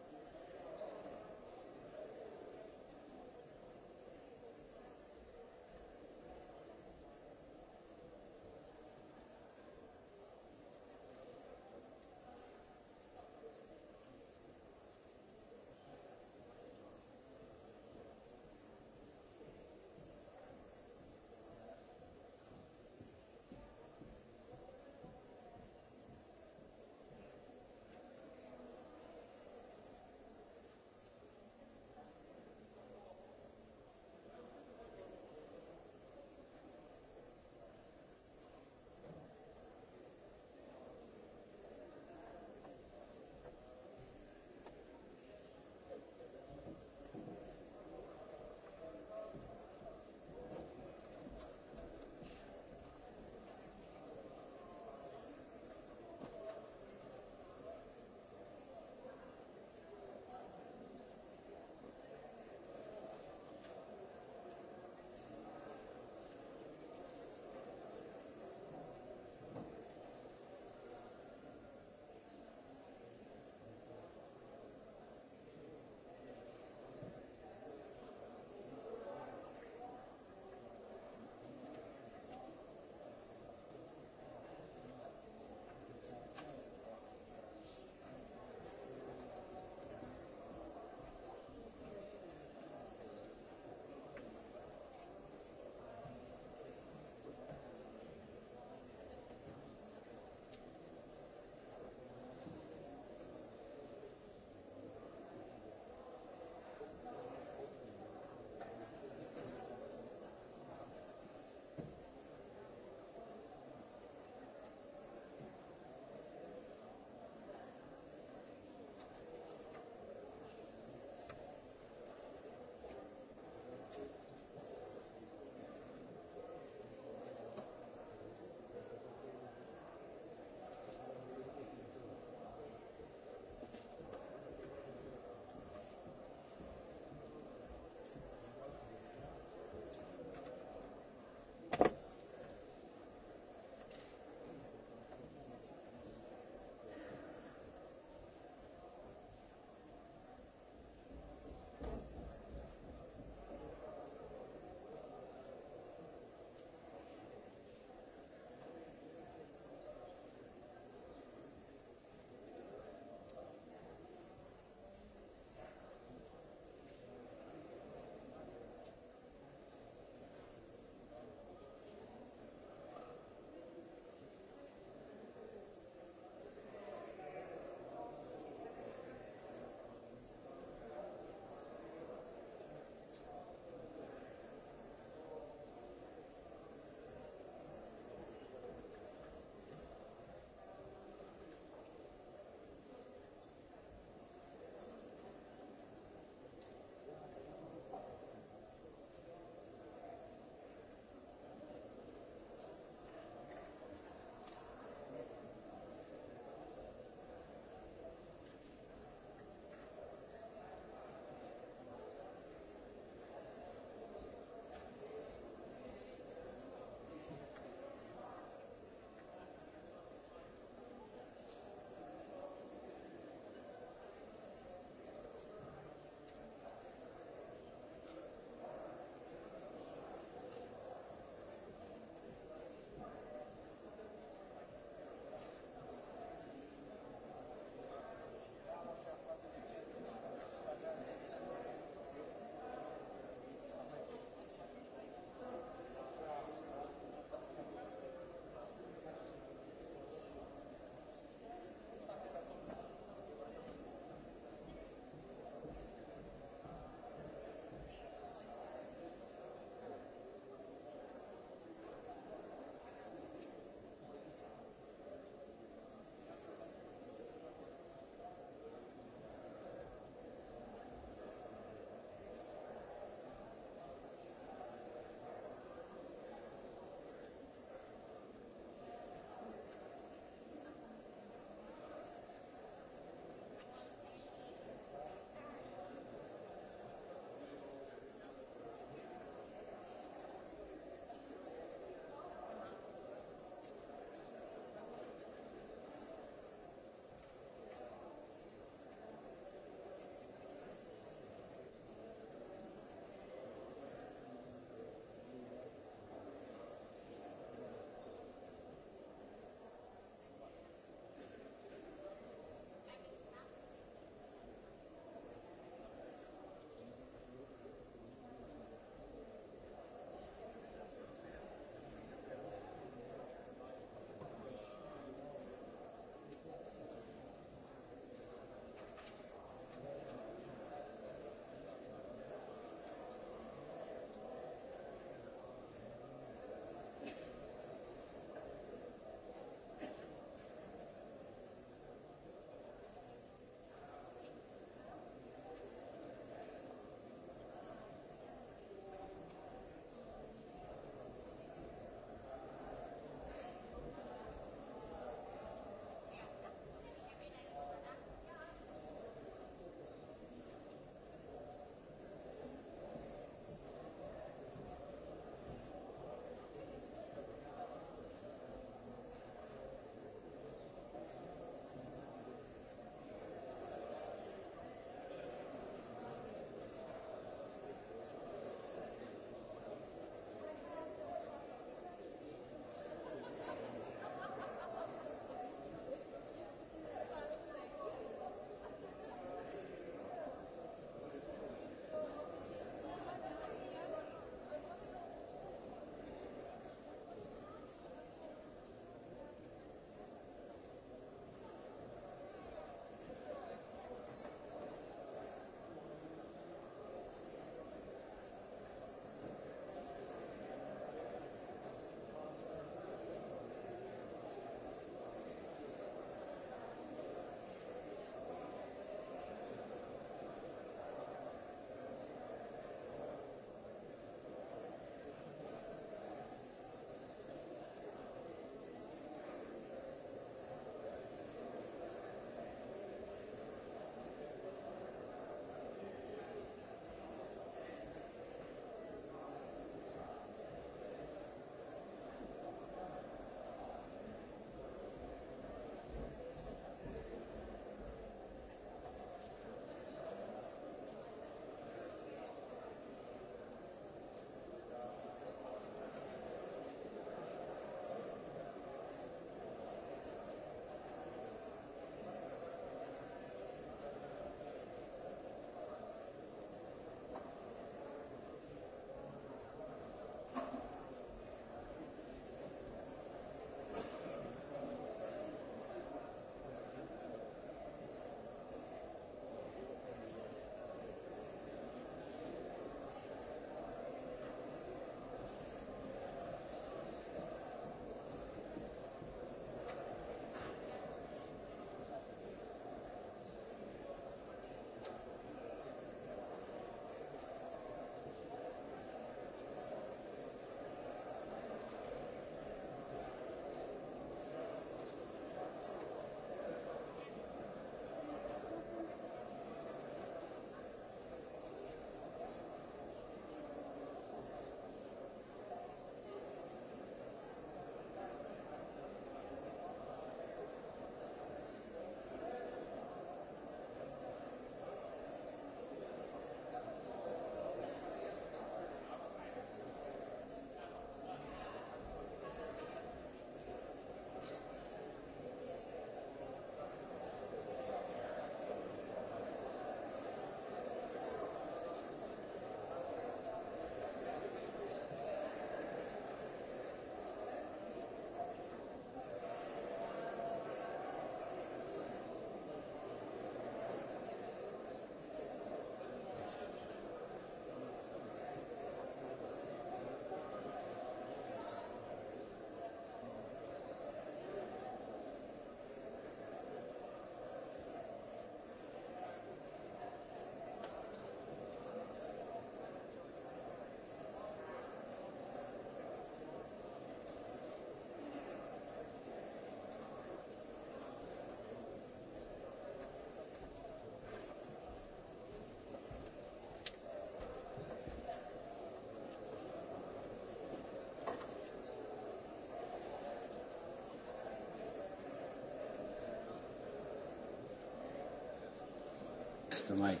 the mic.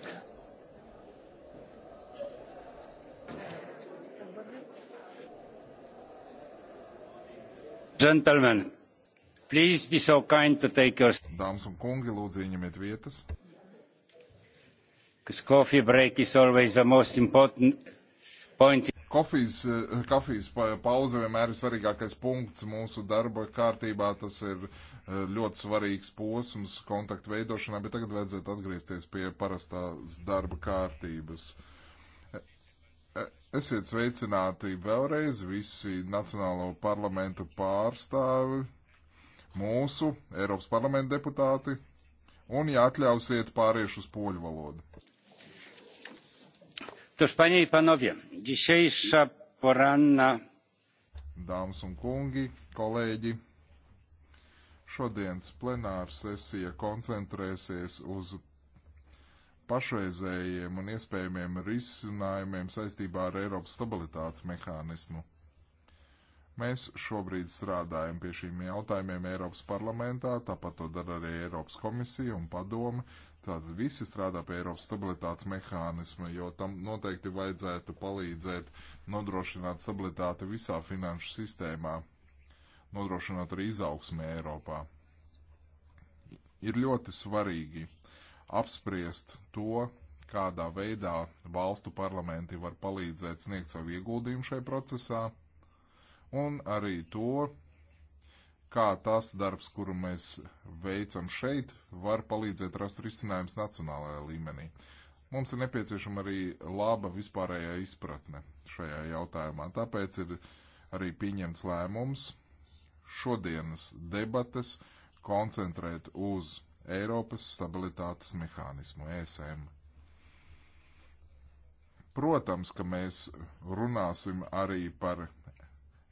Gentlemen, please be so kind to take your... Dāmas un kungi, lūdzu, ieņemiet vietas. Because coffee break is always the most important point. Kofijas, eh, kafijas pauze vienmēr ir svarīgākais punkts mūsu darba kārtībā. Tas ir Eh, ļoti svarīgs posms kontaktu veidošanā, bet tagad vajadzētu atgriezties pie parastās darba kārtības. Eh, eh, esiet sveicināti vēlreiz visi Nacionālo parlamentu pārstāvi, mūsu Eiropas parlamenta deputāti un, ja atļausiet, pāriešu uz poļu valodu. Tož, paņi, panovie, dzisiejša poranna. Dāmas un kungi, kolēģi. Šodienas plenāra sesija koncentrēsies uz pašreizējiem un iespējamiem risinājumiem saistībā ar Eiropas stabilitātes mehānismu. Mēs šobrīd strādājam pie šīm jautājumiem Eiropas parlamentā, tāpat to dara arī Eiropas komisija un padome. Tātad visi strādā pie Eiropas stabilitātes mehānisma, jo tam noteikti vajadzētu palīdzēt nodrošināt stabilitāti visā finanšu sistēmā nodrošināt arī izaugsmē Eiropā. Ir ļoti svarīgi apspriest to, kādā veidā valstu parlamenti var palīdzēt sniegt savu ieguldījumu šajā procesā, un arī to, kā tas darbs, kuru mēs veicam šeit, var palīdzēt rast risinājums nacionālajā līmenī. Mums ir nepieciešama arī laba vispārējā izpratne šajā jautājumā, tāpēc ir arī pieņemts lēmums šodienas debates koncentrēt uz Eiropas stabilitātes mehānismu, ESM. Protams, ka mēs runāsim arī par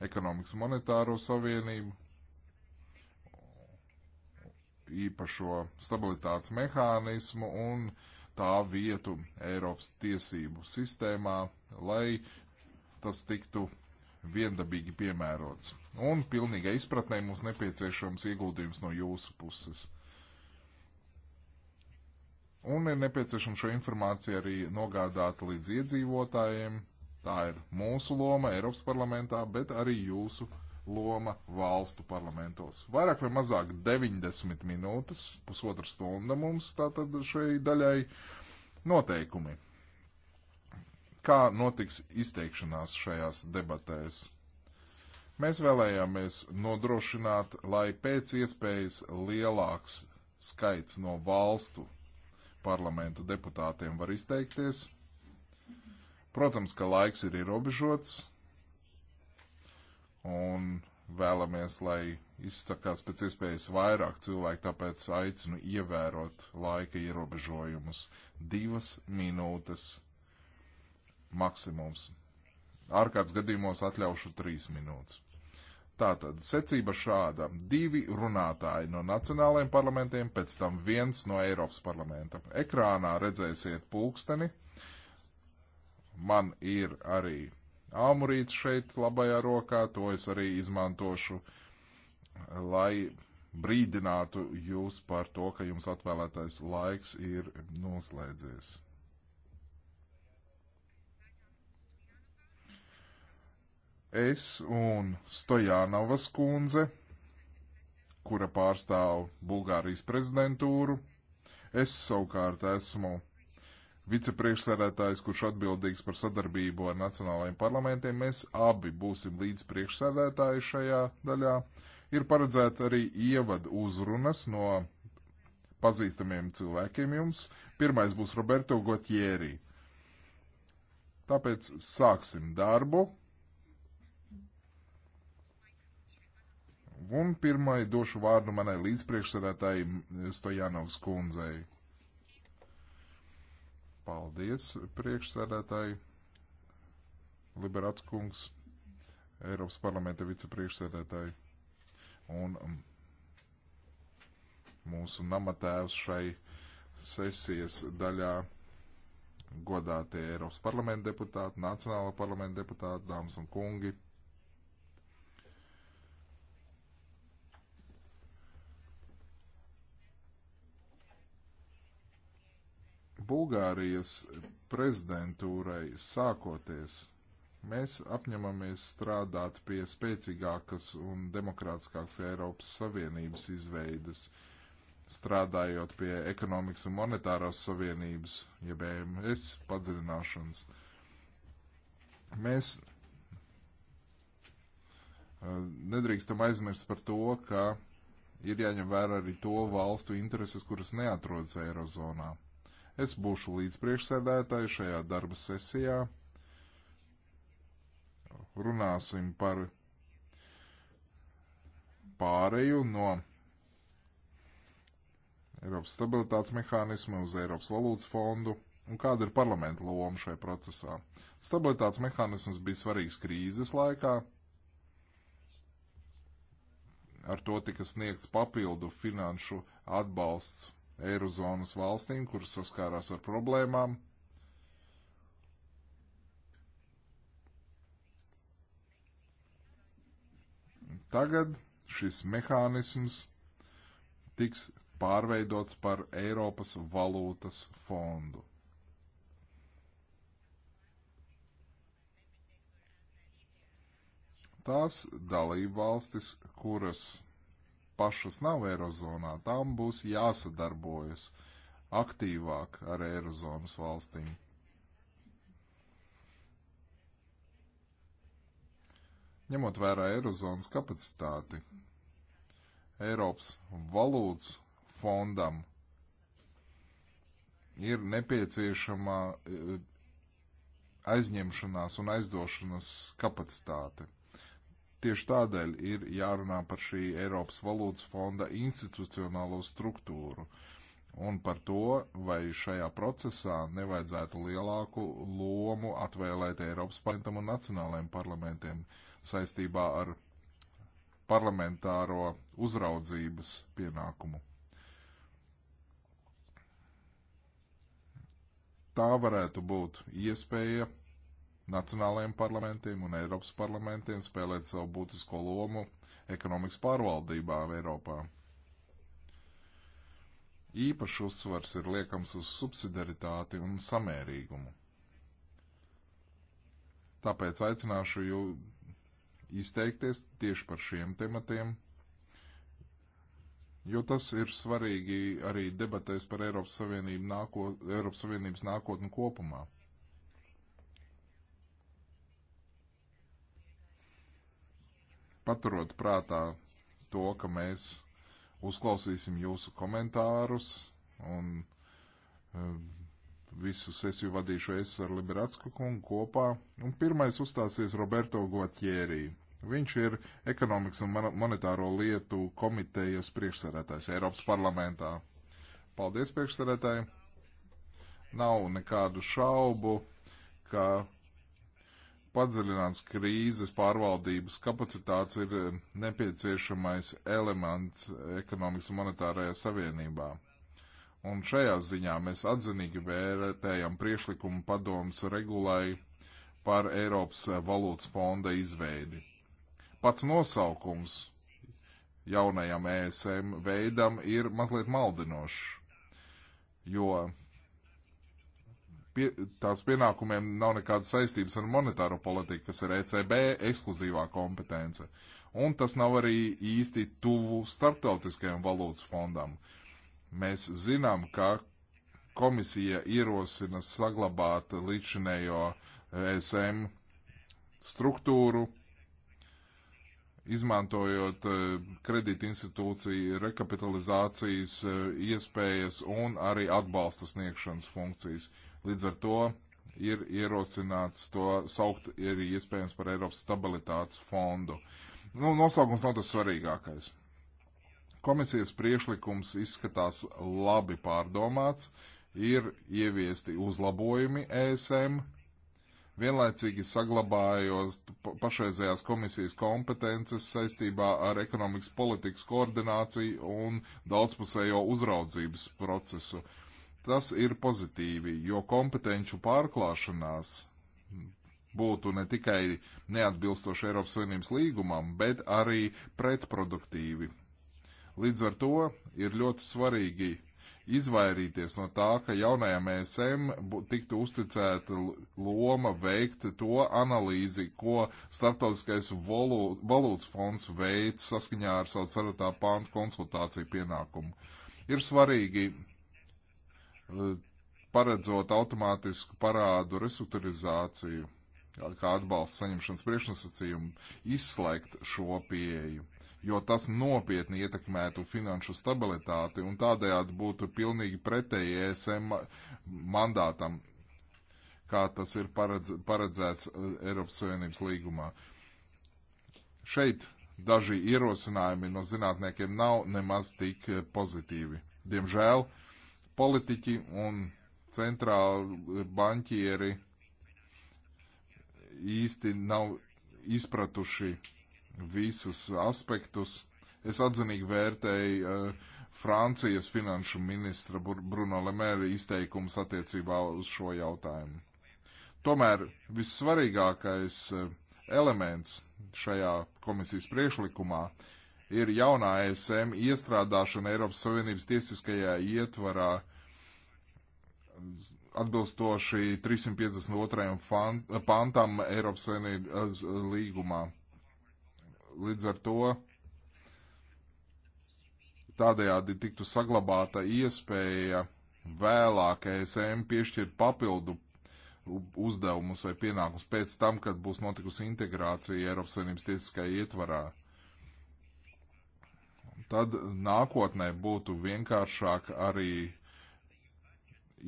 ekonomikas monetāro savienību, īpašo stabilitātes mehānismu un tā vietu Eiropas tiesību sistēmā, lai tas tiktu viendabīgi piemērots. Un pilnīgai izpratnē mums nepieciešams ieguldījums no jūsu puses. Un ir nepieciešams šo informāciju arī nogādāt līdz iedzīvotājiem. Tā ir mūsu loma Eiropas parlamentā, bet arī jūsu loma valstu parlamentos. Vairāk vai mazāk 90 minūtes, pusotra stunda mums tātad šai daļai noteikumi kā notiks izteikšanās šajās debatēs. Mēs vēlējāmies nodrošināt, lai pēc iespējas lielāks skaits no valstu parlamentu deputātiem var izteikties. Protams, ka laiks ir ierobežots un vēlamies, lai izsakās pēc iespējas vairāk cilvēku, tāpēc aicinu ievērot laika ierobežojumus. Divas minūtes maksimums. Ārkārtas gadījumos atļaušu trīs minūtes. Tātad secība šāda. Divi runātāji no nacionālajiem parlamentiem, pēc tam viens no Eiropas parlamenta. Ekrānā redzēsiet pulksteni. Man ir arī āmurīts šeit labajā rokā, to es arī izmantošu, lai brīdinātu jūs par to, ka jums atvēlētais laiks ir noslēdzies. es un Stojānavas kundze, kura pārstāv Bulgārijas prezidentūru. Es savukārt esmu vicepriekšsēdētājs, kurš atbildīgs par sadarbību ar nacionālajiem parlamentiem. Mēs abi būsim līdzpriekšsēdētāji šajā daļā. Ir paredzēta arī ievadu uzrunas no pazīstamiem cilvēkiem jums. Pirmais būs Roberto Gotjeri. Tāpēc sāksim darbu. Un pirmai došu vārdu manai līdzpriekšsarētāji eh, Stojanovs kundzei. Paldies, priekšsarētāji. Liberāts kungs, Eiropas parlamenta vicepriekšsēdētāji un mm, mūsu namatēvs šai sesijas daļā godātie Eiropas parlamenta deputāti, Nacionāla parlamenta deputāti, dāmas un kungi. Bulgārijas prezidentūrai sākoties, mēs apņemamies strādāt pie spēcīgākas un demokrātiskākas Eiropas Savienības izveides, strādājot pie ekonomikas un monetārās savienības, jeb EMS padziļināšanas. Mēs uh, nedrīkstam aizmirst par to, ka ir jāņem vērā arī to valstu intereses, kuras neatrodas Eirozonā. Es būšu līdzpriekšsēdētāji šajā darba sesijā. Runāsim par pāreju no Eiropas stabilitātes mehānismu uz Eiropas valūtas fondu un kāda ir parlamenta loma šajā procesā. Stabilitātes mehānisms bija svarīgs krīzes laikā. Ar to tika sniegts papildu finanšu atbalsts Eirozonas valstīm, kuras saskārās ar problēmām. Tagad šis mehānisms tiks pārveidots par Eiropas valūtas fondu. Tās dalībvalstis, kuras pašas nav Eirozonā, tām būs jāsadarbojas aktīvāk ar Eirozonas valstīm. Ņemot vērā Eirozonas kapacitāti, Eiropas valūtas fondam ir nepieciešama eh, aizņemšanās un aizdošanas kapacitāte. Tieši tādēļ ir jārunā par šī Eiropas valūtas fonda institucionālo struktūru un par to, vai šajā procesā nevajadzētu lielāku lomu atvēlēt Eiropas parlamentam un nacionālajiem parlamentiem saistībā ar parlamentāro uzraudzības pienākumu. Tā varētu būt iespēja nacionālajiem parlamentiem un Eiropas parlamentiem spēlēt savu būtisko lomu ekonomikas pārvaldībā Eiropā. Īpaši uzsvars ir liekams uz subsidiaritāti un samērīgumu. Tāpēc aicināšu jūs izteikties tieši par šiem tematiem, jo tas ir svarīgi arī debatēs par Eiropas, Savienību nāko, Eiropas Savienības nākotni kopumā. paturot prātā to, ka mēs uzklausīsim jūsu komentārus un um, visu sesiju vadīšu es ar Liberatsku kungu kopā. Un pirmais uzstāsies Roberto Gotjērī. Viņš ir ekonomikas un monetāro lietu komitejas priekšsarētājs Eiropas parlamentā. Paldies priekšsarētājiem! Nav nekādu šaubu, ka padziļināts krīzes pārvaldības kapacitātes ir eh, nepieciešamais elements ekonomikas un monetārajā savienībā. Un šajā ziņā mēs atzinīgi vērtējam priešlikumu padomus regulai par Eiropas eh, valūtas fonda izveidi. Pats nosaukums jaunajam ESM veidam ir mazliet maldinošs, jo pie, tās pienākumiem nav nekādas saistības ar monetāro politiku, kas ir ECB ekskluzīvā kompetence. Un tas nav arī īsti tuvu starptautiskajam valūtas fondam. Mēs zinām, ka komisija ierosina saglabāt līdzinējo ESM struktūru, izmantojot e, kredīti institūciju rekapitalizācijas e, iespējas un arī atbalsta sniegšanas funkcijas. Līdz ar to ir ierosināts to saukt ir iespējams par Eiropas stabilitātes fondu. Nu, nosaukums nav tas svarīgākais. Komisijas priešlikums izskatās labi pārdomāts, ir ieviesti uzlabojumi ESM, vienlaicīgi saglabājos pašreizējās komisijas kompetences saistībā ar ekonomikas politikas koordināciju un daudzpusējo uzraudzības procesu. Tas ir pozitīvi, jo kompetenču pārklāšanās būtu ne tikai neatbilstoši Eiropas Savienības līgumam, bet arī pretproduktīvi. Līdz ar to ir ļoti svarīgi izvairīties no tā, ka jaunajam ESM tiktu uzticēta loma veikt to analīzi, ko Startautiskais valūtas fonds veids saskaņā ar savu ceratā pāntu konsultāciju pienākumu. Ir svarīgi paredzot automātisku parādu restruktūrizāciju, kā atbalsta saņemšanas priekšnosacījumu, izslēgt šo pieeju, jo tas nopietni ietekmētu finanšu stabilitāti un tādējādi būtu pilnīgi pretēji ESM mandātam, kā tas ir paredz, paredzēts e, Eiropas Savienības līgumā. Šeit daži ierosinājumi no zinātniekiem nav nemaz tik e, pozitīvi. Diemžēl uh, politiķi un centrāli banķieri īsti nav izpratuši visus aspektus. Es atzinīgi vērtēju uh, Francijas finanšu ministra Bruno Lemēra izteikums attiecībā uz šo jautājumu. Tomēr vissvarīgākais eh, elements šajā komisijas priekšlikumā ir jaunā ESM iestrādāšana Eiropas Savienības tiesiskajā ietvarā atbilstoši 352. pantam Eiropas Savienības eh, līgumā. Līdz ar to tādējādi tiktu saglabāta iespēja vēlāk ESM piešķirt papildu uzdevumus vai pienākumus pēc tam, kad būs notikusi integrācija Eiropas Savienības tiesiskajā ietvarā tad nākotnē būtu vienkāršāk arī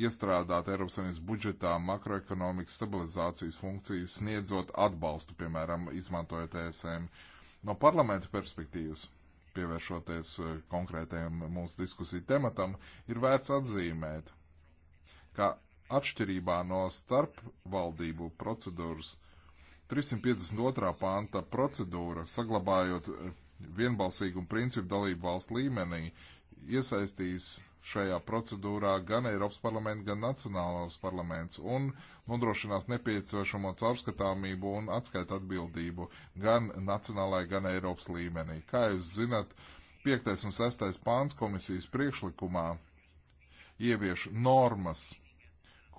iestrādāt Eiropas Savienības budžetā makroekonomikas stabilizācijas funkciju, sniedzot atbalstu, piemēram, izmantojot ESM. No parlamenta perspektīvas, pievēršoties eh, konkrētajam mūsu diskusiju tematam, ir vērts atzīmēt, ka atšķirībā no starpvaldību procedūras 352. panta procedūra, saglabājot eh, vienbalsīgumu principu dalību valstu līmenī iesaistīs šajā procedūrā gan Eiropas parlamentu, gan Nacionālos parlaments un nodrošinās nepieciešamo caurskatāmību un atskaita atbildību gan nacionālajā, gan Eiropas līmenī. Kā jūs zinat, 5. un 6. pāns komisijas priekšlikumā ievieš normas,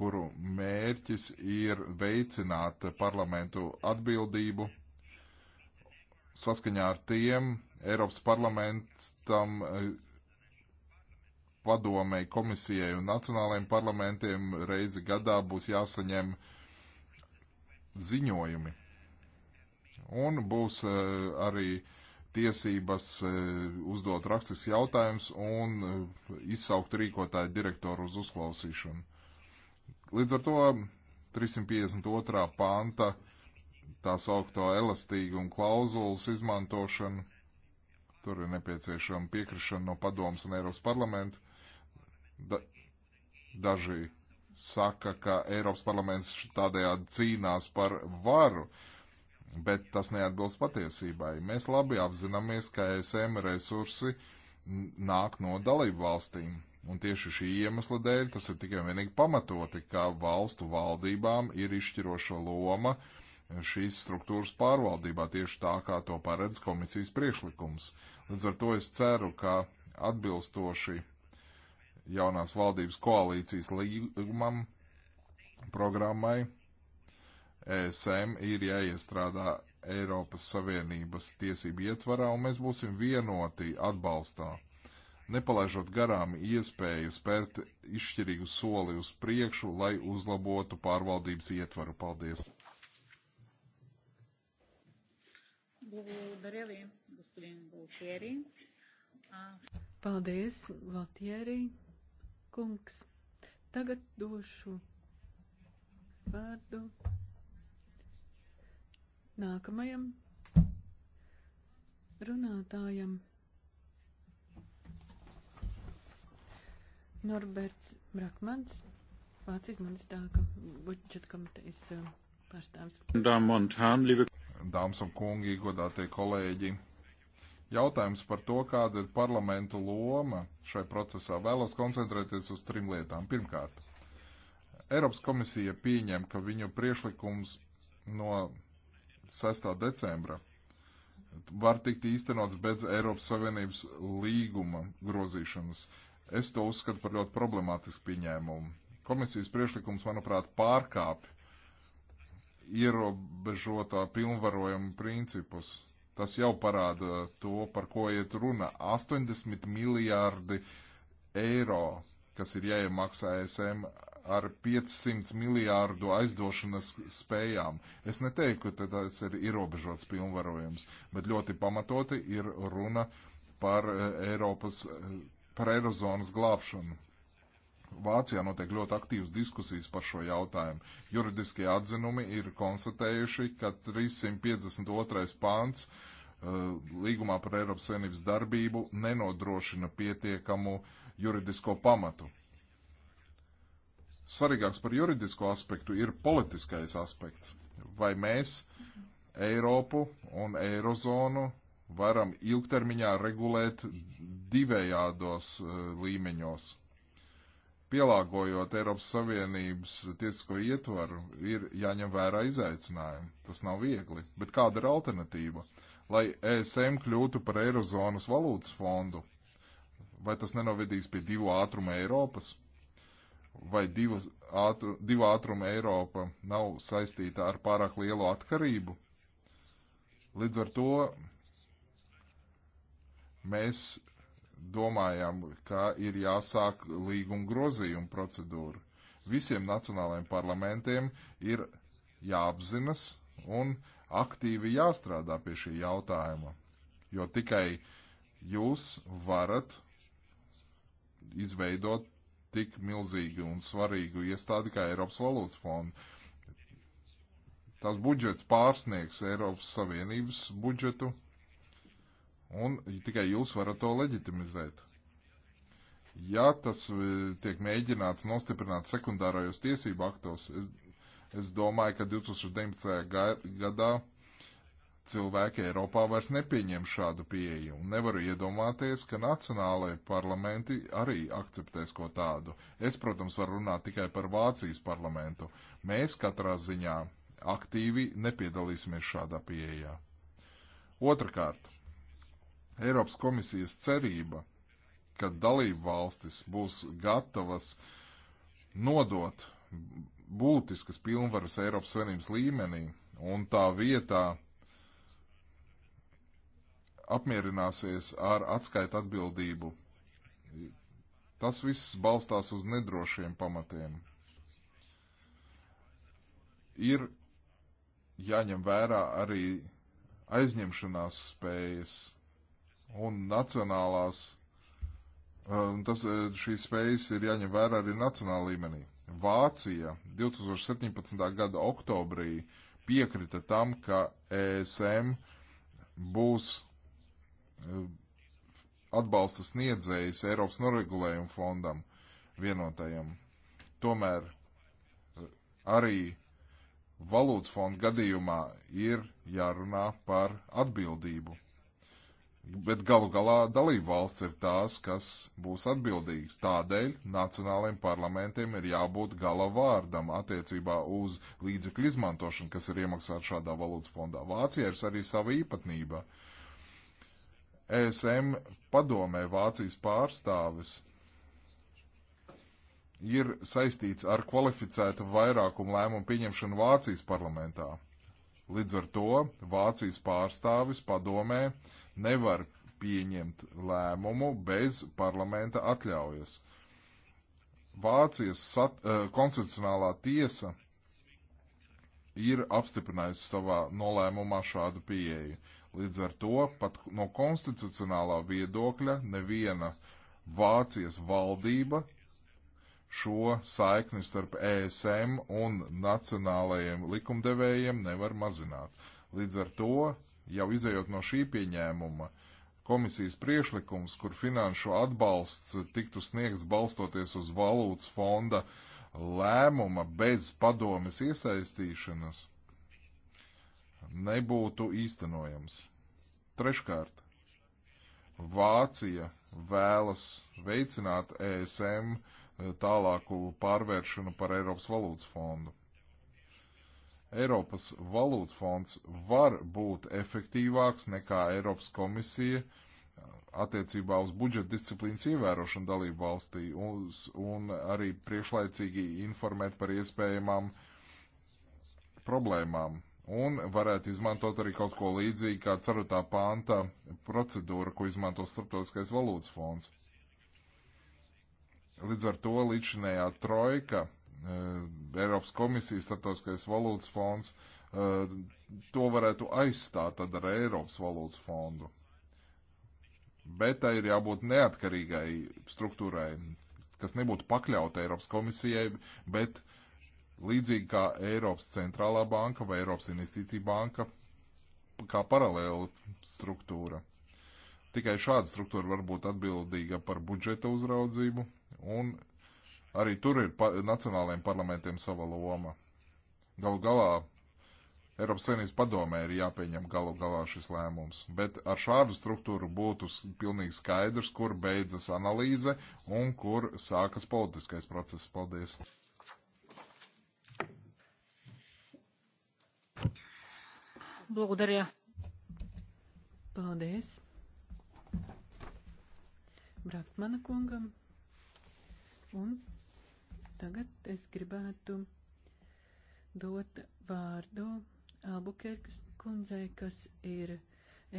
kuru mērķis ir veicināt parlamentu atbildību saskaņā ar tiem Eiropas parlamentam, eh, padomei, komisijai un nacionālajiem parlamentiem reizi gadā būs jāsaņem ziņojumi. Un būs eh, arī tiesības eh, uzdot rakstis jautājums un izsaukt rīkotāju direktoru uz uzklausīšanu. Līdz ar to 352. panta uh, tā saukto elastīgumu klauzulas izmantošanu. Tur ir nepieciešama piekrišana no padomas un Eiropas parlamenta. Da, daži saka, ka Eiropas parlaments tādējādi cīnās par varu, bet tas neatbilst patiesībai. Mēs labi apzināmies, ka ESM resursi nāk no dalību valstīm. Un tieši šī iemesla dēļ tas ir tikai vienīgi pamatoti, ka valstu valdībām ir izšķiroša loma uh, šīs struktūras pārvaldībā, tieši tā, kā to paredz komisijas priekšlikums. Līdz ar to es ceru, ka atbilstoši jaunās valdības koalīcijas līgumam, programmai, ESM ir jāiestrādā Eiropas Savienības tiesību ietvarā, un mēs būsim vienoti atbalstā, nepalaižot garām iespēju spērt izšķirīgu soli uz priekšu, lai uzlabotu pārvaldības ietvaru. Paldies! Благодаря ви, господин Голтиери. Paldies, Valtieri kungs. Tagad došu vārdu nākamajam runātājam. Norberts Brakmans, Vācijas ministrāka budžeta komitejas pārstāvis dāmas un kungi, godātie kolēģi. Jautājums par to, kāda ir parlamentu loma šai procesā, vēlas koncentrēties uz trim lietām. Pirmkārt, Eiropas komisija pieņem, ka viņu priešlikums no 6. decembra var tikt īstenots bez Eiropas Savienības līguma grozīšanas. Es to uzskatu par ļoti problemātisku pieņēmumu. Komisijas priešlikums, manuprāt, pārkāpj ierobežotā pilnvarojuma principus. Tas jau parāda to, par ko iet runa. 80 miljārdi eiro, kas ir jāiemaksā SM ar 500 miljārdu aizdošanas spējām. Es neteiktu, ka tas ir ierobežots pilnvarojums, bet ļoti pamatoti ir runa par eh, Eiropas, eh, par Eirozonas glābšanu. Vācijā notiek ļoti aktīvas diskusijas par šo jautājumu. Juridiskie atzinumi ir konstatējuši, ka 352. pāns uh, līgumā par Eiropas Savienības darbību nenodrošina pietiekamu juridisko pamatu. Svarīgāks par juridisko aspektu ir politiskais aspekts. Vai mēs Eiropu un Eirozonu varam ilgtermiņā regulēt divējādos uh, līmeņos? pielāgojot Eiropas Savienības tiesisko ietvaru, ir jāņem vērā izaicinājumi. Tas nav viegli, bet kāda ir alternatīva? Lai ESM kļūtu par Eirozonas valūtas fondu, vai tas nenovedīs pie divu ātrumu Eiropas? Vai divas, ātru, divu ātrumu Eiropa nav saistīta ar pārāk lielu atkarību? Līdz ar to mēs domājām, ka ir jāsāk līguma grozījuma procedūra. Visiem nacionālajiem parlamentiem ir jāapzinas un aktīvi jāstrādā pie šī jautājuma, jo tikai jūs varat izveidot tik milzīgu un svarīgu iestādi kā Eiropas valūtas fonda. Tas budžets pārsniegs Eiropas Savienības budžetu Un tikai jūs varat to leģitimizēt. Ja tas e, tiek mēģināts nostiprināt sekundārajos tiesību aktos, es, es domāju, ka 2019. gadā cilvēki Eiropā vairs nepieņem šādu pieeju, un nevaru iedomāties, ka nacionālajie parlamenti arī akceptēs ko tādu. Es, protams, varu runāt tikai par Vācijas parlamentu. Mēs katrā ziņā aktīvi nepiedalīsimies šādā pieejā. Otrakārt, Eiropas komisijas cerība, ka dalību valstis būs gatavas nodot būtiskas pilnvaras Eiropas Savienības līmenī un tā vietā apmierināsies ar atskaita atbildību. Tas viss balstās uz nedrošiem pamatiem. Ir jāņem vērā arī aizņemšanās spējas un nacionālās, un um, tas, eh, šīs spējas ir jāņem vērā arī nacionāla līmenī. Vācija 2017. gada oktobrī piekrita tam, ka ESM būs eh, atbalsta sniedzējs Eiropas noregulējuma fondam vienotajam. Tomēr eh, arī valūtas fonda gadījumā ir jārunā par atbildību bet galu galā dalību valsts ir tās, kas būs atbildīgas. Tādēļ nacionālajiem parlamentiem ir jābūt gala vārdam attiecībā uz līdzekļu izmantošanu, kas ir iemaksāts šādā valūtas fondā. Vācijā ir arī sava īpatnība. ESM padomē Vācijas pārstāvis ir saistīts ar kvalificētu vairākumu lēmumu pieņemšanu Vācijas parlamentā. Līdz ar to Vācijas pārstāvis padomē nevar pieņemt lēmumu bez parlamenta atļaujas. Vācijas sat, uh, konstitucionālā tiesa ir apstiprinājusi savā nolēmumā šādu pieeju. Līdz ar to pat no konstitucionālā viedokļa neviena Vācijas valdība šo saikni starp ESM un nacionālajiem likumdevējiem nevar mazināt. Līdz ar to jau izējot no šī pieņēmuma, komisijas priešlikums, kur finanšu atbalsts tiktu sniegts balstoties uz valūtas fonda lēmuma bez padomes iesaistīšanas, nebūtu īstenojams. Treškārt, Vācija vēlas veicināt ESM tālāku pārvēršanu par Eiropas valūtas fondu. Eiropas valūtu fonds var būt efektīvāks nekā Eiropas komisija uh, attiecībā uz budžeta disciplīnas ievērošanu dalību valstī uz, un arī priekšlaicīgi informēt par iespējamām problēmām. Un varētu izmantot arī kaut ko līdzīgu kā ceturtā panta procedūra, ko izmanto Starptautiskais valūtas fonds. Līdz ar to līdzinējā trojka Eh, Eiropas komisijas starptautiskais valūtas fonds, eh, to varētu aizstāt tad ar Eiropas valūtas fondu. Bet tai ir jābūt neatkarīgai struktūrai, kas nebūtu pakļauta Eiropas komisijai, bet līdzīgi kā Eiropas centrālā banka vai Eiropas investīcija banka, kā paralēla struktūra. Tikai šāda struktūra var būt atbildīga par budžeta uzraudzību un Arī tur ir pa nacionālajiem parlamentiem sava loma. Galu galā Eiropas Savienības padomē ir jāpieņem galu galā šis lēmums. Bet ar šādu struktūru būtu pilnīgi skaidrs, kur beidzas analīze un kur sākas politiskais process. Paldies! Благодаря. Paldies. Bratmana kungam un Tagad es gribētu dot vārdu Albukerkas kundzei, kas ir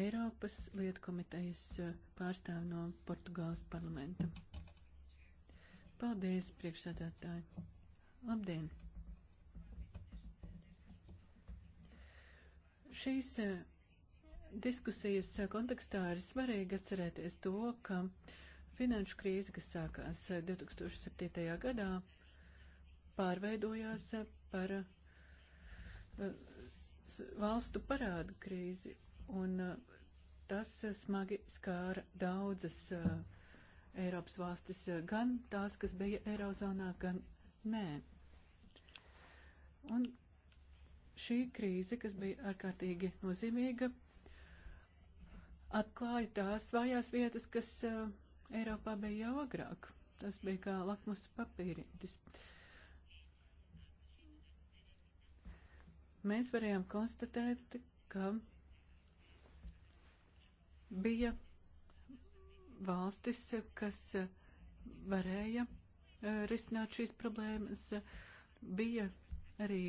Eiropas lietu komitejas eh, pārstāv no Portugāles parlamenta. Paldies, priekšsādātāji! Labdien! Šīs eh, diskusijas kontekstā ir svarīgi atcerēties to, ka finanšu krīze, kas sākās 2007. Eh, gadā, pārveidojās par eh, valstu parādu krīzi, un eh, tas eh, smagi skāra daudzas Eiropas valstis, gan tās, kas bija Eirozonā, gan nē. Un šī krīze, kas bija ārkārtīgi nozīmīga, atklāja tās vājās vietas, kas uh, Eiropā bija jau agrāk. Tas bija kā lakmus papīrītis. Uh, mēs varējām konstatēt, ka bija valstis, kas varēja eh, risināt šīs problēmas. Bija arī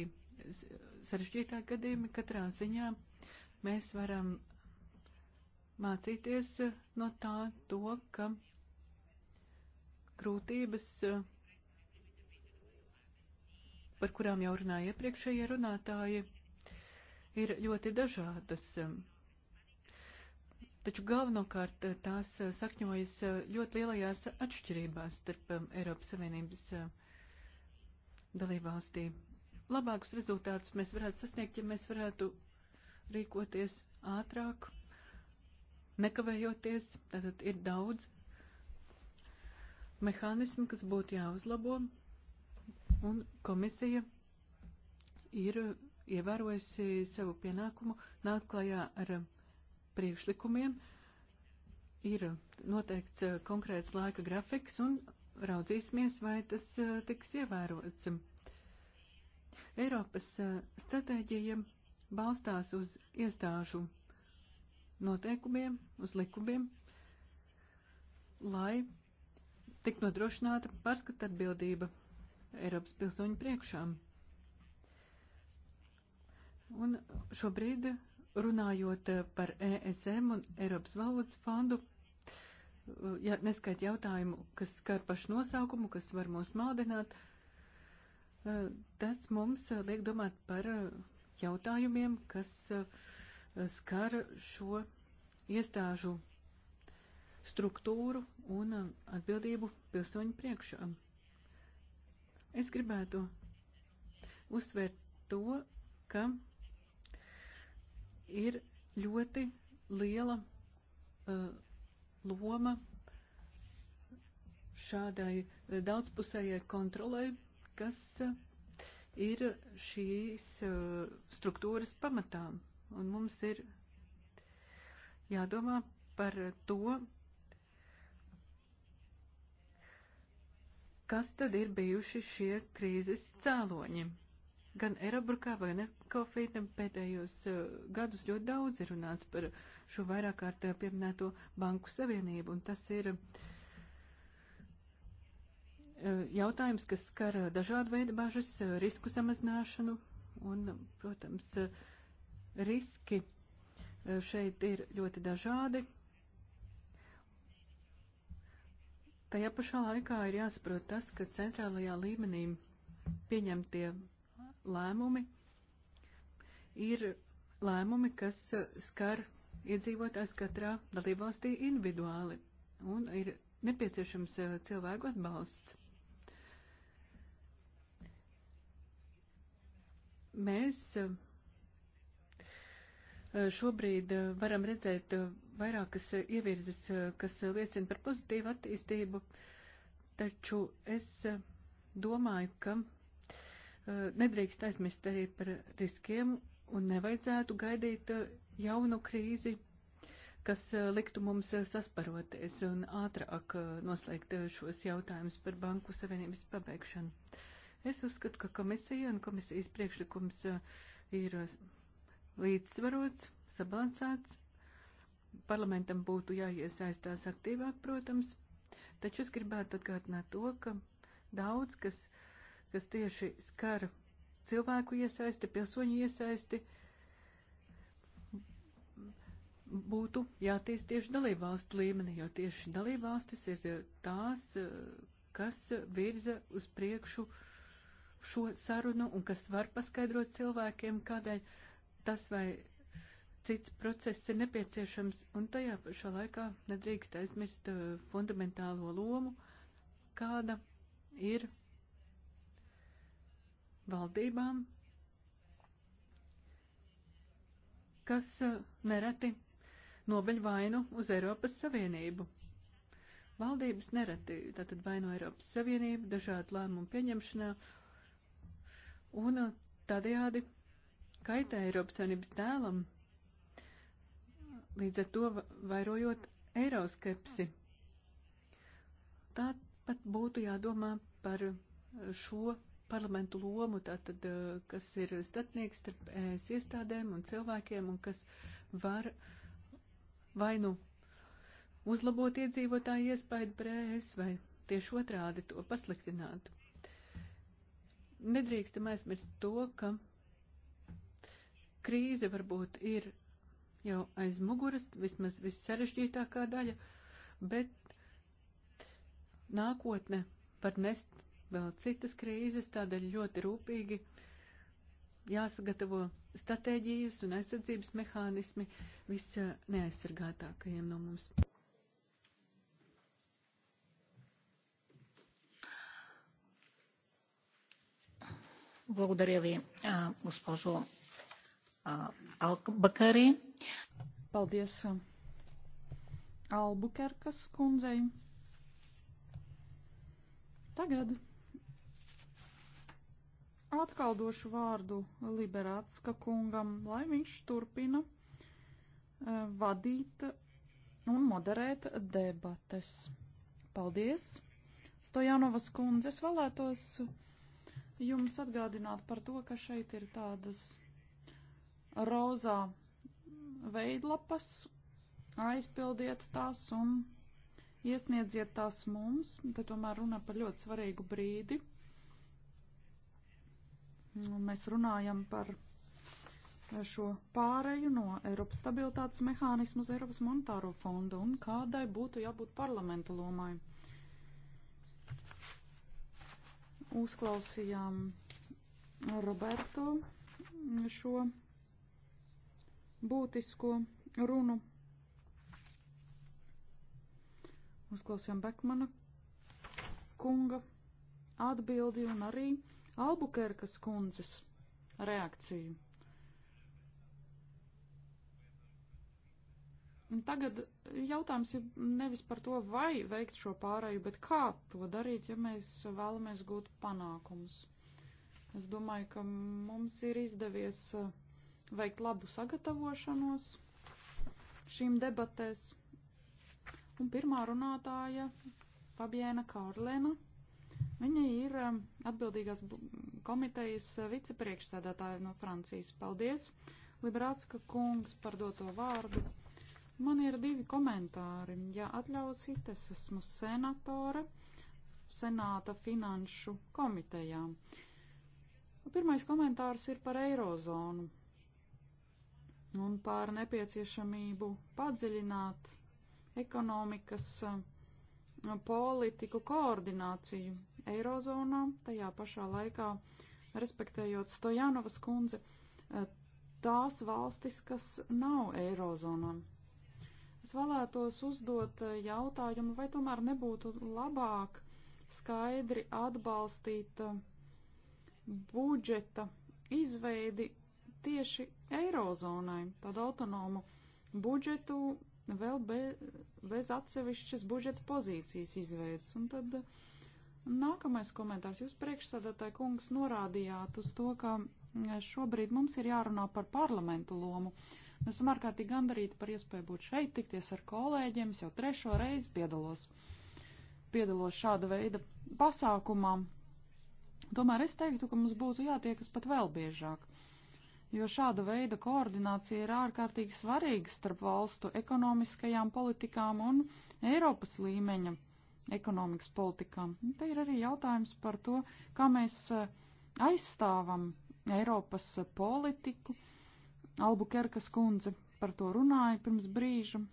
sarežģītā gadījuma. Katrā ziņā mēs varam mācīties no tā, to, ka grūtības par kurām jau runāja iepriekšējie runātāji, ir ļoti dažādas. Taču galvenokārt tās sakņojas ļoti lielajās atšķirībās starp um, Eiropas Savienības um, dalībvalstī. Labākus rezultātus mēs varētu sasniegt, ja mēs varētu rīkoties ātrāk, nekavējoties. Tātad ir daudz mehānismu, kas būtu jāuzlabo, un komisija ir ievērojusi savu pienākumu nākt klajā ar priekšlikumiem, ir noteikts eh, konkrēts laika grafiks un raudzīsimies, vai tas eh, tiks ievērots. Eiropas eh, stratēģija balstās uz iestāžu noteikumiem, uz likumiem, lai tik nodrošināta pārskata atbildība Eiropas pilsoņu priekšām. Un šobrīd, runājot par ESM un Eiropas valodas fondu, ja neskait jautājumu, kas skar pašu nosaukumu, kas var mūs maldināt, tas mums liek domāt par jautājumiem, kas skar šo iestāžu struktūru un atbildību pilsoņu priekšām. Es gribētu uzsvērt to, ka ir ļoti liela uh, loma šādai uh, daudzpusējai kontrolai, kas uh, ir šīs uh, struktūras pamatām. Un mums ir jādomā par to, kas tad ir bijuši šie krīzes cēloņi. Gan Erabrukā, gan Ekofītam pēdējos uh, gadus ļoti daudz ir runāts par šo vairāk kārt uh, pieminēto banku savienību, un tas ir uh, jautājums, kas skar dažādu veidu bažas, risku samazināšanu, un, protams, riski šeit ir ļoti dažādi, Tajā pašā laikā ir jāsaprot tas, ka centrālajā līmenī pieņemtie lēmumi ir lēmumi, kas skar iedzīvotājs katrā dalībvalstī individuāli un ir nepieciešams eh, cilvēku atbalsts. Mēs eh, šobrīd eh, varam redzēt vairākas ievirzes, kas eh, eh, eh, liecina par pozitīvu attīstību, taču es domāju, ka nedrīkst aizmirst arī par riskiem un nevajadzētu gaidīt jaunu krīzi, kas liktu mums sasparoties un ātrāk noslēgt šos jautājumus par Banku Savienības pabeigšanu. Es uzskatu, ka komisija un komisijas priekšlikums ir līdzsvarots, sabalansēts, Parlamentam būtu jāiesaistās aktīvāk, protams, taču es gribētu atgādināt to, ka daudz, kas, kas tieši skar cilvēku iesaisti, pilsoņu iesaisti, būtu jātīst tieši dalībvalstu līmenī, jo tieši dalībvalstis ir eh, tās, eh, kas virza uz priekšu šo sarunu un kas var paskaidrot cilvēkiem, kādēļ tas vai cits process ir nepieciešams, un tajā pašā laikā nedrīkst aizmirst uh, fundamentālo lomu, kāda ir valdībām, kas uh, nereti nobeļ vainu uz Eiropas Savienību. Valdības nereti tātad vaino Eiropas Savienību dažādu lēmumu pieņemšanā un uh, tādējādi kaitē Eiropas Savienības tēlam līdz ar to vairojot eiroskepsi. Tāpat būtu jādomā par šo parlamentu lomu, tātad, eh, kas ir starpnieks starp ES iestādēm un cilvēkiem, un kas var vai nu uzlabot iedzīvotāju iespēju par ES, vai tieši otrādi to pasliktinātu. Nedrīkstam aizmirst to, ka krīze varbūt ir jau aiz muguras, vismaz vissarežģītākā daļa, bet nākotne var nest vēl citas krīzes, tādēļ ļoti rūpīgi jāsagatavo stratēģijas un aizsardzības mehānismi visa neaizsargātākajiem no mums. Благодаря ви, госпожо Uh, Albuquerī. Paldies uh, Albuquerkas kundzei. Tagad atkal došu vārdu Liberātska kungam, lai viņš turpina uh, vadīt un moderēt debates. Paldies! Stojanovas kundze, es vēlētos jums atgādināt par to, ka šeit ir tādas rozā veidlapas, aizpildiet tās un iesniedziet tās mums, te tomēr runā par ļoti svarīgu brīdi. Un mēs runājam par šo pāreju no Eiropas stabilitātes mehānismu uz Eiropas monetāro fondu un kādai būtu jābūt parlamentu lomai. Uzklausījām Roberto šo būtisko runu. Uzklausījām Bekmana kunga atbildi un arī Albukerkas kundzes reakciju. Un tagad jautājums ir nevis par to, vai veikt šo pārēju, bet kā to darīt, ja mēs vēlamies gūt panākumus. Es domāju, ka mums ir izdevies uh, veikt labu sagatavošanos šīm debatēs. Un pirmā runātāja Fabiena Kārlēna. Viņa ir um, atbildīgās komitejas uh, vicepriekšsēdētāja no Francijas. Paldies, Liberācka kungs, par doto vārdu. Man ir divi komentāri. Ja atļausit, es esmu senatore Senāta finanšu komitejā. Pirmais komentārs ir par Eirozonu un par nepieciešamību padziļināt ekonomikas uh, politiku koordināciju Eirozonā, tajā pašā laikā respektējot Stojanovas kundze, uh, tās valstis, kas nav Eirozonā. Es vēlētos uzdot uh, jautājumu, vai tomēr nebūtu labāk skaidri atbalstīt budžeta izveidi tieši Eirozonai tādu autonomu budžetu vēl be, bez atsevišķas budžeta pozīcijas izveids. Un tad uh, nākamais komentārs. Jūs priekšsēdētāji kungs norādījāt uz to, ka mm, šobrīd mums ir jārunā par parlamentu lomu. Mēs esam ārkārtīgi gandarīti par iespēju būt šeit, tikties ar kolēģiem. Es jau trešo reizi piedalos, piedalos šāda veida pasākumā. Tomēr es teiktu, ka mums būtu jātiekas pat vēl biežāk jo šāda veida koordinācija ir ārkārtīgi svarīga starp valstu ekonomiskajām politikām un Eiropas līmeņa ekonomikas politikām. Te ir arī jautājums par to, kā mēs e, aizstāvam Eiropas e, politiku. Albukerkas kundze par to runāja pirms brīža.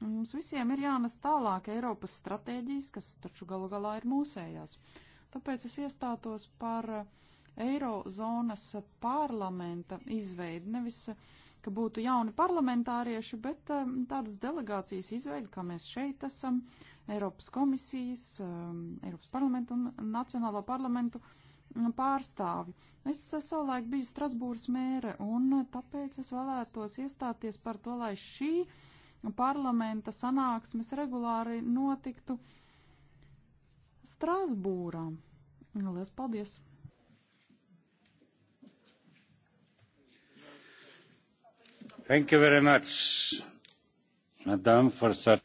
Mums visiem ir jānes tālāk Eiropas stratēģijas, kas taču galu galā ir mūsējās. Tāpēc es iestātos par uh, Eirozonas parlamenta izveidi, nevis, ka būtu jauni parlamentārieši, bet um, tādas delegācijas izveidi, kā mēs šeit esam, Eiropas komisijas, um, Eiropas parlamentu un Nacionālo parlamentu um, pārstāvi. Es uh, savulaik biju Strasbūras mēre, un tāpēc es vēlētos iestāties par to, lai šī parlamenta sanāksmes regulāri notiktu Strasbūrā. Lielas paldies! Thank you very much, madam, for such.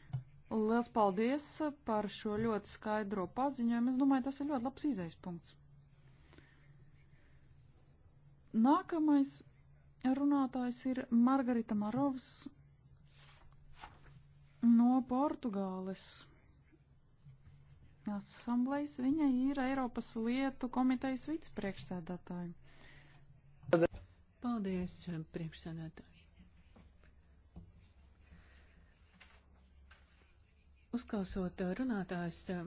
Liels paldies par šo ļoti skaidro paziņojumu. Es domāju, tas ir ļoti labs izējas punkts. Nākamais runātājs ir Margarita Marovs no Portugāles asamblejas. Viņa ir Eiropas lietu komitejas vicepriekšsēdētāja. Paldies, priekšsēdētāji. Uzklausot eh, runātājs, eh,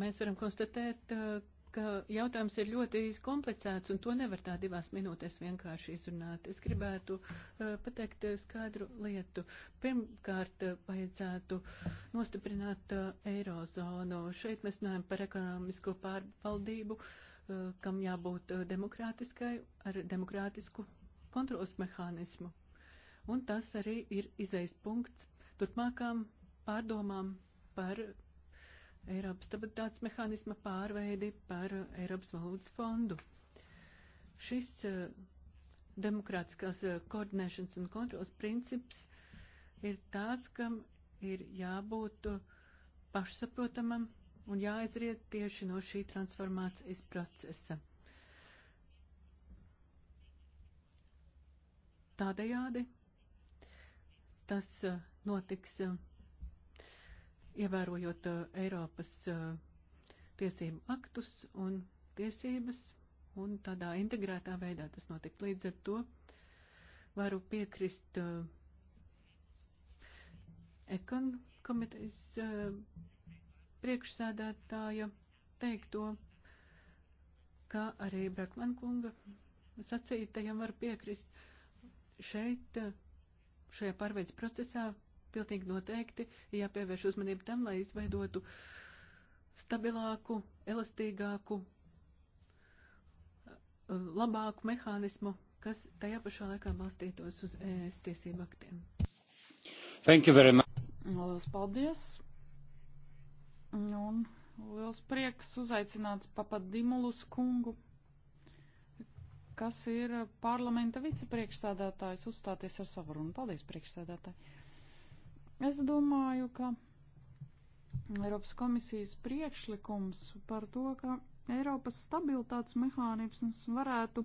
mēs varam konstatēt, eh, ka jautājums ir ļoti komplicēts un to nevar tā divās minūtēs vienkārši izrunāt. Es gribētu pateikt skaidru lietu. Pirmkārt, vajadzētu nostiprināt eirozonu. Šeit mēs runājam par ekonomisko pārvaldību, kam jābūt demokrātiskai ar demokrātisku kontrols mehānismu. Un tas arī ir izejas punkts turpmākām pārdomām par Eiropas stabilitātes mehānisma pārveidi, par Eiropas valūtas fondu. Šis uh, demokrātiskās uh, koordinēšanas un kontrolas princips ir tāds, kam ir jābūt eh, pašsaprotamam un jāizriet tieši no šī transformācijas procesa. Tādējādi tas uh, notiks, eh, ievērojot eh, Eiropas eh, tiesību aktus un tiesības, un tādā integrētā veidā tas notiek. Līdz ar to varu piekrist ekon komitejas priekšsēdētāja teikto, kā arī Brakman kunga sacītajam var piekrist. Šeit, šajā pārveids procesā, pilnīgi noteikti jāpievērš uzmanība tam, lai izveidotu stabilāku, elastīgāku, labāku mehānismu, kas tajā pašā laikā balstītos uz ES tiesību aktiem. Thank you very much. Lielas paldies. Nu, un liels prieks uzaicināt papadimulus kungu, kas ir parlamenta vicepriekšsēdētājs, uzstāties ar savu runu. Paldies, priekšsēdētāji. Es domāju, ka Eiropas komisijas priekšlikums par to, ka Eiropas stabilitātes mehānisms varētu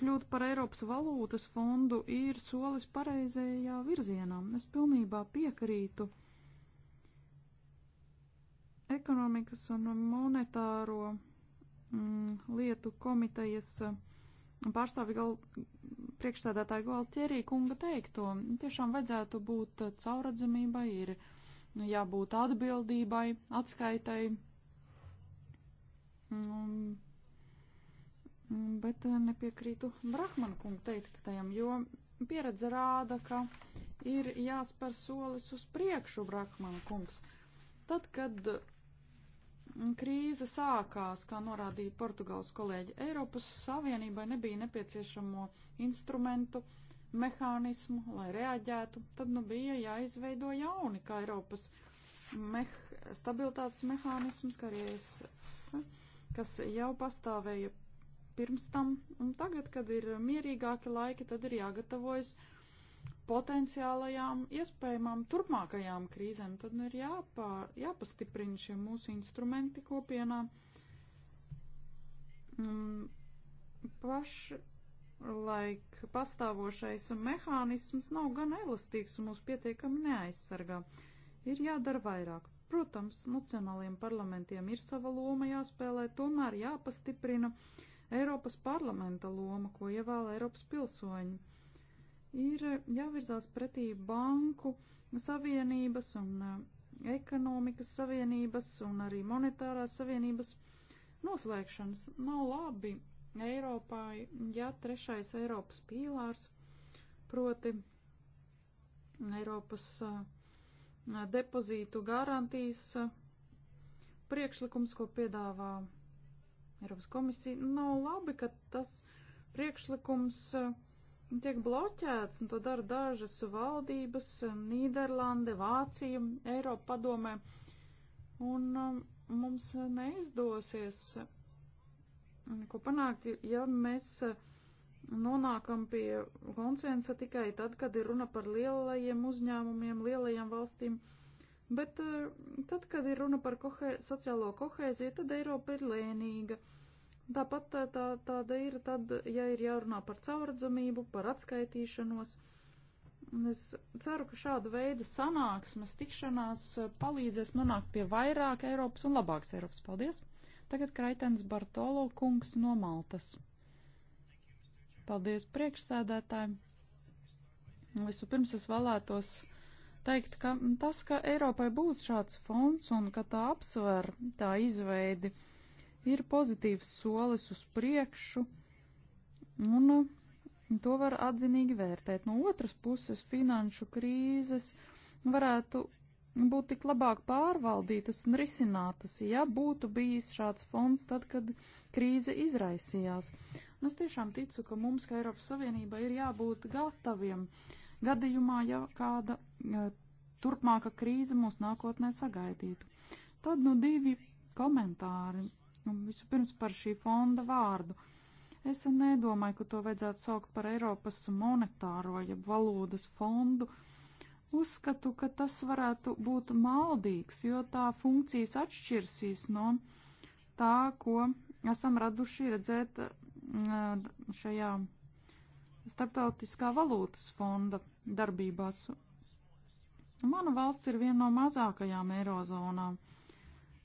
kļūt par Eiropas valūtas fondu, ir solis pareizajā virzienā. Es pilnībā piekrītu ekonomikas un monetāro mm, lietu komitejas mm, pārstāvi gal, priekšsēdētāju Galtierī kunga teikto. Tiešām vajadzētu būt cauradzamībai, ir nu, jābūt atbildībai, atskaitai. Um, bet nepiekrītu Brahmanu kungu teiktajam, jo pieredze rāda, ka ir jāspēr solis uz priekšu, Brahmanu kungs. Tad, kad Krīze sākās, kā norādīja Portugāles kolēģi, Eiropas Savienībai nebija nepieciešamo instrumentu, mehānismu, lai reaģētu. Tad nu bija jāizveido jauni, kā Eiropas meh stabilitātes mehānisms, kā arī es, eh, kas jau pastāvēja pirms tam. Un tagad, kad ir mierīgāki laiki, tad ir jāgatavojas uh, potenciālajām iespējamām turpmākajām krīzēm, tad nu, ir jāpār, jāpastiprina šie mūsu instrumenti kopienā. Mm, pašlaik pastāvošais mehānisms nav gan elastīgs un mūs pietiekami neaizsargā. Ir jādara vairāk. Protams, nacionālajiem parlamentiem ir sava loma jāspēlē, tomēr jāpastiprina Eiropas parlamenta loma, ko ievēl Eiropas pilsoņi ir jāvirzās pretī banku savienības un eh, ekonomikas savienības un arī monetārās savienības noslēgšanas. Nav labi Eiropai, ja trešais Eiropas pīlārs, proti Eiropas eh, depozītu garantijas eh, priekšlikums, ko piedāvā Eiropas komisija, nav labi, ka tas priekšlikums uh, tiek bloķēts, un to dara dažas valdības, Nīderlande, Vācija, Eiropa padomē, un um, mums neizdosies ko panākt, ja mēs uh, nonākam pie konsensa tikai tad, kad ir runa par lielajiem uzņēmumiem, lielajām valstīm. Bet uh, tad, kad ir runa par kohē, sociālo kohēziju, tad Eiropa ir lēnīga. Uh, Tāpat tā, tāda ir tad, ja ir jārunā par caurredzamību, par atskaitīšanos. Es ceru, ka šāda veida sanāksmes, tikšanās palīdzēs nonākt pie vairāk Eiropas un labāks Eiropas. Paldies! Tagad Kraitens Bartolo kungs no Maltas. Paldies priekšsēdētājiem! Vispirms es vēlētos teikt, ka tas, ka Eiropai būs šāds fonds un ka tā apsver tā izveidi, uh, ir pozitīvs solis uz priekšu, un uh, to var atzinīgi vērtēt. No otras puses, finanšu krīzes varētu būt tik labāk pārvaldītas un risinātas, ja būtu bijis šāds fonds tad, kad krīze izraisījās. Un es tiešām ticu, ka mums, kā Eiropas Savienība, ir jābūt gataviem gadījumā, ja kāda ja, uh, turpmāka krīze mūs nākotnē sagaidītu. Tad nu divi komentāri Nu, vispirms par šī fonda vārdu. Es nedomāju, ka to vajadzētu saukt par Eiropas monetāro, jeb valūdas fondu. Uzskatu, ka tas varētu būt maldīgs, jo tā funkcijas atšķirsīs no tā, ko esam raduši redzēt mm, šajā starptautiskā valūtas fonda darbībās. Mana valsts ir viena no mazākajām eirozonām.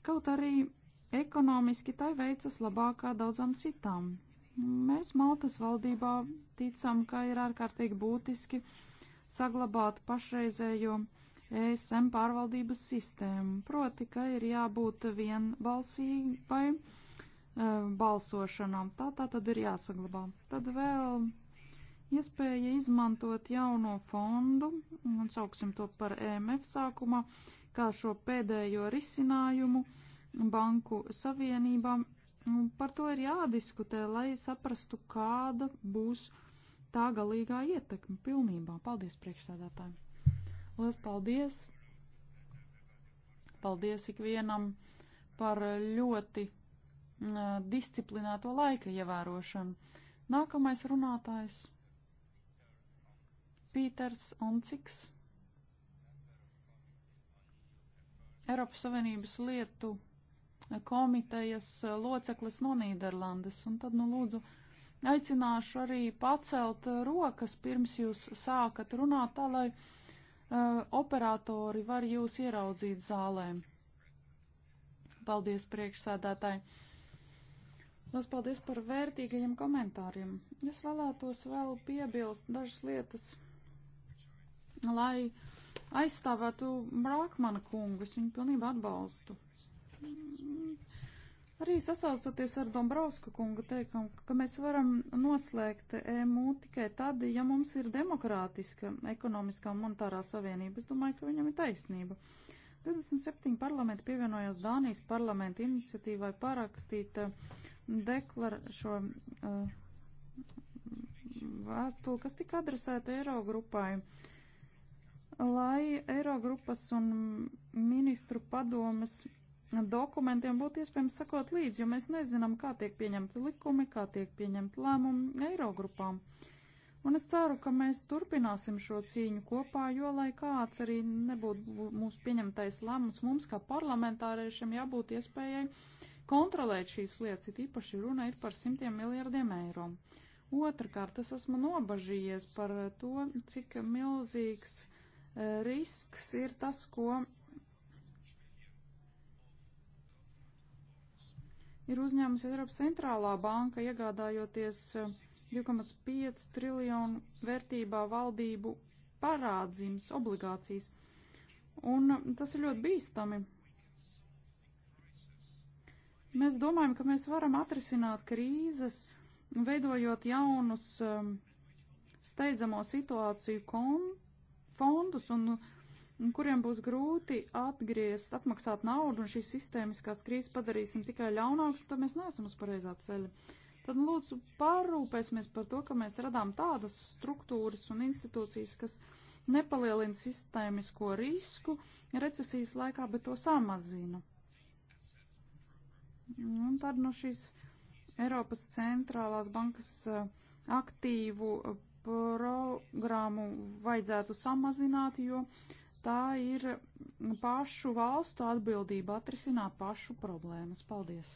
Kaut arī ekonomiski tai veicas labāk kā daudzām citām. Mēs Maltas valdībā ticam, ka ir ārkārtīgi būtiski saglabāt pašreizējo ESM pārvaldības sistēmu, proti, ka ir jābūt vienbalsībai e, balsošanām. Tā tā tad ir jāsaglabā. Tad vēl iespēja izmantot jauno fondu, un sauksim to par EMF sākumā, kā šo pēdējo risinājumu banku savienībām. Par to ir jādiskutē, lai saprastu, kāda būs tā galīgā ietekme pilnībā. Paldies priekšsēdētājiem! Lielas paldies! Paldies ikvienam par ļoti disciplinēto laika ievērošanu. Nākamais runātājs - Pīters Onciks, Eiropas Savienības lietu komitejas loceklis no Nīderlandes. Un tad, nu, lūdzu, aicināšu arī pacelt rokas pirms jūs sākat runāt, tā lai uh, operatori var jūs ieraudzīt zālē. Paldies priekšsēdētāji! Lielas paldies par vērtīgajiem komentāriem. Es vēlētos vēl piebilst dažas lietas, lai aizstāvētu Brākmana kungus, viņu pilnībā atbalstu. Arī sasaucoties ar Dombrovska kunga teikumu, ka mēs varam noslēgt EMU tikai tad, ja mums ir demokrātiska ekonomiskā un monetārā savienība. Es domāju, ka viņam ir taisnība. 27 parlamenti pievienojās Dānijas parlamenta iniciatīvai parakstīt uh, deklar šo uh, vēstuli, kas tika adresēta Eirogrupai, lai Eirogrupas un ministru padomas dokumentiem būtu iespējams sakot līdzi, jo mēs nezinām, kā tiek pieņemti likumi, kā tiek pieņemti lēmumi Eirogrupām. Un es ceru, ka mēs turpināsim šo cīņu kopā, jo, lai kāds arī nebūtu mūsu pieņemtais lēmums, mums kā parlamentāriešiem jābūt iespējai kontrolēt šīs lietas, it īpaši runa ir par simtiem miljardiem eiro. Otrakārt, es esmu nobažījies par to, cik milzīgs e, risks ir tas, ko ir uzņēmusi Eiropas centrālā banka, iegādājoties 2,5 eh, triljonu vērtībā valdību parādzīmes obligācijas. Un mm, tas ir ļoti bīstami. Mēs domājam, ka mēs varam atrisināt krīzes, veidojot jaunus um, steidzamo situāciju kon, fondus un uh, kuriem būs grūti atgriezt, atmaksāt naudu, un šīs sistēmiskās krīzes padarīsim tikai ļaunāks, tad mēs neesam uz pareizā ceļa. Tad lūdzu parūpēsimies par to, ka mēs radām tādas struktūras un institūcijas, kas nepalielina sistēmisko risku recesijas laikā, bet to samazina. Un tad no šīs Eiropas centrālās bankas eh, aktīvu eh, programmu vajadzētu samazināt, jo uh, tā ir pašu valstu atbildība atrisināt pašu problēmas. Paldies!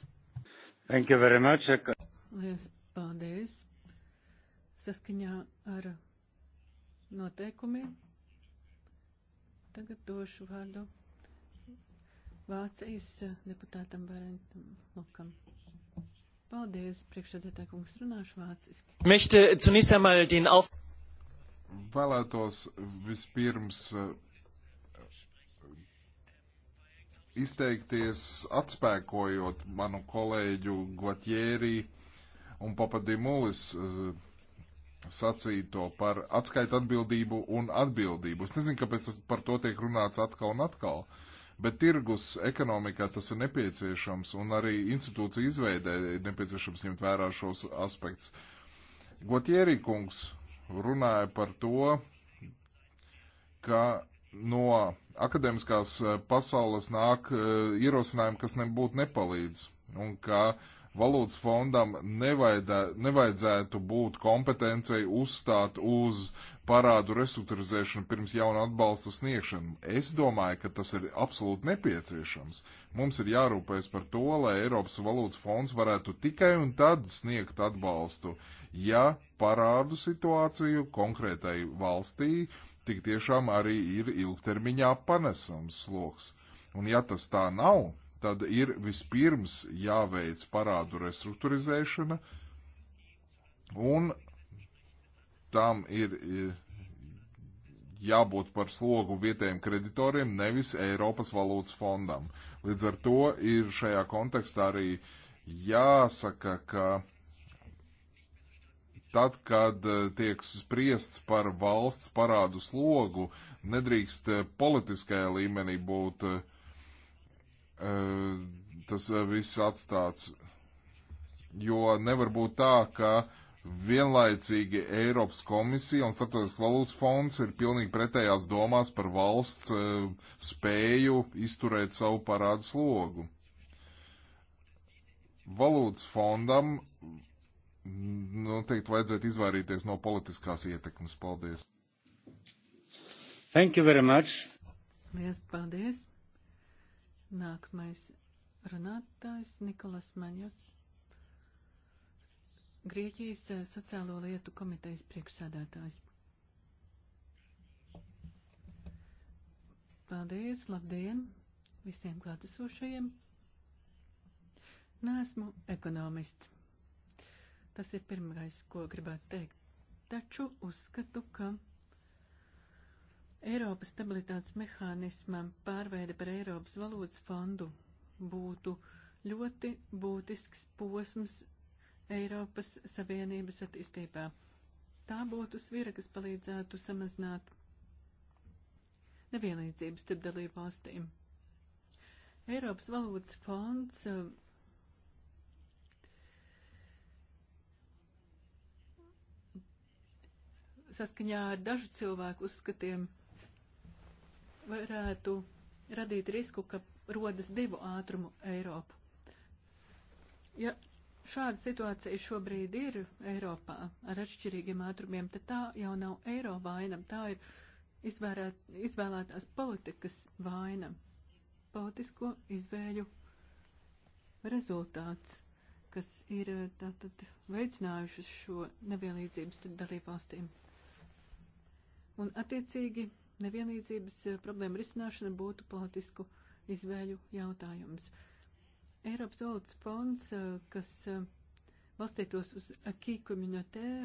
Thank you very much. Lies, paldies! Saskaņā ar noteikumiem tagad došu vārdu Vācijas deputātam Barentam Lukam. Paldies, priekšsēdētāj kungs, runāšu vāciski. Möchte zunächst einmal den auf... Vēlētos vispirms izteikties atspēkojot manu kolēģu Glatjērī un Papadimulis eh, sacīto par atskaitu atbildību un atbildību. Es nezinu, kāpēc tas par to tiek runāts atkal un atkal, bet tirgus ekonomikā tas ir nepieciešams un arī institūcija izveidē ir nepieciešams ņemt vērā šos aspektus. Gotjērī kungs runāja par to, ka no akadēmiskās eh, pasaules nāk eh, ierosinājumi, kas nebūtu nepalīdz, un ka valūtas fondam nevajadzē, nevajadzētu būt kompetencei uzstāt uz parādu restruktūrizēšanu pirms jauna atbalsta sniegšanu. Es domāju, ka tas ir absolūti nepieciešams. Mums ir jārūpēs par to, lai Eiropas valūtas fonds varētu tikai un tad sniegt atbalstu, ja parādu situāciju konkrētai valstī tik tiešām arī ir ilgtermiņā panesams sloks. Un ja tas tā nav, tad ir vispirms jāveic parādu restruktūrizēšana, un tam ir e, jābūt par slogu vietējiem kreditoriem, nevis Eiropas valūtas fondam. Līdz ar to ir šajā kontekstā arī jāsaka, ka Tad, kad e, tiek spriests par valsts parādu slogu, nedrīkst e, politiskajā līmenī būt e, tas viss atstāts. Jo nevar būt tā, ka vienlaicīgi Eiropas komisija un Startautiskās valūtas fonds ir pilnīgi pretējās domās par valsts spēju izturēt savu parādu slogu. Valūtas fondam noteikti vajadzētu izvairīties no politiskās ietekmes. Paldies! Thank you very much! Liels paldies! Nākamais runātājs Nikolas Maņos, Grieķijas eh, sociālo lietu komitejas priekšsādātājs. Paldies, labdien visiem klātesošajiem! Nē, esmu ekonomists. Tas ir pirmais, ko gribētu teikt. Taču uzskatu, ka Eiropas stabilitātes mehānismam pārveida par Eiropas valūtas fondu būtu ļoti būtisks posms Eiropas Savienības attīstībā. Tā būtu svira, kas palīdzētu samazināt nevienlīdzības starp dalību valstīm. Eiropas valūtas fonds saskaņā ar dažu cilvēku uzskatiem varētu radīt risku, ka rodas divu ātrumu Eiropu. Ja šāda situācija šobrīd ir Eiropā ar atšķirīgiem ātrumiem, tad tā jau nav eiro vainam, tā ir izvērēt, izvēlētās politikas vaina, politisko izvēļu rezultāts, kas ir tātad veicinājušas šo nevienlīdzības starp dalībvalstīm. Un, attiecīgi, nevienlīdzības eh, problēma risināšana būtu politisku izvēļu jautājums. Eiropas valodas fonds, eh, kas eh, balstītos uz acquis communautaire,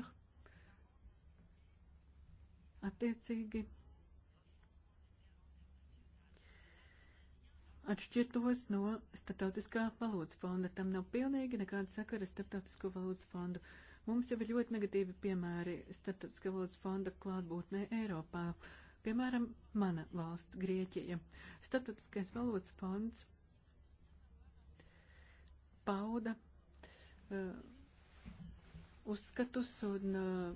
attiecīgi atšķirtos no Startautiskā valodas fonda. Tam nav pilnīgi nekāda sakara ar Startautisko valodas fondu. Uh, Mums jau ir ļoti negatīvi piemēri Startautiskā valodas fonda klātbūtnē Eiropā. Piemēram, mana valsts, Grieķija. Startautiskais valodas fonds pauda uh, uzskatus un uh,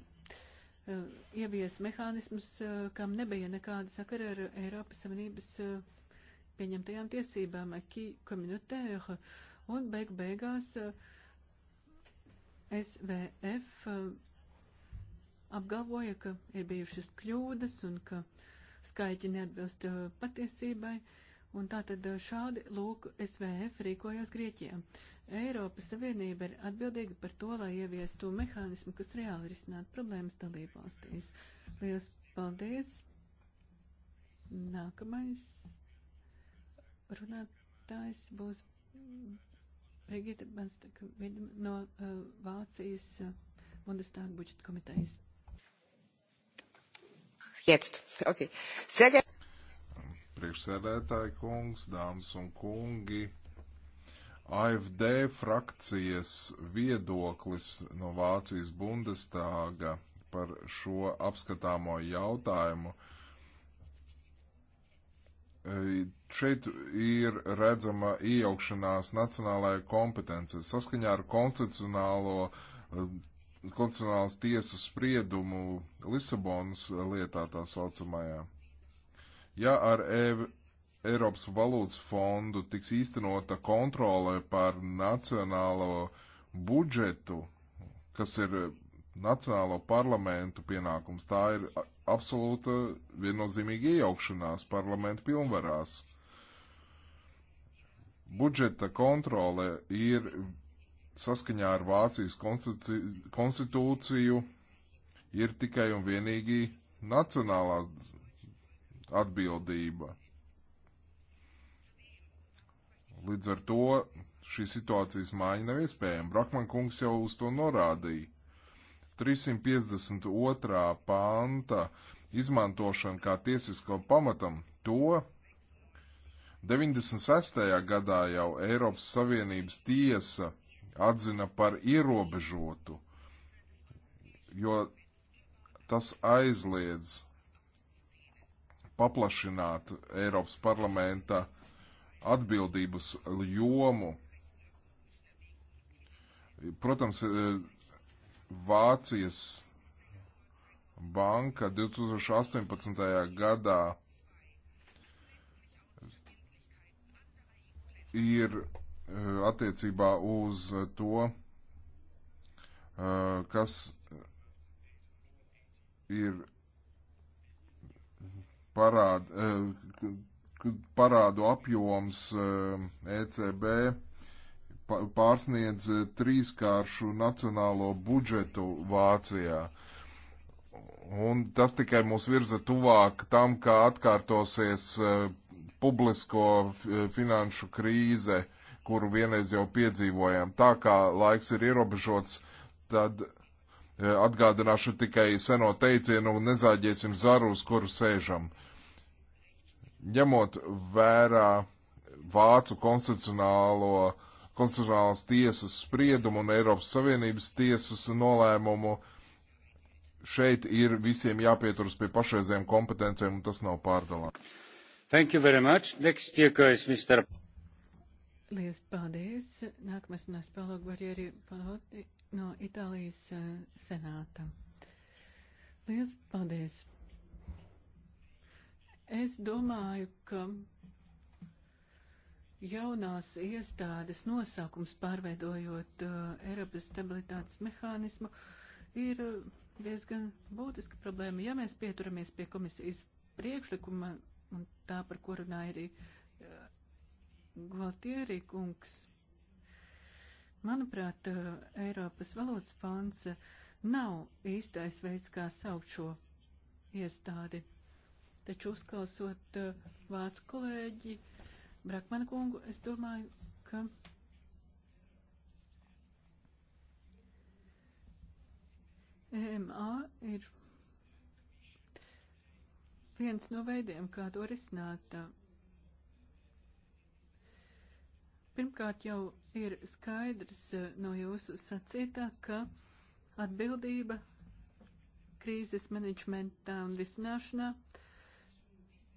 uh, ievies mehānismus, uh, kam nebija nekāda sakara ar Eiropas Savienības uh, pieņemtajām tiesībām, aki komunitēra, un beigu beigās uh, SVF um, apgalvoja, ka ir bijušas kļūdas un ka skaitļi neatbilst uh, patiesībai. Un tātad uh, šādi lūk SVF rīkojās Grieķijā. Eiropas Savienība ir atbildīga par to, lai ieviestu mehānismu, kas reāli risinātu problēmas dalībvalstīs. Lielas paldies! Nākamais runātājs būs Brigita Banstaka no uh, Vācijas uh, Bundestāga budžeta komitejas. Jetzt. Okay. Sehr geehrter priekšsēdētāji kungs, dāmas un kungi. AFD frakcijas viedoklis no Vācijas Bundestāga par šo apskatāmo jautājumu Šeit ir redzama iejaukšanās nacionālajā kompetencē. Saskaņā ar konstitucionālo, konstitucionālas tiesas spriedumu Lisabonas lietā tā saucamajā. Ja ar EV, Eiropas valūtas fondu tiks īstenota kontrole pār nacionālo budžetu, kas ir nacionālo parlamentu pienākums, tā ir absolūta viennozīmīga iejaukšanās parlamentu pilnvarās. Budžeta kontrole ir saskaņā ar Vācijas konstitūciju ir tikai un vienīgi nacionālā atbildība. Līdz ar to šī situācijas māja nav iespējama. Brakman kungs jau uz to norādīja. 352. panta izmantošanu kā tiesisko pamatam, to 96. gadā jau Eiropas Savienības tiesa atzina par ierobežotu, jo tas aizliedz paplašināt Eiropas parlamenta atbildības jomu. Protams, Vācijas banka 2018. gadā ir eh, attiecībā uz to, eh, kas ir parād, eh, parādu apjoms ECB e pārsniedz eh, trīskāršu nacionālo budžetu Vācijā. Un tas tikai mūs virza tuvāk tam, kā atkārtosies eh, publisko eh, finanšu krīze, kuru vienreiz jau piedzīvojām. Tā kā laiks ir ierobežots, tad atgādināšu tikai seno teicienu un nezāģēsim zaru, uz kuru sēžam. Ņemot vērā vācu konstitucionālo uh, konstitucionālās tiesas spriedumu un Eiropas Savienības tiesas nolēmumu. Šeit ir visiem jāpieturas pie pašreizējiem kompetencijiem, un tas nav pārdalāms. Thank you very much. Next speaker is Mr. Liels paldies. Nākamais runās Palogu Barjeri Paloti no Itālijas uh, senāta. Liels paldies. Es domāju, ka jaunās iestādes nosaukums pārveidojot uh, Eiropas stabilitātes mehānismu ir uh, diezgan būtiska problēma. Ja mēs pieturamies pie komisijas priekšlikuma un tā, par ko runāja arī uh, Gvaltierī kungs, manuprāt, uh, Eiropas valodas fonds uh, nav īstais veids, kā saukt šo iestādi. Taču uzklausot uh, vācu kolēģi, uh, Brakmanu kungu, es domāju, ka. EMA ir viens no veidiem, kā to risināt. Pirmkārt, jau ir skaidrs e, no jūsu sacītā, ka atbildība krīzes menedžmentā un risināšanā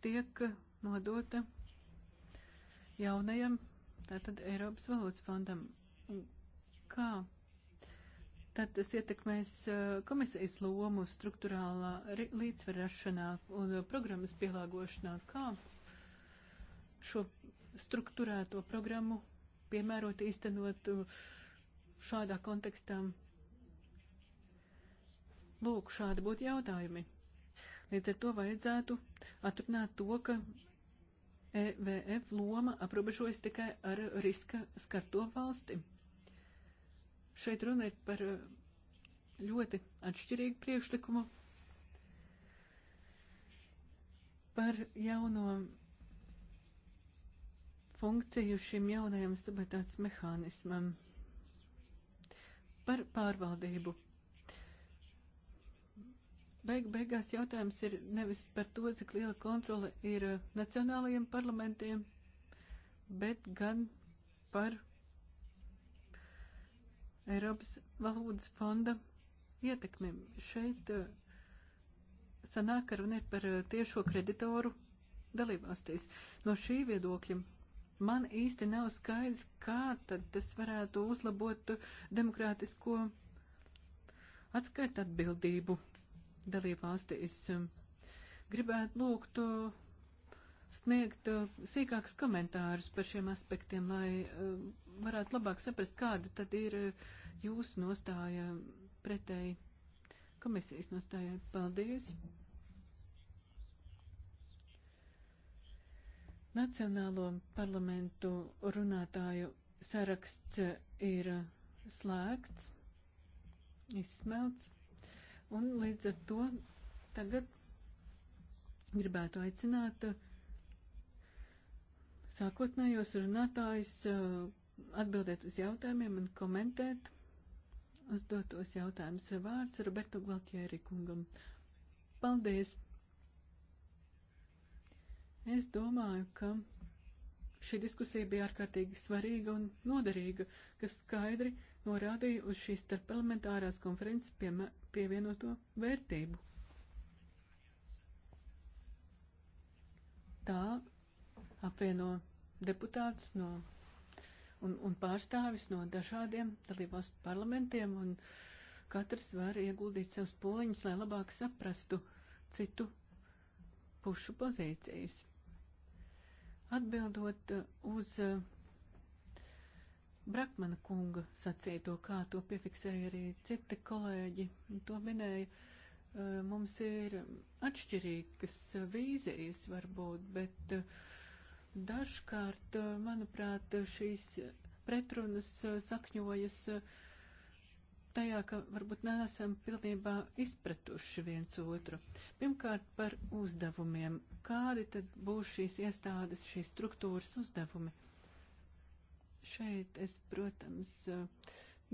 tiek nodota jaunajam tātad Eiropas valodas fondam. Kā tad tas ietekmēs uh, komisijas lomu struktūrālā līdzsverašanā un uh, programmas pielāgošanā? Kā šo struktūrēto programmu piemērot, īstenot uh, šādā kontekstā? Lūk, šādi būtu jautājumi. Līdz ar to vajadzētu atrunāt to, ka EVF loma aprobežojas tikai ar riska skarto valsti. Šeit runa ir par e, ļoti atšķirīgu priekšlikumu par jauno funkciju šim jaunajam stabilitātes mehānismam, par pārvaldību, Beig beigās jautājums ir nevis par to, cik liela kontrole ir eh, nacionālajiem parlamentiem, bet gan par Eiropas valūtas fonda ietekmi. Šeit eh, sanāk, ka runa ir par eh, tiešo kreditoru dalībvalstīs. No šī viedokļa man īsti nav skaidrs, kā tad tas varētu uzlabot demokrātisko atskaita atbildību dalībvalstīs. Um, gribētu lūgt uh, sniegt uh, sīkāks komentārus par šiem aspektiem, lai uh, varētu labāk saprast, kāda tad ir jūsu nostāja pretēji komisijas nostājai. Paldies! Nacionālo parlamentu runātāju saraksts ir slēgts, izsmelts. Un līdz ar to tagad gribētu aicināt uh, sākotnējos runātājus uh, atbildēt uz jautājumiem un komentēt uzdotos jautājumus. Uh, vārds Roberto Gualtieri kungam. Paldies! Es domāju, ka šī diskusija bija ārkārtīgi svarīga un noderīga, kas skaidri norādīja uz šīs starpelementārās konferences pievienoto vērtību. Tā apvieno deputātus no, un, un pārstāvis no dažādiem dalībvalstu parlamentiem, un katrs var ieguldīt savus poliņus, lai labāk saprastu citu pušu pozīcijas. Atbildot uz uh, Brakmana kunga sacīto, kā to piefiksēja arī citi kolēģi, to minēja. Mums ir atšķirīgas vīzijas varbūt, bet dažkārt, manuprāt, šīs pretrunas sakņojas tajā, ka varbūt neesam pilnībā izpratuši viens otru. Pirmkārt par uzdevumiem. Kādi tad būs šīs iestādes, šīs struktūras uzdevumi? Šeit es, protams,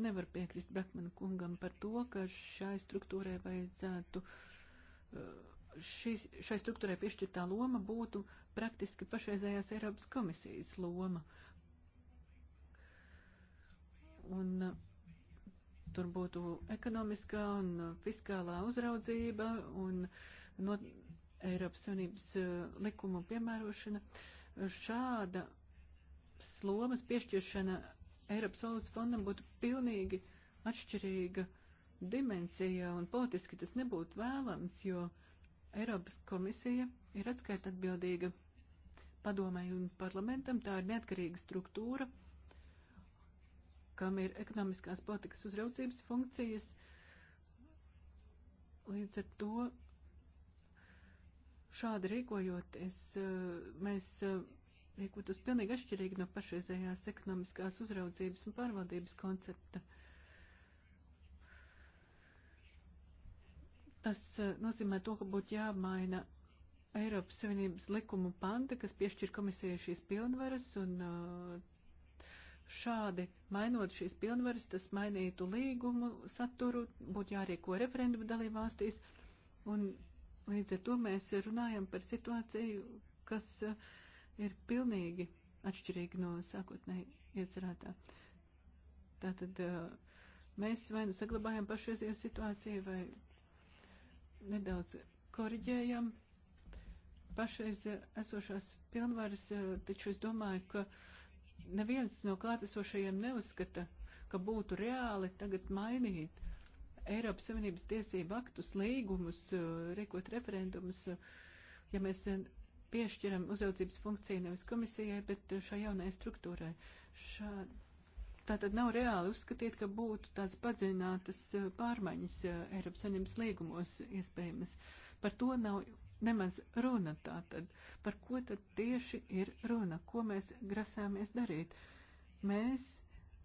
nevaru piekrist Brakmanu kungam par to, ka šai struktūrai vajadzētu, eh, šis, šai struktūrai piešķirtā loma būtu praktiski pašreizējās Eiropas komisijas loma. Un eh, tur būtu ekonomiskā un fiskālā uzraudzība un no Eiropas Savienības eh, likumu piemērošana. Šāda Eiropas lomas piešķiršana Eiropas valūtas fondam būtu pilnīgi atšķirīga dimensija un politiski tas nebūtu vēlams, jo Eiropas komisija ir atskaita atbildīga padomai un parlamentam, tā ir neatkarīga struktūra, kam ir ekonomiskās politikas uzraudzības funkcijas. Līdz ar to šādi rīkojoties, eh, mēs eh, rīkot uz pilnīgi atšķirīgi no pašreizējās ekonomiskās uzraudzības un pārvaldības koncepta. Tas eh, nozīmē to, ka būtu jāmaina Eiropas Savienības likumu panta, kas piešķir komisijai šīs pilnvaras, un eh, šādi mainot šīs pilnvaras, tas mainītu līgumu saturu, būtu jārīko referendumu dalību valstīs, un līdz ar to mēs runājam par situāciju, kas uh, ir pilnīgi atšķirīgi no sākotnēji iecerētā. Tātad eh, mēs vai nu saglabājam pašreizējo situāciju, vai nedaudz koriģējam pašreiz eh, esošās pilnvaras, eh, taču es domāju, ka neviens no klātesošajiem neuzskata, ka būtu reāli tagad mainīt Eiropas Savienības tiesību aktus, līgumus, rīkot referendumus, ja mēs piešķiram uzraudzības funkciju nevis komisijai, bet eh, šai jaunai struktūrai. Šā, tā tad nav reāli uzskatīt, ka būtu tāds padziļinātas eh, pārmaiņas eh, Eiropas saņems līgumos iespējamas. Par to nav nemaz runa tā tad. Par ko tad tieši ir runa? Ko mēs grasāmies darīt? Mēs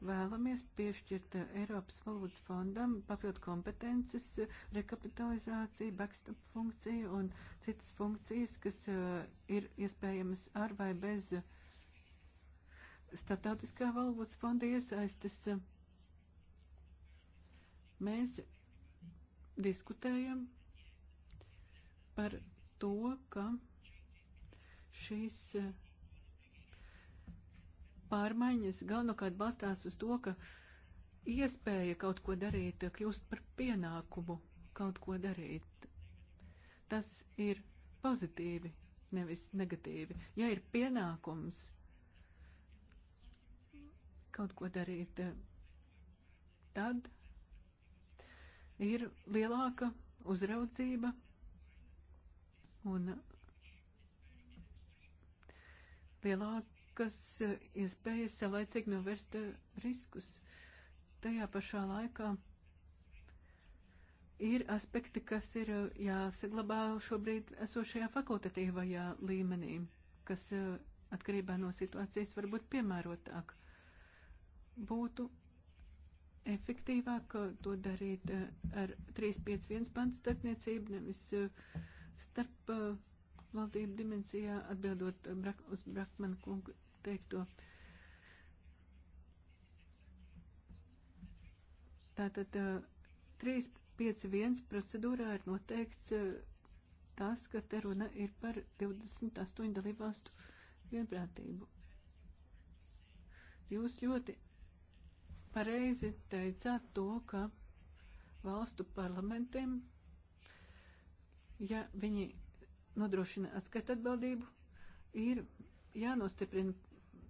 vēlamies piešķirt eh, Eiropas valūtas fondam papildu kompetences, eh, rekapitalizāciju, backstop funkciju un citas funkcijas, kas uh, ir iespējamas ar vai bez starptautiskā valūtas fonda iesaistes. Mēs diskutējam par to, ka šīs uh, pārmaiņas galvenokārt balstās uz to, ka iespēja kaut ko darīt eh, kļūst par pienākumu kaut ko darīt. Tas ir pozitīvi, nevis negatīvi. Ja ir pienākums kaut ko darīt, eh, tad ir lielāka uzraudzība un lielāka kas eh, iespējas savlaicīgi novērst eh, riskus. Tajā pašā laikā ir aspekti, kas ir eh, jāsaglabā šobrīd esošajā fakultatīvajā līmenī, kas atkarībā no situācijas var būt piemērotāk. Būtu efektīvāk to darīt ar 351 pants starpniecību, nevis starp valdību dimensijā, atbildot uz Brakmanu kungu teikto. Tātad 351 procedūrā ir noteikts tas, ka te runa ir par 28 dalībvalstu vienprātību. Jūs ļoti pareizi teicāt to, ka valstu parlamentiem, ja viņi nodrošina atskaita atbildību, ir jānostiprina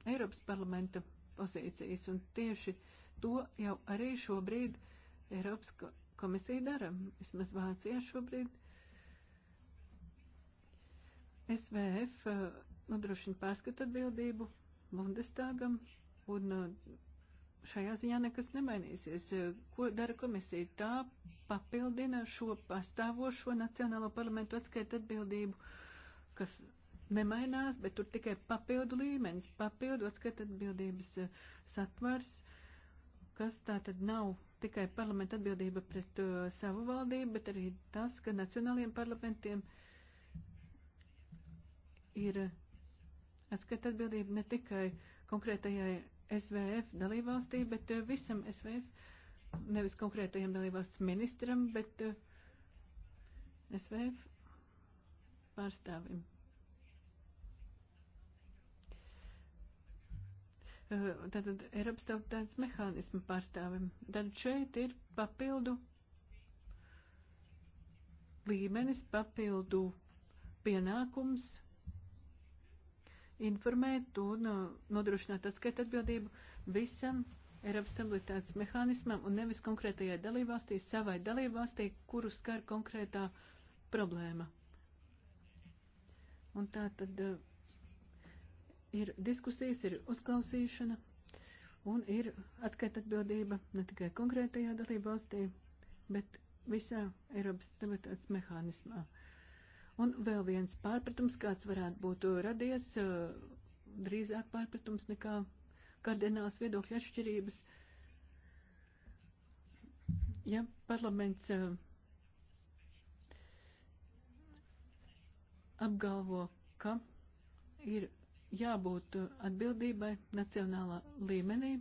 Eiropas parlamenta pozīcijas, un tieši to jau arī šobrīd Eiropas komisija dara, vismaz Vācijā šobrīd. SVF uh, nodrošina pārskatu atbildību Bundestagam, un uh, šajā ziņā nekas nemainīsies. Uh, ko dara komisija? Tā papildina šo pastāvošo Nacionālo parlamentu atskaita atbildību, kas nemainās, bet tur tikai papildu līmenis, papildu atskata atbildības eh, satvars, kas tā tad nav tikai parlamenta atbildība pret uh, savu valdību, bet arī tas, ka nacionāliem parlamentiem ir atskata atbildība ne tikai konkrētajai SVF dalībvalstī, bet uh, visam SVF, nevis konkrētajam dalībvalsts ministram, bet uh, SVF pārstāvim. Eh, tātad Eiropas tautas mehānismu pārstāvim. Tad šeit ir papildu līmenis, papildu pienākums informēt un eh, nodrošināt atskaitu atbildību visam Eiropas stabilitātes mehānismam un nevis konkrētajai dalībvalstī, savai dalībvalstī, kuru skar konkrētā problēma. Un tā tad uh, eh, ir diskusijas, ir uzklausīšana un ir atskaita atbildība ne tikai konkrētajā dalība valstī, bet visā Eiropas stabilitātes mehānismā. Un vēl viens pārpratums, kāds varētu būt radies, drīzāk pārpratums nekā kardināls viedokļu atšķirības. Ja parlaments apgalvo, ka ir jābūt uh, atbildībai nacionālā līmenī,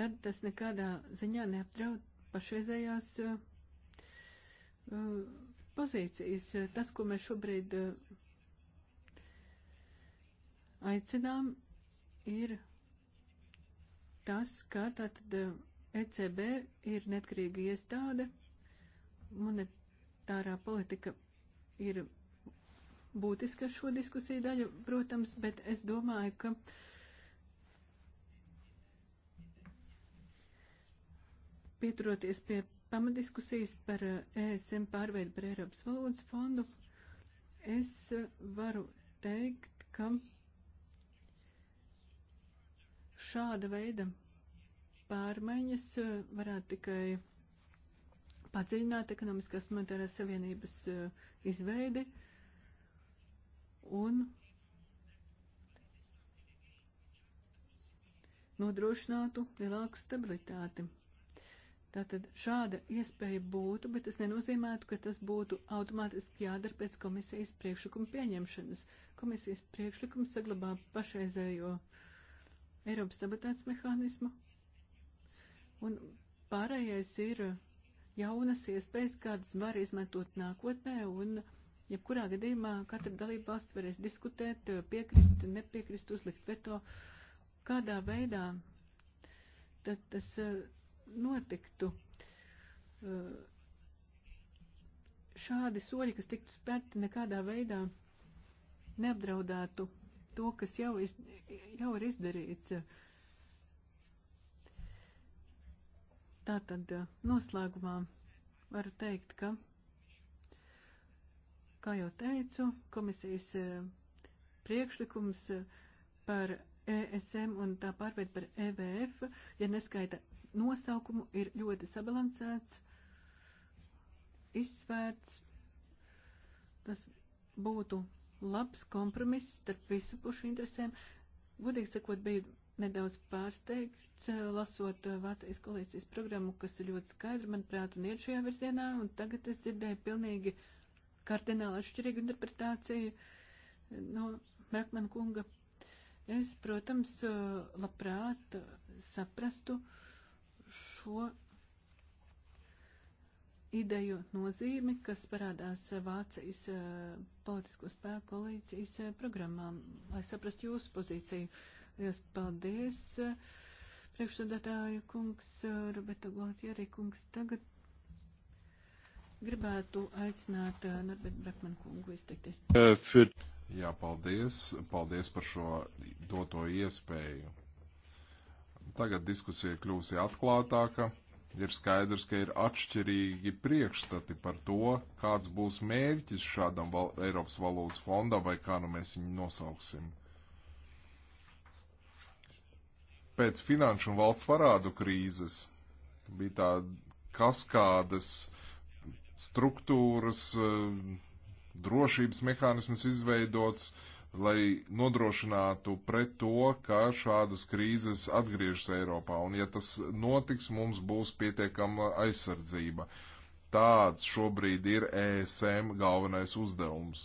tad tas nekādā ziņā neapdraud pašreizējās uh, uh, pozīcijas. Tas, ko mēs šobrīd uh, aicinām, ir tas, ka tātad uh, ECB ir netkarīga iestāde, monetārā politika ir būtiska šo diskusiju daļa, protams, bet es domāju, ka pieturoties pie pamatdiskusijas par eh, ESM pārveidu par Eiropas valodas fondu, es eh, varu teikt, ka šāda veida pārmaiņas eh, varētu tikai padziļināt ekonomiskās monetārās savienības izveidi. Uh, un nodrošinātu lielāku stabilitāti. Tātad šāda iespēja būtu, bet tas nenozīmētu, ka tas būtu automātiski jādara pēc komisijas priekšlikuma pieņemšanas. Komisijas priekšlikums saglabā pašreizējo Eiropas stabilitātes mehānismu, un pārējais ir jaunas iespējas, kādas var izmantot nākotnē, un uh, Jebkurā gadījumā katra dalība valsts varēs diskutēt, eh, piekrist, nepiekrist, uzlikt veto, kādā veidā tad tas eh, notiktu. Eh, šādi soļi, kas tiktu spērti, nekādā veidā neapdraudētu to, kas jau, iz, jau ir izdarīts. Tātad noslēgumā varu teikt, ka Kā jau teicu, komisijas e, priekšlikums e, par ESM un tā pārveid par EVF, ja neskaita nosaukumu, ir ļoti sabalansēts, izsvērts. Tas būtu labs kompromiss starp visu pušu interesēm. Gudīgi sakot, biju nedaudz pārsteigts, e, lasot Vācijas koalīcijas programmu, kas ir ļoti skaidra, manuprāt, un iet šajā virzienā, un tagad es dzirdēju pilnīgi uh, kardināli atšķirīgu interpretāciju eh, no Brakmana kunga. Es, protams, eh, labprāt eh, saprastu šo ideju nozīmi, kas parādās Vācijas politisko spēku koalīcijas programmām, lai saprastu jūsu pozīciju. Liels paldies, priekšsādātāja kungs, Roberta Gualtieri kungs. Tagad Gribētu aicināt eh, Norbertu Brakmanu kungu izteikties. Eh, Jā, paldies. Paldies par šo doto iespēju. Tagad diskusija kļūsi atklātāka. Ir skaidrs, ka ir atšķirīgi priekšstati par to, kāds būs mērķis šādam val Eiropas valūtas fondam vai kā nu mēs viņu nosauksim. Pēc finanšu un valsts parādu krīzes bija tāda kaskādes struktūras, eh, drošības mehānismas izveidots, lai nodrošinātu pret to, ka šādas krīzes atgriežas Eiropā. Un ja tas notiks, mums būs pietiekama aizsardzība. Tāds šobrīd ir ESM galvenais uzdevums.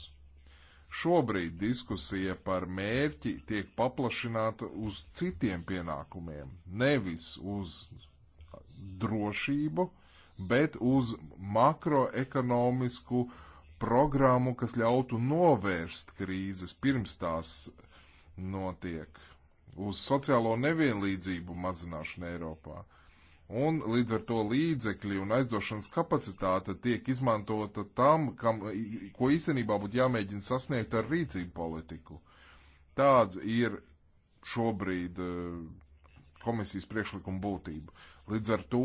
Šobrīd diskusija par mērķi tiek paplašināta uz citiem pienākumiem, nevis uz drošību, uh, bet uz makroekonomisku programmu, kas ļautu novērst krīzes pirms tās notiek, uz sociālo nevienlīdzību mazināšanu Eiropā. Un līdz ar to līdzekļi un aizdošanas kapacitāte tiek izmantota tam, kam, ko īstenībā būtu jāmēģina sasniegt ar rīcību politiku. Tāds ir šobrīd eh, komisijas priekšlikuma būtība. Līdz ar to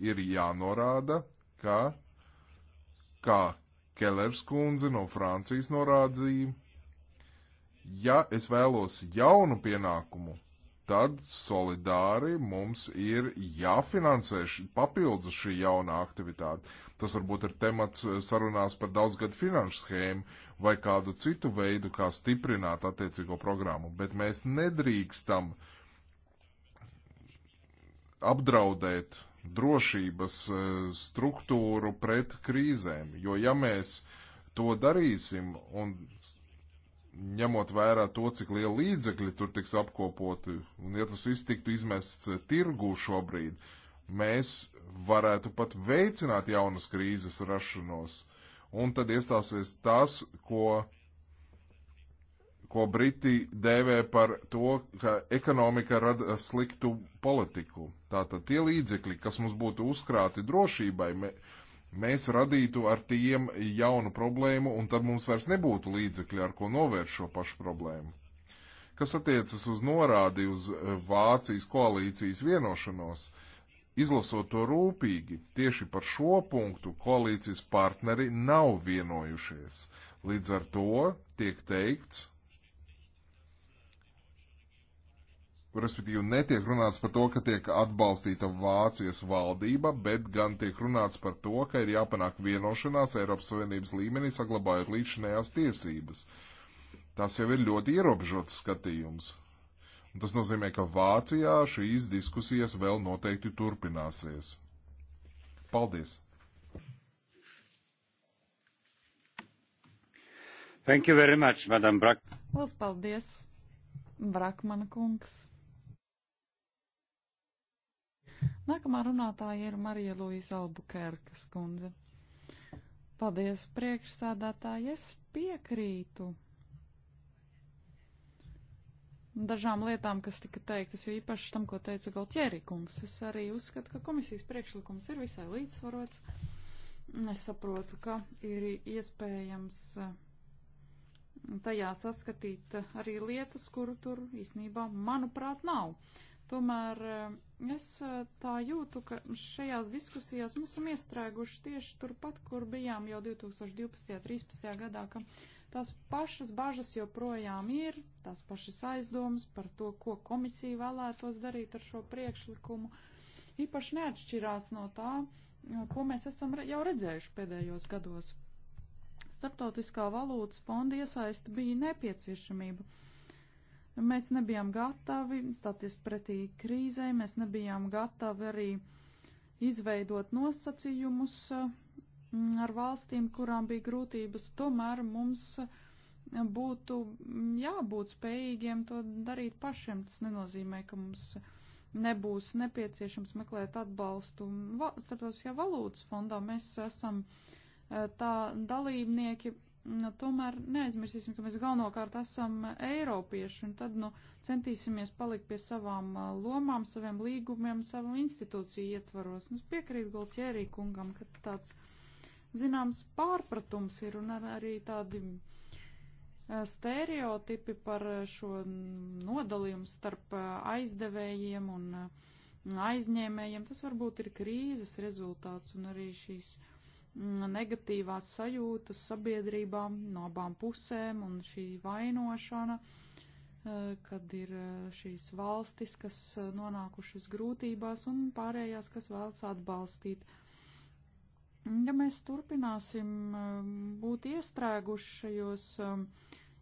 ir jānorāda, ka, kā Kelers kundze no Francijas norādīja, ja es vēlos jaunu pienākumu, tad solidāri mums ir jāfinansē papildus šī jaunā aktivitāte. Tas varbūt ir temats eh, sarunās par daudzgadu finanšu schēmu vai kādu citu veidu, kā stiprināt attiecīgo programmu, bet mēs nedrīkstam apdraudēt drošības e, struktūru pret krīzēm. Jo ja mēs to darīsim un ņemot vērā to, cik liela līdzekļi tur tiks apkopoti, un ja tas viss tiktu izmests e, tirgū šobrīd, mēs varētu pat veicināt jaunas krīzes rašanos. Un tad iestāsies tas, ko, ko Briti dēvē par to, ka ekonomika rada sliktu politiku. Tātad tie līdzekļi, kas mums būtu uzkrāti drošībai, mēs radītu ar tiem jaunu problēmu, un tad mums vairs nebūtu līdzekļi, ar ko novērst šo pašu problēmu. Kas attiecas uz norādi uz eh, Vācijas koalīcijas vienošanos, izlasot to rūpīgi, tieši par šo punktu koalīcijas partneri nav vienojušies. Līdz ar to tiek teikts, respektīvi netiek runāts par to, ka tiek atbalstīta Vācijas valdība, bet gan tiek runāts par to, ka ir jāpanāk vienošanās Eiropas Savienības līmenī, saglabājot līdzinējās tiesības. Tas jau ir ļoti ierobežots skatījums. Un tas nozīmē, ka Vācijā šīs diskusijas vēl noteikti turpināsies. Paldies! Thank you very much, Madam Brak. Lielas paldies, Brakmana kungs. Nākamā runātāja ir Marija Luisa Albuquerkas kundze. Paldies, priekšsādātāji, es piekrītu dažām lietām, kas tika teiktas, jo īpaši tam, ko teica Galtjēri kungs. Es arī uzskatu, ka komisijas priekšlikums ir visai līdzsvarots. Es saprotu, ka ir iespējams eh, tajā saskatīt eh, arī lietas, kuru tur īsnībā, manuprāt, nav. Uh, Tomēr eh, es eh, tā jūtu, ka šajās diskusijās mēs esam iestrēguši tieši turpat, kur bijām jau 2012. un 2013. gadā, ka tās pašas bažas joprojām ir, tās pašas aizdomas par to, ko komisija vēlētos darīt ar šo priekšlikumu, īpaši neatšķirās no tā, eh, ko mēs esam jau redzējuši pēdējos gados. Startautiskā valūtas fonda iesaista bija nepieciešamība Mēs nebijām gatavi stāties pretī krīzē, mēs nebijām gatavi arī izveidot nosacījumus mm, ar valstīm, kurām bija grūtības. Tomēr mums mm, būtu mm, jābūt spējīgiem to darīt pašiem. Tas nenozīmē, ka mums nebūs nepieciešams meklēt atbalstu starptautiskajā valūtas fondā. Mēs esam eh, tā dalībnieki nu, tomēr neaizmirsīsim, ka mēs galvenokārt esam eiropieši, un tad, nu, centīsimies palikt pie savām uh, lomām, saviem līgumiem, savu institūciju ietvaros. Nu, es piekrītu Golķērī kungam, ka tāds, zināms, pārpratums ir, un ar, arī tādi uh, stereotipi par uh, šo nodalījumu starp aizdevējiem un aizņēmējiem. Tas varbūt ir krīzes rezultāts un arī šīs negatīvās sajūtas sabiedrībā no abām pusēm un šī vainošana, eh, kad ir eh, šīs valstis, kas eh, nonākušas grūtībās un pārējās, kas vēlas atbalstīt. Ja mēs turpināsim būt iestrēgušajos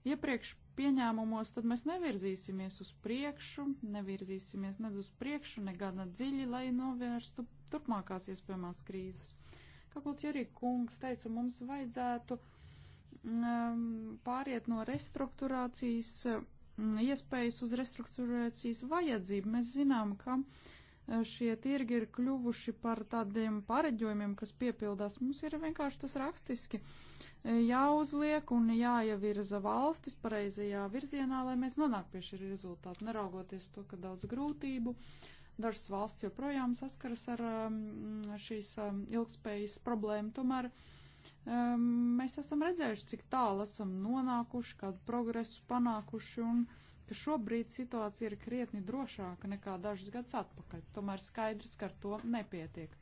iepriekš pieņēmumos, tad mēs nevirzīsimies uz priekšu, nevirzīsimies ne uz priekšu, ne gana dziļi, lai novērstu turpmākās iespējamās krīzes. Kā Gultjeri kungs teica, mums vajadzētu um, pāriet no restruktūrācijas mm, iespējas uz restruktūrācijas vajadzību. Mēs zinām, ka uh, šie tirgi ir kļuvuši par tādiem pareģojumiem, kas piepildās. Mums ir vienkārši tas rakstiski uh, jāuzliek un jāievirza valstis pareizajā virzienā, lai mēs nonāktu pie šī rezultāta, neraugoties to, ka daudz grūtību. Uh, Dažas valsts joprojām saskaras ar um, šīs um, ilgspējas problēmu, tomēr um, mēs esam redzējuši, cik tālu esam nonākuši, kādu progresu panākuši un ka šobrīd situācija ir krietni drošāka nekā dažus gadus atpakaļ. Tomēr skaidrs, ka ar to nepietiek.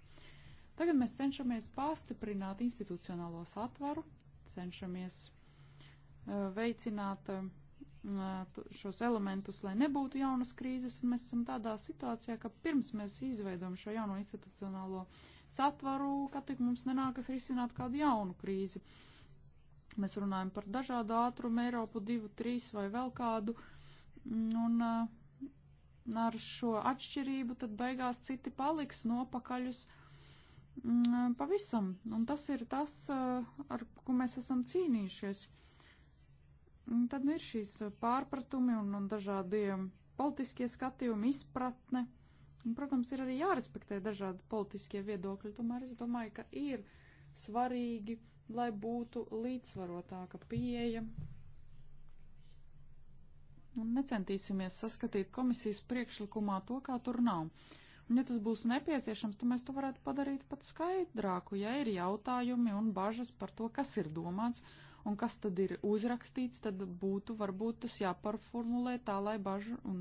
Tagad mēs cenšamies pastiprināt institucionālo satvaru, cenšamies uh, veicināt šos elementus, lai nebūtu jaunas krīzes, un mēs esam tādā situācijā, ka pirms mēs izveidojam šo jauno institucionālo satvaru, ka tik mums nenākas risināt kādu jaunu krīzi. Mēs runājam par dažādu ātrumu, Eiropu 2, 3 vai vēl kādu, un ar šo atšķirību tad beigās citi paliks nopakaļus pavisam, un tas ir tas, ar ko mēs esam cīnījušies Tad nu, ir šīs uh, pārpratumi un, un dažādie politiskie skatījumi, izpratne. Un, protams, ir arī jārespektē dažādi politiskie viedokļi. Tomēr es domāju, ka ir svarīgi, lai būtu līdzsvarotāka pieeja. Un necentīsimies saskatīt komisijas priekšlikumā to, kā tur nav. Un, ja tas būs nepieciešams, tad mēs to varētu padarīt pat skaidrāku, ja ir jautājumi un bažas par to, kas ir domāts un kas tad ir uzrakstīts, tad būtu varbūt tas jāparformulē tā, lai bažu un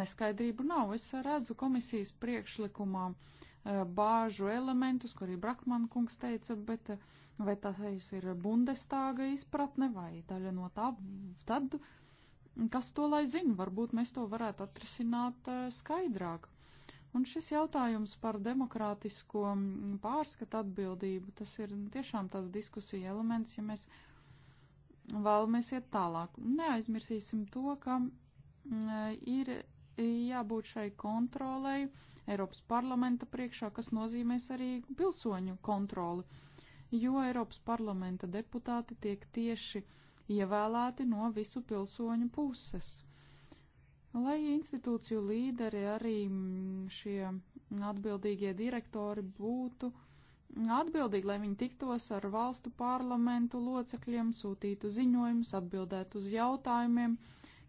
neskaidrību nav. Es redzu komisijas priekšlikumā e, bāžu elementus, ko arī Brakman kungs teica, bet e, vai tas ir Bundestāga izpratne vai daļa no tā, tad kas to lai zina, varbūt mēs to varētu atrisināt e, skaidrāk. Un šis jautājums par demokrātisko mm, pārskatu atbildību, tas ir tiešām tās diskusija elements, ja mēs vēlamies iet tālāk. Neaizmirsīsim to, ka mm, ir jābūt šai kontrolei Eiropas parlamenta priekšā, kas nozīmēs arī pilsoņu kontroli, jo Eiropas parlamenta deputāti tiek tieši ievēlēti no visu pilsoņu puses lai institūciju līderi, arī mm, šie atbildīgie direktori būtu atbildīgi, lai viņi tiktos ar valstu parlamentu locekļiem, sūtītu ziņojumus, atbildētu uz jautājumiem,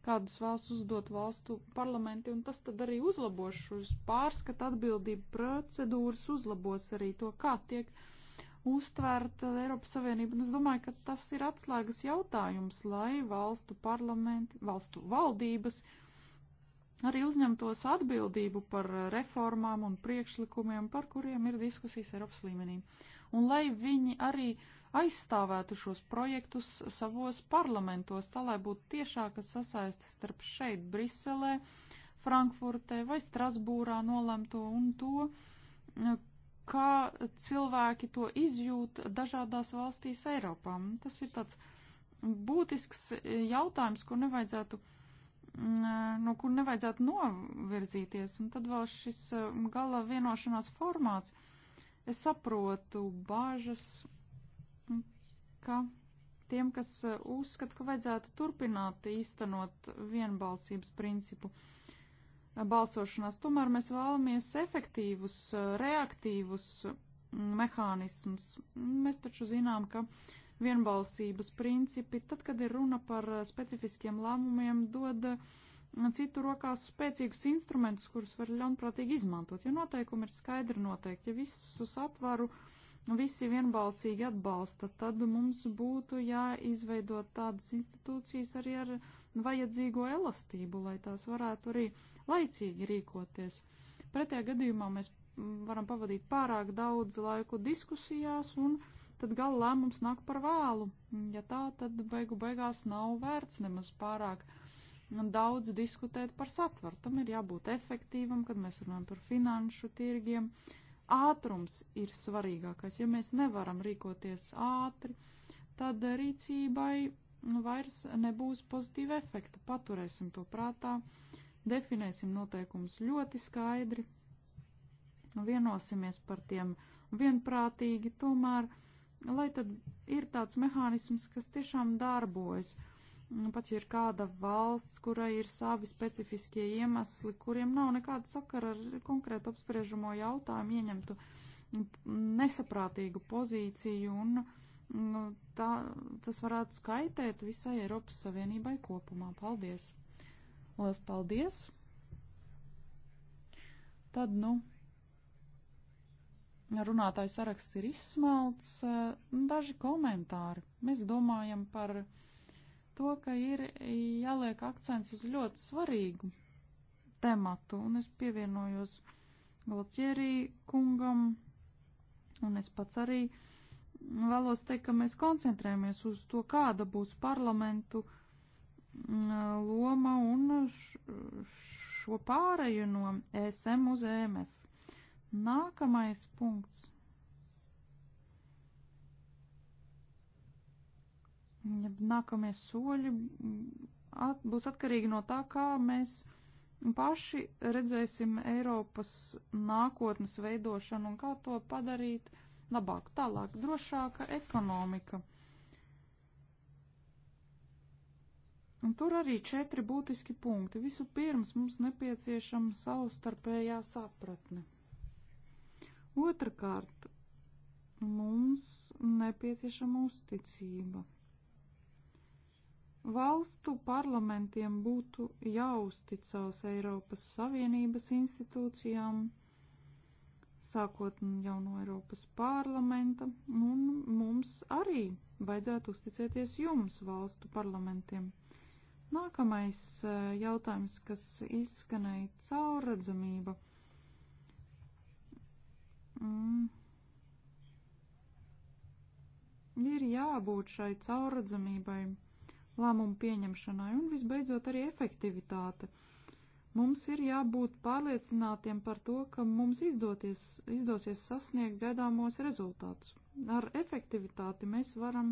kādus valsts uzdot valstu parlamenti, un tas tad arī uzlabos šos pārskatu atbildību procedūras, uzlabos arī to, kā tiek uztvērta Eiropas Savienība. Un es domāju, ka tas ir atslēgas jautājums, lai valstu parlamenti, valstu valdības, uh, arī uzņemtos atbildību par reformām un priekšlikumiem, par kuriem ir diskusijas Eiropas līmenī. Un lai viņi arī aizstāvētu šos projektus savos parlamentos, tā lai būtu tiešāka sasaiste starp šeit, Briselē, Frankfurtē vai Strasbūrā nolemto un to, kā cilvēki to izjūt dažādās valstīs Eiropā. Tas ir tāds būtisks jautājums, ko nevajadzētu Mm, no kur nevajadzētu novirzīties. Un tad vēl šis mm, gala vienošanās formāts. Es saprotu bāžas, mm, ka tiem, kas uzskata, ka vajadzētu turpināt īstenot vienbalsības principu balsošanās, tomēr mēs vēlamies efektīvus, reaktīvus mehānismus. Mēs taču zinām, ka uh, vienbalsības principi, tad, kad ir runa par eh, specifiskiem lēmumiem, dod eh, citu rokās spēcīgus instrumentus, kurus var ļaunprātīgi izmantot, jo noteikumi ir skaidri noteikti. Ja visus atvaru visi vienbalsīgi atbalsta, tad mums būtu jāizveido tādas institūcijas arī ar vajadzīgo elastību, lai tās varētu arī laicīgi rīkoties. Pretējā gadījumā mēs mm, varam pavadīt pārāk daudz laiku diskusijās un uh, tad gala lēmums nāk par vēlu. Ja tā, tad beigu beigās nav vērts nemaz pārāk daudz diskutēt par satvaru. Tam ir jābūt efektīvam, kad mēs runājam par finanšu tirgiem. Ātrums ir svarīgākais. Ja mēs nevaram rīkoties ātri, tad rīcībai vairs nebūs pozitīva efekta. Paturēsim to prātā, definēsim noteikumus ļoti skaidri, vienosimies par tiem vienprātīgi, tomēr lai tad ir tāds mehānisms, kas tiešām darbojas. Pat ja ir kāda valsts, kurai ir savi specifiskie iemesli, kuriem nav nekāda sakara ar konkrētu apspriežamo jautājumu, ieņemtu nesaprātīgu pozīciju, un nu, tā, tas varētu skaitēt visai Eiropas Savienībai kopumā. Paldies! Lielas paldies! Tad, nu, runātāju saraksts ir izsmelts, eh, daži komentāri. Mēs domājam par to, ka ir jāliek akcents uz ļoti svarīgu tematu, un es pievienojos Galtierī kungam, un es pats arī vēlos teikt, ka mēs koncentrējamies uz to, kāda būs parlamentu mm, loma un šo pāreju no ESM uz EMF. Nākamais punkts. Nākamie soļi mm, at, būs atkarīgi no tā, kā mēs paši redzēsim Eiropas nākotnes veidošanu un kā to padarīt labāk, tālāk, drošāka ekonomika. Un tur arī četri būtiski punkti. Visu pirms mums nepieciešama savstarpējā sapratne. Otrakārt, mums nepieciešama uzticība. Valstu parlamentiem būtu jāuzticās Eiropas Savienības institūcijām, sākot jau no Eiropas parlamenta, un mums arī vajadzētu uzticēties jums, valstu parlamentiem. Nākamais eh, jautājums, kas izskanēja caurredzamība. Mm. Ir jābūt šai caurredzamībai, lēmumu pieņemšanai un visbeidzot arī efektivitāte. Mums ir jābūt pārliecinātiem par to, ka mums izdoties, izdosies sasniegt gaidāmos rezultātus. Ar efektivitāti mēs varam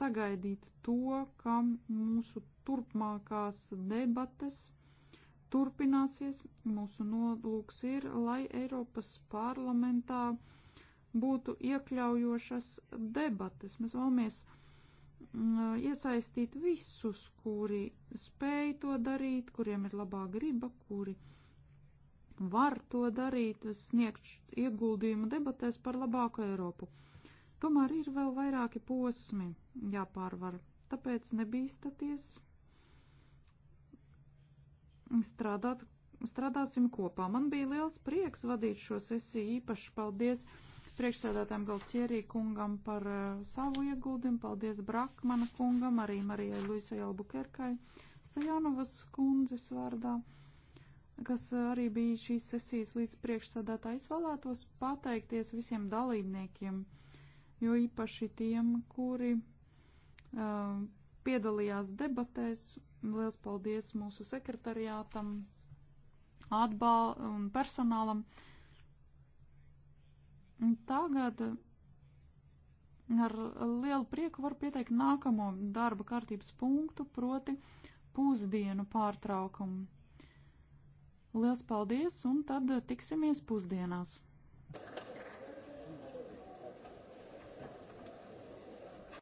sagaidīt to, ka mūsu turpmākās debates turpināsies. Mūsu nolūks ir, lai Eiropas parlamentā būtu iekļaujošas debates. Mēs vēlamies mm, iesaistīt visus, kuri spēj to darīt, kuriem ir labā griba, kuri var to darīt, sniegt ieguldījumu debatēs par labāku Eiropu. Tomēr ir vēl vairāki posmi jāpārvar, tāpēc nebīstaties strādāt, strādāsim kopā. Man bija liels prieks vadīt šo sesiju. Īpaši paldies priekšsēdētājiem Galtierī kungam par uh, savu ieguldījumu. Paldies Brakmana kungam, arī Marijai Luisai Albukerkai, Stajanovas kundzes vārdā, kas eh, arī bija šīs sesijas līdz priekšsēdētāji. Es vēlētos pateikties visiem dalībniekiem, jo īpaši tiem, kuri uh, piedalījās debatēs. Liels paldies mūsu sekretariātam, atbal un personālam. Tagad ar lielu prieku varu pieteikt nākamo darba kārtības punktu, proti pusdienu pārtraukumu. Liels paldies, un tad tiksimies pusdienās!